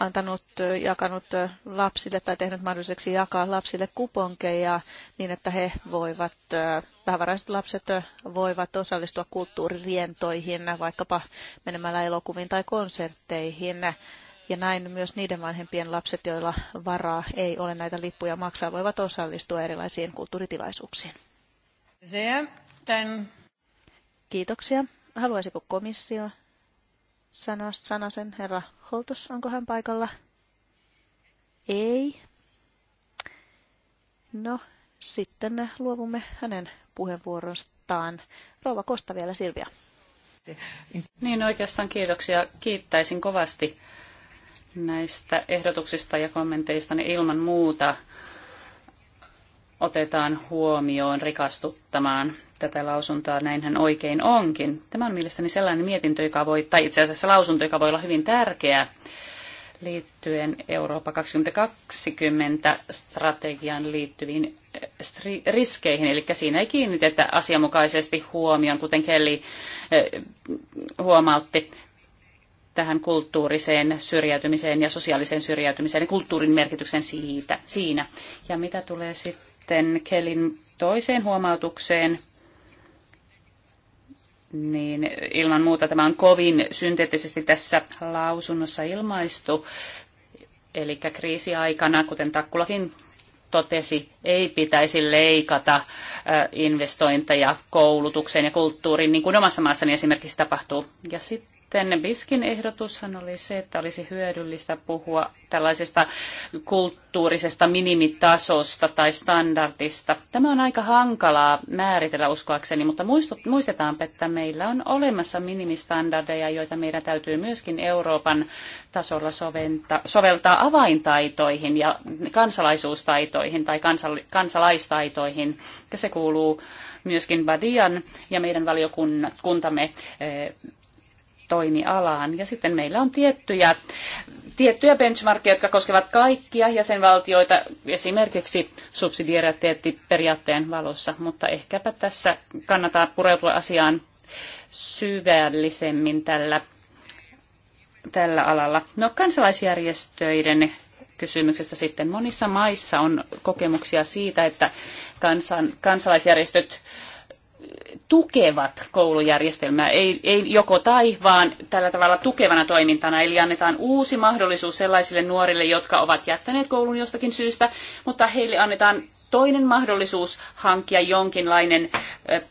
antanut, jakanut lapsille tai tehnyt mahdolliseksi jakaa lapsille kuponkeja niin, että he voivat, vähävaraiset lapset voivat osallistua kulttuuririentoihin, vaikkapa menemällä elokuviin tai konsertteihin. Ja näin myös niiden vanhempien lapset, joilla varaa ei ole näitä lippuja maksaa, voivat osallistua erilaisiin kulttuuritilaisuuksiin. Kiitoksia. Haluaisiko komissio sanoa sanasen herra Holtus onko hän paikalla? Ei. No, sitten luovumme hänen puheenvuorostaan. Rouva Kosta vielä Silvia. Niin oikeastaan kiitoksia. Kiittäisin kovasti näistä ehdotuksista ja kommenteista. Ne ilman muuta otetaan huomioon rikastuttamaan tätä lausuntoa, näinhän oikein onkin. Tämä on mielestäni sellainen mietintö, joka voi, tai itse asiassa lausunto, joka voi olla hyvin tärkeä liittyen Eurooppa 2020 strategian liittyviin eh, riskeihin, eli siinä ei kiinnitetä asianmukaisesti huomioon, kuten Kelli eh, huomautti tähän kulttuuriseen syrjäytymiseen ja sosiaaliseen syrjäytymiseen ja kulttuurin merkityksen siitä, siinä. Ja mitä tulee sitten Kelin toiseen huomautukseen niin ilman muuta tämä on kovin synteettisesti tässä lausunnossa ilmaistu. Eli kriisiaikana, kuten Takkulakin totesi, ei pitäisi leikata investointeja koulutukseen ja kulttuuriin, niin kuin omassa maassani esimerkiksi tapahtuu. Ja sitten Tänne Biskin ehdotushan oli se, että olisi hyödyllistä puhua tällaisesta kulttuurisesta minimitasosta tai standardista. Tämä on aika hankalaa määritellä uskoakseni, mutta muistetaanpa, että meillä on olemassa minimistandardeja, joita meidän täytyy myöskin Euroopan tasolla soventa, soveltaa avaintaitoihin ja kansalaisuustaitoihin tai kansal, kansalaistaitoihin. Ja se kuuluu myöskin Badian ja meidän valiokuntamme eh, toimialaan. Ja sitten meillä on tiettyjä, tiettyjä benchmarkkeja, jotka koskevat kaikkia jäsenvaltioita, esimerkiksi subsidiariteettiperiaatteen valossa, mutta ehkäpä tässä kannattaa pureutua asiaan syvällisemmin tällä, tällä alalla. No kansalaisjärjestöiden kysymyksestä sitten. Monissa maissa on kokemuksia siitä, että kansan, kansalaisjärjestöt tukevat koulujärjestelmää, ei, ei joko tai, vaan tällä tavalla tukevana toimintana. Eli annetaan uusi mahdollisuus sellaisille nuorille, jotka ovat jättäneet koulun jostakin syystä, mutta heille annetaan toinen mahdollisuus hankkia jonkinlainen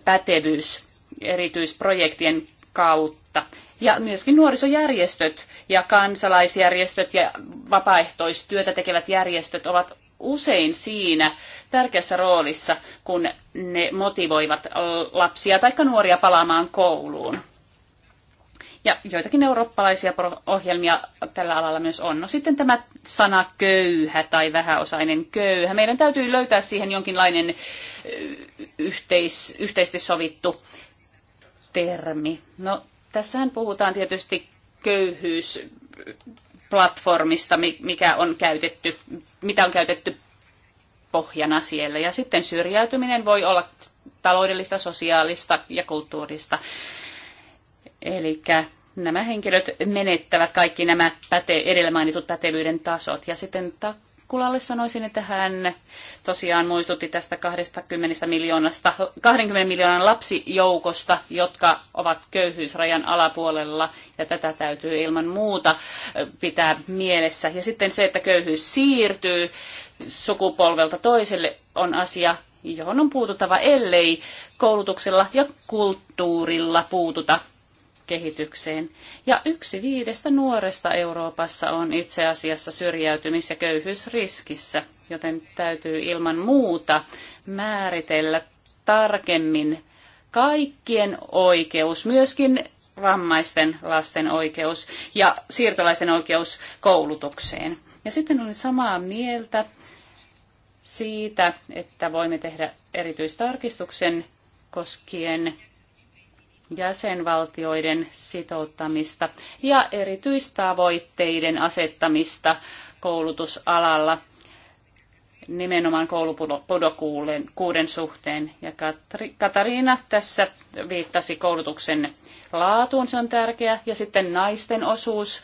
pätevyys erityisprojektien kautta. Ja myöskin nuorisojärjestöt ja kansalaisjärjestöt ja vapaaehtoistyötä tekevät järjestöt ovat usein siinä tärkeässä roolissa, kun ne motivoivat lapsia tai nuoria palaamaan kouluun. Ja joitakin eurooppalaisia ohjelmia tällä alalla myös on. No sitten tämä sana köyhä tai vähäosainen köyhä. Meidän täytyy löytää siihen jonkinlainen yhteis, yhteisesti sovittu termi. No tässähän puhutaan tietysti köyhyys platformista, mikä on käytetty, mitä on käytetty pohjana siellä. Ja sitten syrjäytyminen voi olla taloudellista, sosiaalista ja kulttuurista. Eli nämä henkilöt menettävät kaikki nämä päte- edellä mainitut pätevyyden tasot. Ja sitten ta- Takkulalle sanoisin, että hän tosiaan muistutti tästä 20 miljoonasta, 20 miljoonan lapsijoukosta, jotka ovat köyhyysrajan alapuolella, ja tätä täytyy ilman muuta pitää mielessä. Ja sitten se, että köyhyys siirtyy sukupolvelta toiselle, on asia, johon on puututtava, ellei koulutuksella ja kulttuurilla puututa kehitykseen. Ja yksi viidestä nuoresta Euroopassa on itse asiassa syrjäytymis- ja köyhyysriskissä, joten täytyy ilman muuta määritellä tarkemmin kaikkien oikeus, myöskin vammaisten lasten oikeus ja siirtolaisen oikeus koulutukseen. Ja sitten olen samaa mieltä siitä, että voimme tehdä erityistarkistuksen koskien jäsenvaltioiden sitouttamista ja erityistavoitteiden asettamista koulutusalalla nimenomaan koulupudokkuuden suhteen. Ja Katariina tässä viittasi koulutuksen laatuun, se on tärkeä. Ja sitten naisten osuus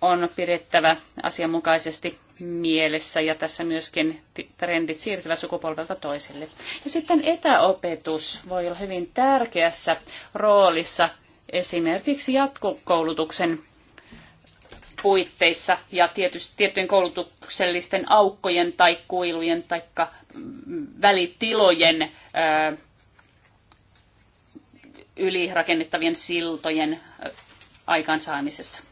on pidettävä asianmukaisesti mielessä ja tässä myöskin trendit siirtyvät sukupolvelta toiselle. Ja sitten etäopetus voi olla hyvin tärkeässä roolissa esimerkiksi jatkokoulutuksen puitteissa ja tietysti, tiettyjen koulutuksellisten aukkojen tai kuilujen tai mm, välitilojen ää, yli rakennettavien siltojen aikaansaamisessa.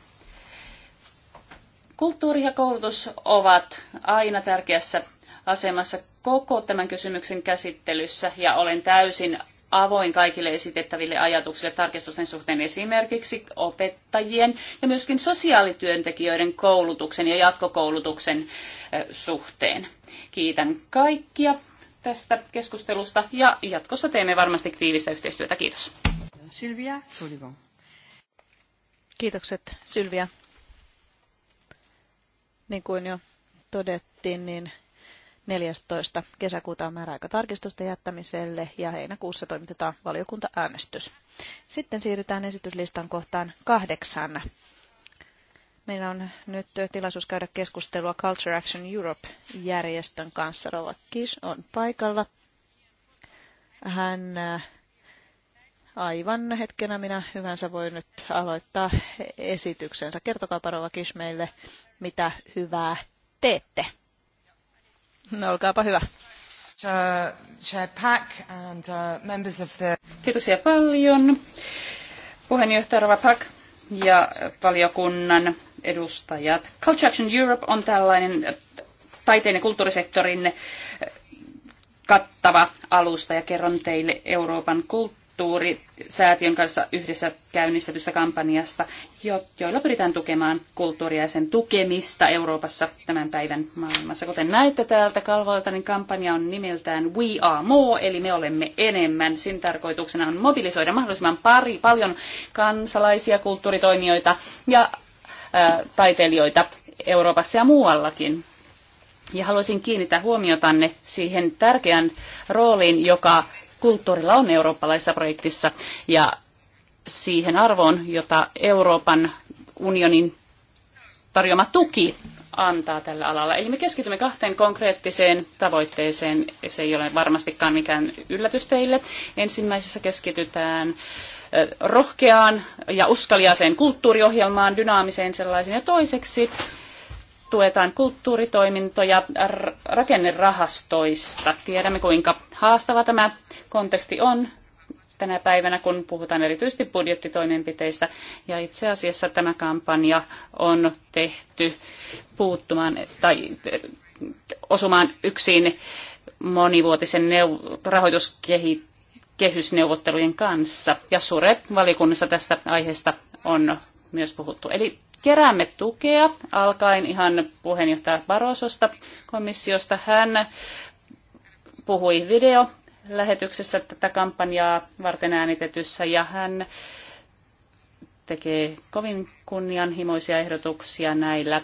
Kulttuuri ja koulutus ovat aina tärkeässä asemassa koko tämän kysymyksen käsittelyssä ja olen täysin avoin kaikille esitettäville ajatuksille tarkistusten suhteen esimerkiksi opettajien ja myöskin sosiaalityöntekijöiden koulutuksen ja jatkokoulutuksen suhteen. Kiitän kaikkia tästä keskustelusta ja jatkossa teemme varmasti tiivistä yhteistyötä. Kiitos. Sylvia Kiitokset Sylvia niin kuin jo todettiin, niin 14. kesäkuuta on määräaika tarkistusta jättämiselle ja heinäkuussa toimitetaan valiokuntaäänestys. Sitten siirrytään esityslistan kohtaan kahdeksan. Meillä on nyt tilaisuus käydä keskustelua Culture Action Europe-järjestön kanssa. Rova Kish on paikalla. Hän äh, aivan hetkenä minä hyvänsä voi nyt aloittaa esityksensä. Kertokaa Rova Kish meille mitä hyvää teette. No, olkaapa hyvä. Uh, Kiitoksia paljon. Puheenjohtaja Rova Pack ja valiokunnan edustajat. Culture Action Europe on tällainen taiteen ja kulttuurisektorin kattava alusta ja kerron teille Euroopan kulttuuri kulttuurisäätiön kanssa yhdessä käynnistetystä kampanjasta, joilla pyritään tukemaan kulttuuria ja sen tukemista Euroopassa tämän päivän maailmassa. Kuten näette täältä kalvoilta, niin kampanja on nimeltään We Are More, eli me olemme enemmän. Sin tarkoituksena on mobilisoida mahdollisimman pari, paljon kansalaisia, kulttuuritoimijoita ja ää, taiteilijoita Euroopassa ja muuallakin. Ja haluaisin kiinnittää huomiotanne siihen tärkeän rooliin, joka kulttuurilla on eurooppalaisessa projektissa ja siihen arvoon, jota Euroopan unionin tarjoama tuki antaa tällä alalla. Eli me keskitymme kahteen konkreettiseen tavoitteeseen. Se ei ole varmastikaan mikään yllätys teille. Ensimmäisessä keskitytään rohkeaan ja uskaliaiseen kulttuuriohjelmaan, dynaamiseen sellaisen Ja toiseksi tuetaan kulttuuritoimintoja rakennerahastoista. Tiedämme, kuinka haastava tämä konteksti on tänä päivänä, kun puhutaan erityisesti budjettitoimenpiteistä. Ja itse asiassa tämä kampanja on tehty puuttumaan tai osumaan yksiin monivuotisen rahoituskehysneuvottelujen kanssa. Ja suuret valikunnassa tästä aiheesta on myös puhuttu. Eli keräämme tukea alkaen ihan puheenjohtaja Barososta komissiosta. Hän puhui video lähetyksessä tätä kampanjaa varten äänitetyssä ja hän tekee kovin kunnianhimoisia ehdotuksia näillä,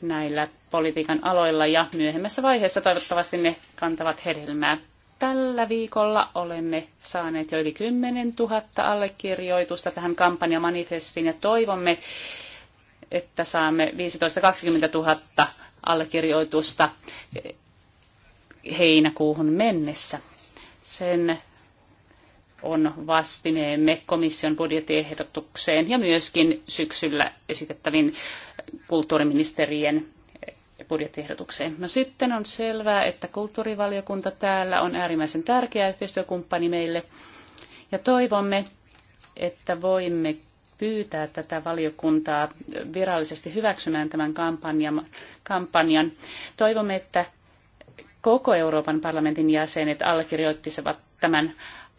näillä politiikan aloilla ja myöhemmässä vaiheessa toivottavasti ne kantavat hedelmää. Tällä viikolla olemme saaneet jo yli 10 000 allekirjoitusta tähän kampanjamanifestiin ja toivomme, että saamme 15-20 000 allekirjoitusta heinäkuuhun mennessä. Sen on vastineemme komission budjettiehdotukseen ja myöskin syksyllä esitettävin kulttuuriministerien budjettiehdotukseen. No sitten on selvää, että kulttuurivaliokunta täällä on äärimmäisen tärkeä yhteistyökumppani meille ja toivomme, että voimme pyytää tätä valiokuntaa virallisesti hyväksymään tämän kampanjan. kampanjan. Toivomme, että koko Euroopan parlamentin jäsenet allekirjoittisivat tämän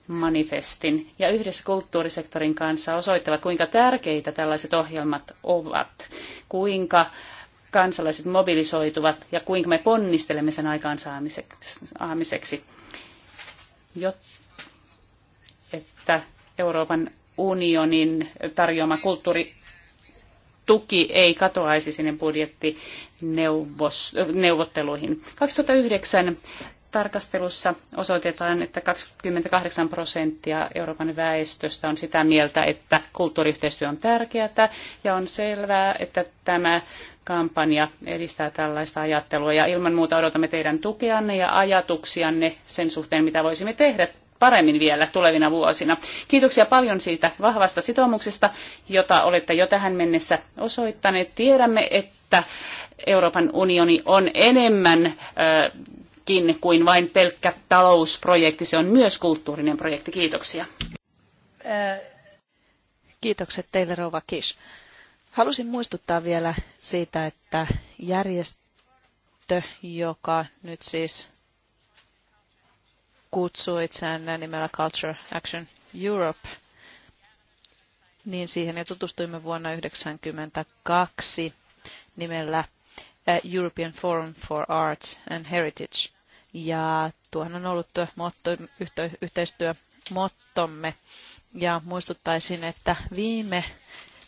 manifestin ja yhdessä kulttuurisektorin kanssa osoittavat, kuinka tärkeitä tällaiset ohjelmat ovat, kuinka kansalaiset mobilisoituvat ja kuinka me ponnistelemme sen aikaansaamiseksi, jotta, että Euroopan unionin tarjoama kulttuurituki ei katoaisi sinne budjettineuvotteluihin. 2009 tarkastelussa osoitetaan, että 28 prosenttia Euroopan väestöstä on sitä mieltä, että kulttuuriyhteistyö on tärkeää ja on selvää, että tämä kampanja edistää tällaista ajattelua ja ilman muuta odotamme teidän tukeanne ja ajatuksianne sen suhteen, mitä voisimme tehdä paremmin vielä tulevina vuosina. Kiitoksia paljon siitä vahvasta sitoumuksesta, jota olette jo tähän mennessä osoittaneet. Tiedämme, että Euroopan unioni on enemmän kiinni kuin vain pelkkä talousprojekti. Se on myös kulttuurinen projekti. Kiitoksia. Kiitokset teille, Rova Kish. Halusin muistuttaa vielä siitä, että järjestö, joka nyt siis kutsuu itseään nimellä Culture Action Europe, niin siihen ja tutustuimme vuonna 1992 nimellä eh, European Forum for Arts and Heritage. Ja tuohan on ollut motto, yhteistyö mottomme. Ja muistuttaisin, että viime,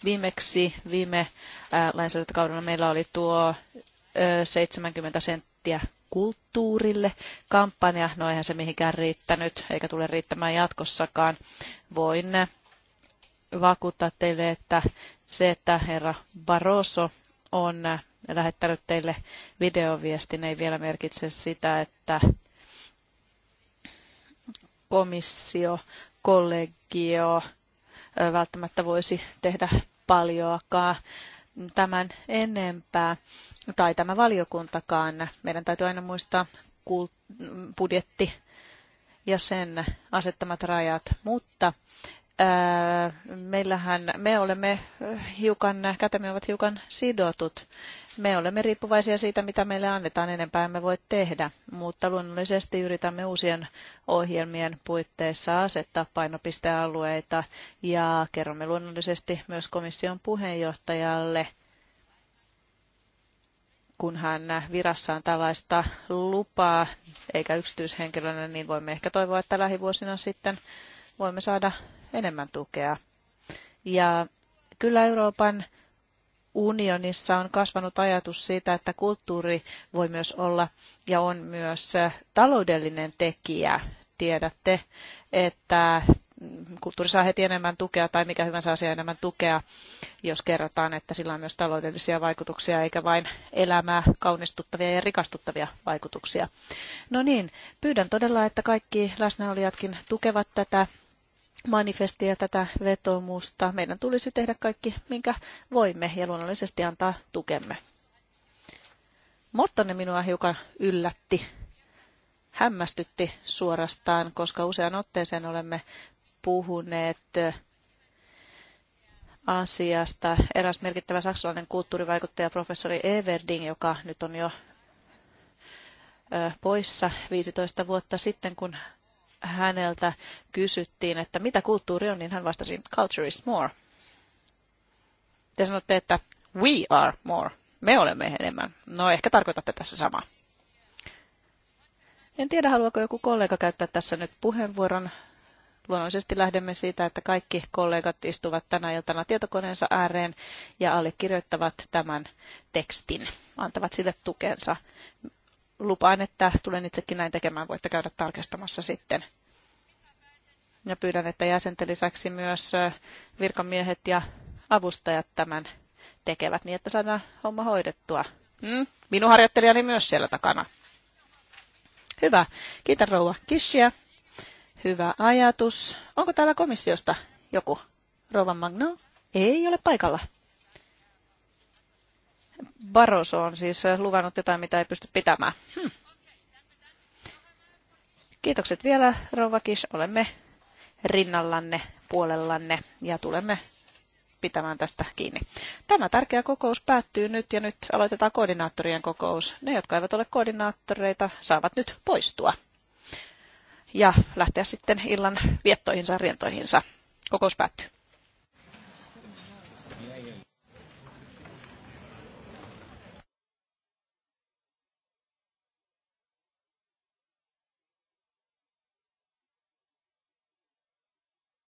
viimeksi viime äh, lainsäädäntökaudella meillä oli tuo äh, eh, 70 senttiä kulttuurille kampanja. No eihän se mihinkään riittänyt, eikä tule riittämään jatkossakaan. Voin vakuuttaa teille, että se, että herra Barroso on lähettänyt teille videoviestin, ei vielä merkitse sitä, että komissio, kollegio välttämättä voisi tehdä paljoakaan tämän enempää tai tämä valiokuntakaan. Meidän täytyy aina muistaa budjetti ja sen asettamat rajat, mutta meillähän me olemme hiukan, kätemme ovat hiukan sidotut. Me olemme riippuvaisia siitä, mitä meille annetaan, enempää emme voi tehdä, mutta luonnollisesti yritämme uusien ohjelmien puitteissa asettaa painopistealueita ja kerromme luonnollisesti myös komission puheenjohtajalle – kun hän virassaan tällaista lupaa, eikä yksityishenkilönä, niin voimme ehkä toivoa, että lähivuosina sitten voimme saada enemmän tukea. Ja kyllä Euroopan unionissa on kasvanut ajatus siitä, että kulttuuri voi myös olla ja on myös taloudellinen tekijä. Tiedätte, että kulttuuri saa heti enemmän tukea tai mikä hyvänsä asia enemmän tukea, jos kerrotaan, että sillä on myös taloudellisia vaikutuksia eikä vain elämää kaunistuttavia ja rikastuttavia vaikutuksia. No niin, pyydän todella, että kaikki läsnäolijatkin tukevat tätä manifestia tätä vetoomusta. Meidän tulisi tehdä kaikki, minkä voimme ja luonnollisesti antaa tukemme. Mottonen minua hiukan yllätti hämmästytti suorastaan, koska usean otteeseen olemme puhuneet asiasta. Eräs merkittävä saksalainen kulttuurivaikuttaja professori Everding, joka nyt on jo poissa 15 vuotta sitten, kun häneltä kysyttiin, että mitä kulttuuri on, niin hän vastasi, culture is more. Te sanotte, että we are more. Me olemme enemmän. No ehkä tarkoitatte tässä samaa. En tiedä, haluaako joku kollega käyttää tässä nyt puheenvuoron luonnollisesti lähdemme siitä, että kaikki kollegat istuvat tänä iltana tietokoneensa ääreen ja allekirjoittavat tämän tekstin, antavat sille tukensa. Lupaan, että tulen itsekin näin tekemään, voitte käydä tarkistamassa sitten. Ja pyydän, että jäsenten lisäksi myös virkamiehet ja avustajat tämän tekevät niin, että saadaan homma hoidettua. Mm, minun harjoittelijani myös siellä takana. Hyvä. Kiitän rouva kissia hyvä ajatus. Onko täällä komissiosta joku? Rova Magno? Ei ole paikalla. Barroso on siis luvannut jotain, mitä ei pysty pitämään. Hm. Kiitokset vielä, Rova Kish. Olemme rinnallanne, puolellanne ja tulemme pitämään tästä kiinni. Tämä tärkeä kokous päättyy nyt ja nyt aloitetaan koordinaattorien kokous. Ne, jotka eivät ole koordinaattoreita, saavat nyt poistua ja lähteä sitten illan viettoihinsa, rientoihinsa. Kokous päättyy.